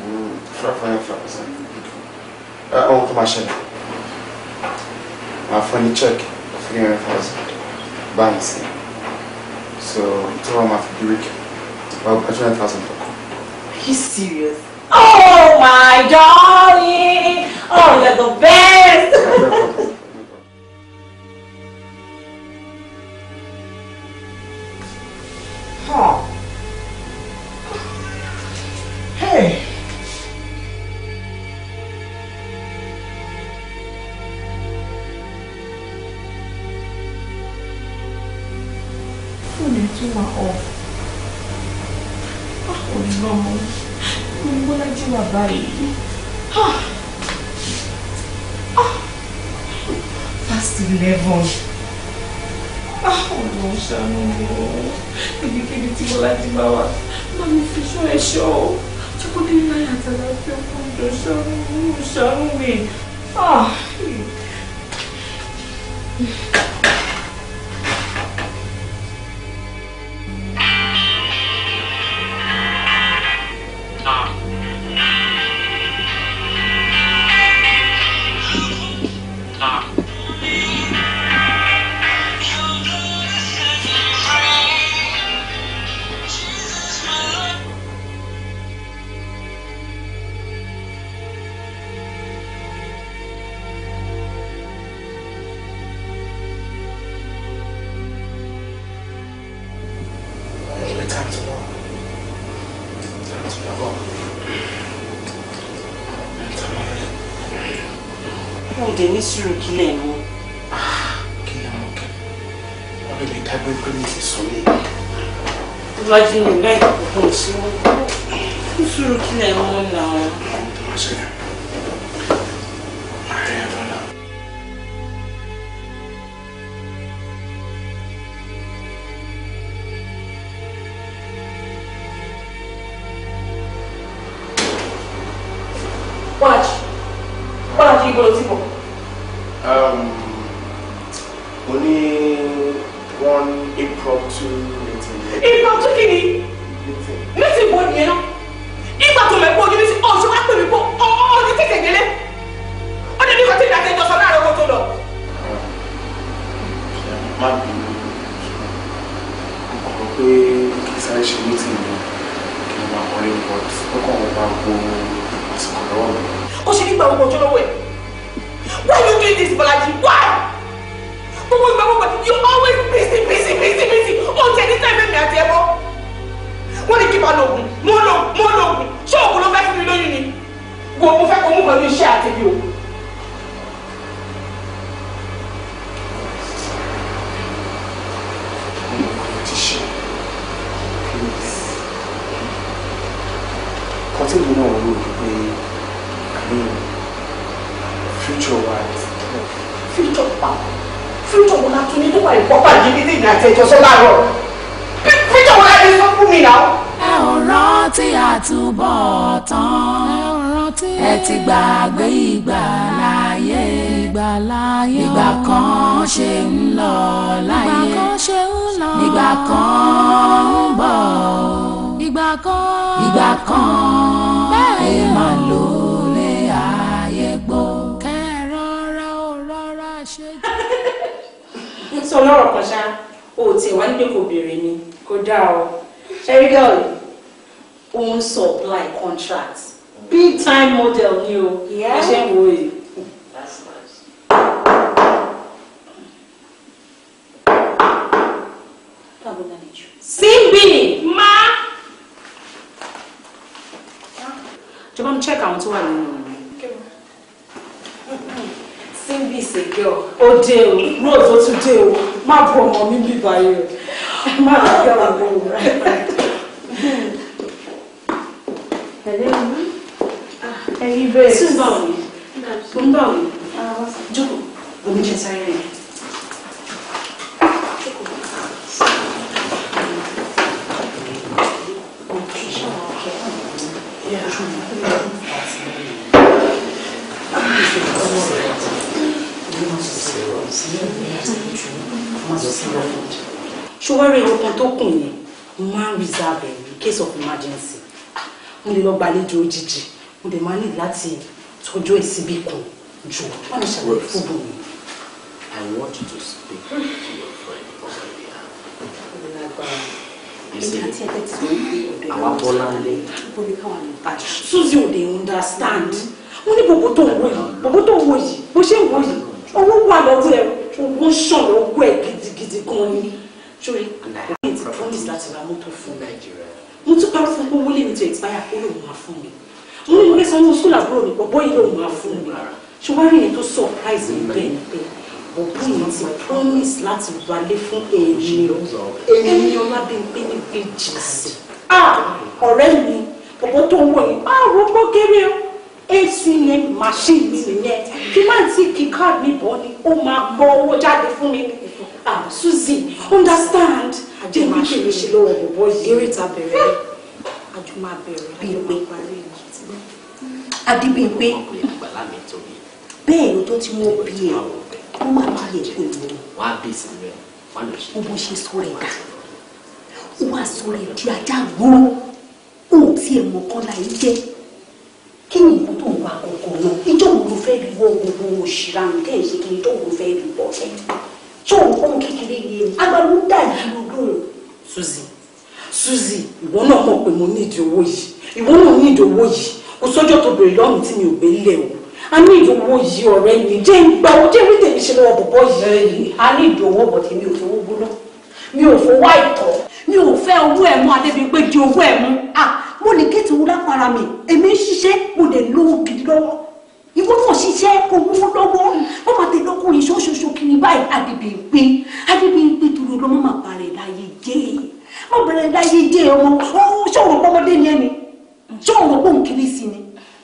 Mm, five hundred thousand. ohun tó máa ṣẹlẹ̀ máa fún check three hundred thousand báyìí sí so tí wọ́n máa fi bí wíkì wọ́n gba hundred thousand tó kù. Are you serious? Oh my darling! Oh, you're the best! Simbi! Ma! Jọ bá mi check àwọn tó wà nínú Simbi is a girl. Ó Rose ó tún dé o, má bu ọmọ mi bí báyìí o. Má bá yọ̀ wá bọ̀ wọ̀ Ẹ̀lẹ́ mi. Ah, ẹ̀yin bẹ́ẹ̀. Sùn bá wọ̀ mi. ṣọwọ́rẹ́ ọkàn tó kùn yẹn mo máa ń reserve ẹ̀ in case of emergency mo lè lọ gbàlejò òjijì mo lè máa ní láti tọ́jú ẹ̀ síbí kan jù wọ́n ní ṣàlàyé fún mi. I want you to speak to your friend already. Àwọn Bọ́láńlé. Suzy ò dey understand. Mo ní bòbó tó ń wò yìí, bòbó tó ń wò yìí, bó ṣe ń wò yìí, owó wà lọ́wọ́ ẹ̀, owó ń ṣàn lọ́wọ́ ẹ̀ gidigidi gan ni sórí àyè promise that ra mọ́tò fún to mo tún parọ́ fún pé owó lè mi tó expire ó lòun máa fún mi mo ní mo fẹ́ sanwó school àbúrò mi bọ́bọ́ yìí lòun máa fún She ṣùgbọ́n yẹn tó surprise in bẹ́ẹ̀ ni pé bọ̀bọ́ yìí ti promise láti wálé fún èmi o èmi Ọlábímpé ní bíjì sí ah, ọ̀rẹ́ mi bọ̀bọ́ tó ń wọ̀ yìí máa ah, rọ́gbọ́ kéré o ATM machine mi nìyẹn kí máa ti kí card mi Oh my ó what gbọ́ owó jáde fún ah Suzy understand àjọ máa ṣe lè ṣe lọ́wọ́ bọ̀bọ̀ yìí eré ìta bẹ̀rẹ̀ àjọ máa bẹ̀rẹ̀ àjọ máa parí ẹ̀ Adébímpé bẹ́ẹ̀ ni tó ti mú bí ẹ̀ wọ́n máa bí ẹ̀ pé ìwọ̀n ó bó ṣe sọ rẹ̀ dà ó wá sọ rẹ̀ di ajá gbóró ó ti ẹ̀ mọ̀ kọ́lá yìí jẹ́ kí ni ìbò tó ń wá kọ̀ọ̀kan náà ìjọba ló fẹ́ rí wọ́n gbogbo òṣìṣẹ́ àrùn tẹ̀ ṣe kí ìjọba ló fẹ́ rí bọ́ ẹ̀ ṣé òun fún kékeré yé ni agbára ń dà yìí dùn. Suzy Suzy ìwọ náà mọ̀ pé mo ní ìdí owó yìí ìwọ náà ní ìdí owó yìí kò sọ́jọ́ tó bèrè lọ́rùn tí mi ò gbé lẹ̀ o a ní ìdòwò yìí ọ̀rẹ́ mi jẹ́ ń gba jẹ́ wíńdè mi ṣe lọ́wọ́ bọ̀bọ̀ yìí a ní ìdòwò bọ̀tẹ̀ mi ò fowó gbóná mi ò fowó àìtọ́ mi ò fẹ́ owó ẹ̀ mú adébí di owó ẹ̀ mú ah mo lè gé ti wúlá para mi èmi ń ṣiṣẹ́ mo lè lówó gidi lọ́wọ́ ìwọ náà ṣiṣẹ́ kò mú lọ́wọ́ wọ́n máa tẹ̀lé ọkùnrin ṣoṣoṣo kiri báyìí àdìbì ń pé àdìbì ń pé dúró lọ́mọ máa bàrẹ̀ láyé jẹ́ má bàrẹ̀ láyé jẹ́ ọmọ ṣòro pọ́mọdé ni ẹni ṣòro pọ́n kiri sí ni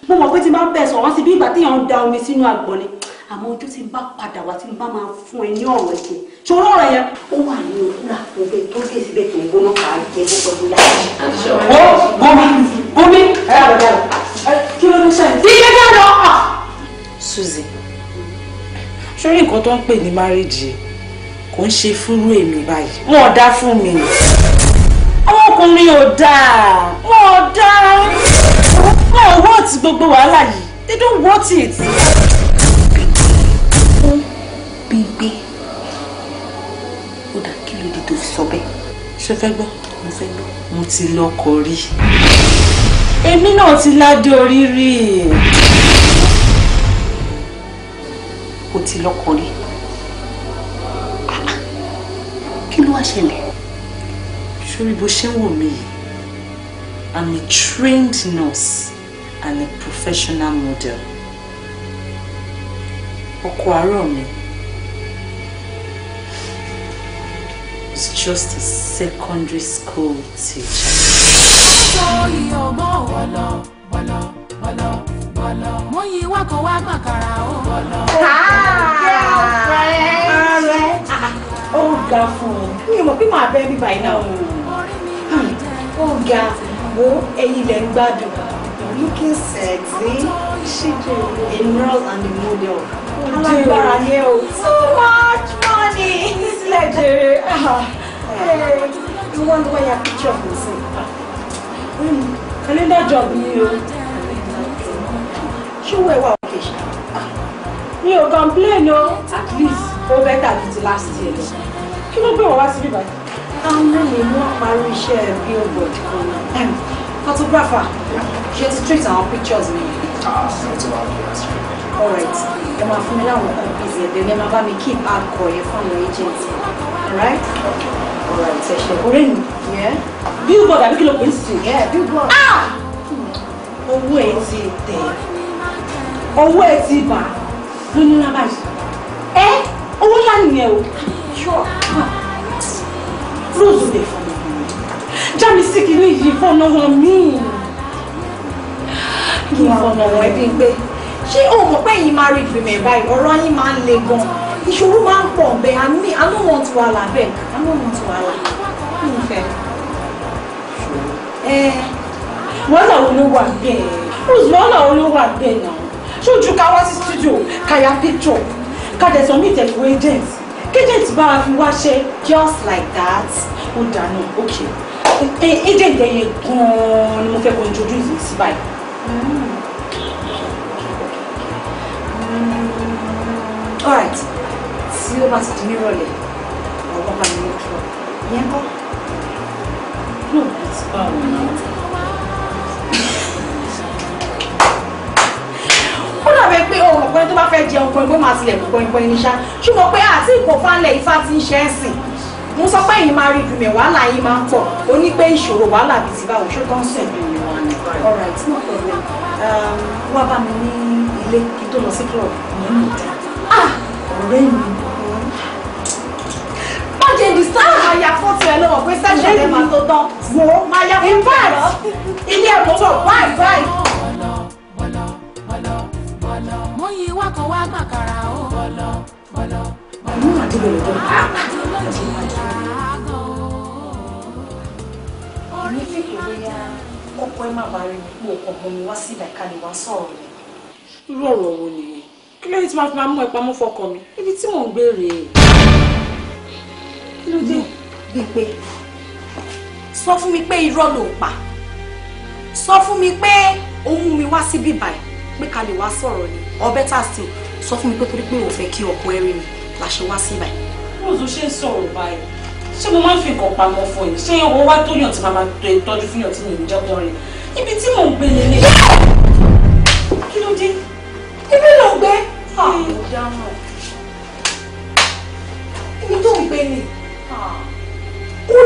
mo mọ̀ pé tí n bá bẹ̀ sọ̀rọ̀ sí bí ìgbà tí yàn ń da omi sínú àgbọ̀n ni àmọ́ ojú tí n bá padà wá tí n bá máa fún ẹ ní ọ̀rọ̀ ẹ̀jẹ̀ ṣòro ọ̀rọ̀ yẹn ó wà ní òkúra òkè tó dé síbẹ̀ tó ń gbóná kà á jẹ ní pẹ̀lú láyé. ó gómi gómi ẹ àbẹ̀dẹ̀ kí ló ń ṣe. díẹ̀ dáná. Susie, sórí nǹkan tó ń pè ní márèjì kò ń ṣe fúrú èmi báyìí wọn ò dá fún mi ọmọkùnrin ò dáa wọn ò dáa wọn ò wọ́ọ̀tì gbogbo wàhálà yìí they don't want it. gbígbé ó dà kí ló dé tó fi sọ bẹ́ẹ̀. ṣe fẹ́ gbọ́ mo fẹ́ gbọ́ mo ti lọ́kọ rí èmi náà ti ládé orí rí i o ti lọ́kọ rí kí ló wá ṣẹlẹ̀ sórí bó ṣe ń wò mí yìí I'm a trained nurse and a professional model ọkọ àárọ̀ mi is just a secondary school teacher mo yí wákọ̀ wá gbàkàrà ó. ó ga fún un mi ò mọ̀ pé màá bẹ́ bíbá iná o ó ga wo ẹyin lẹ̀ ń gbádùn looking sexy ṣíjú emerald and the model alágbára yẹ o too much money sílẹ̀ jèrè ìwọ ni wọ́n your picture fún sí kàlẹ́ndà job, yìí o ṣé owó òkè ṣá ah, mi ò complain o at least ó better than the last year lọ kí ló gbé wọn wá síbí báyìí. àwọn mi mú parí iṣẹ́ billboard kan náà photographer ṣe ti treat àwọn pictures mi. ah ṣe ti wá bí wá sí i alright ẹ máa fún mi láwọn kan bíi ẹ̀dẹ̀ ẹ máa bá mi keep alcohol yẹn fún àwọn agent alright alright ẹ ṣe orí mi. billboard àbí kí ló pè é sí. billboard. Ah! owó ẹ ti tẹ̀ owó ẹ ti bà ló ní nọ́mbà yìí ẹ owó ńlá nìyẹn o yọ rose lè fọ jámi sí kìíní yìí fọnà wọn míì kí n fọnà wọn ẹbí gbé ṣé o mọ̀ pé yìí married women báyìí ọ̀rọ̀ yín máa ń le gan ìṣòro máa ń pọ̀ bẹ́ẹ̀ i mean i no want wahala bẹ́ẹ̀ i no want wahala kí n fẹ́ ẹ wàhálà wo ló wà bẹ́ẹ̀ rose wàhálà wo ló wà bẹ́ẹ̀ náà ṣojú ká wá sí studio ká ya picture ká dẹ̀ submit ẹ̀ fún agent agent fi wá ṣe just like that ó okay. ok agent ẹ̀yẹ gan-an ni mo fe kó introduce mi sí báyìí. Hmm. alright tí ó bá ti di nírọ̀lẹ́ ọ̀rọ̀ bá mi ní ìtura yẹn kọ́. no it's um, dàbí pé ohun ọ̀pọ̀ni tó bá fẹ́ jẹun pọ̀ni pé máa tilẹ̀ pọ̀ni pọ̀ni níṣá ṣùgbọ́n pé àti ìkọ̀fánlẹ̀ ifá ti ń ṣe é sìn mo sọ pé ìyìn máa rí ibùmẹ̀ wàhálà yìí máa ń pọ̀ ó ní pé ìṣòro wàhálà bíi ti báwo ṣó tán sìn all right no problem um, wá bá mi ní ilé kí n tó lọ sí club ìyẹn ah! ọ̀rẹ́ mi má jẹ ìdìsáà máa ya fọ́tò ẹ lọ́wọ́ pé sẹ́ṣẹ̀ rẹ máa tó tán wò máa ya fọ́tò ẹ lọ ilé ẹ̀ mọ́ báyìí báyìí yí wá kan wá gbàkàrà ó bọ̀lọ̀ bọ̀lọ̀ bọ̀lọ̀ àpàtì olójì àgọ́ orí fìkò bóyá ọkọ ẹ má bàa rí ipò ọkọ ọmọ mi wá sí ìdàkalẹ̀ wá sọ̀rọ̀ rẹ̀. irú ọ̀rọ̀ wo nìyẹn kí ló yẹ tí máa fi máa mú ẹ pamọ́ fọkọ mi ibi tí mò ń gbé rèé. kí ló dé bíi pé sọ fún mi pé irọ́ ló ń pa sọ fún mi pé òun mú mi wá síbí báyìí pé ká lè wá sọ̀rọ̀ ni or better still So fún mi pé torí pé o fẹ́ kí ọkọ ẹ rí mi la ṣe wá sí báyìí. rose ṣe ń sọ̀rọ̀ báyìí ṣé mo máa ń fi nǹkan pamọ́ fún ẹ ṣé owó wá tó yàn tí màmá tó ẹ tọ́jú fún yàn tí mi ò ní jẹ́ kọ́ rẹ ibi tí mò ń gbé You kí ló dé ibi ló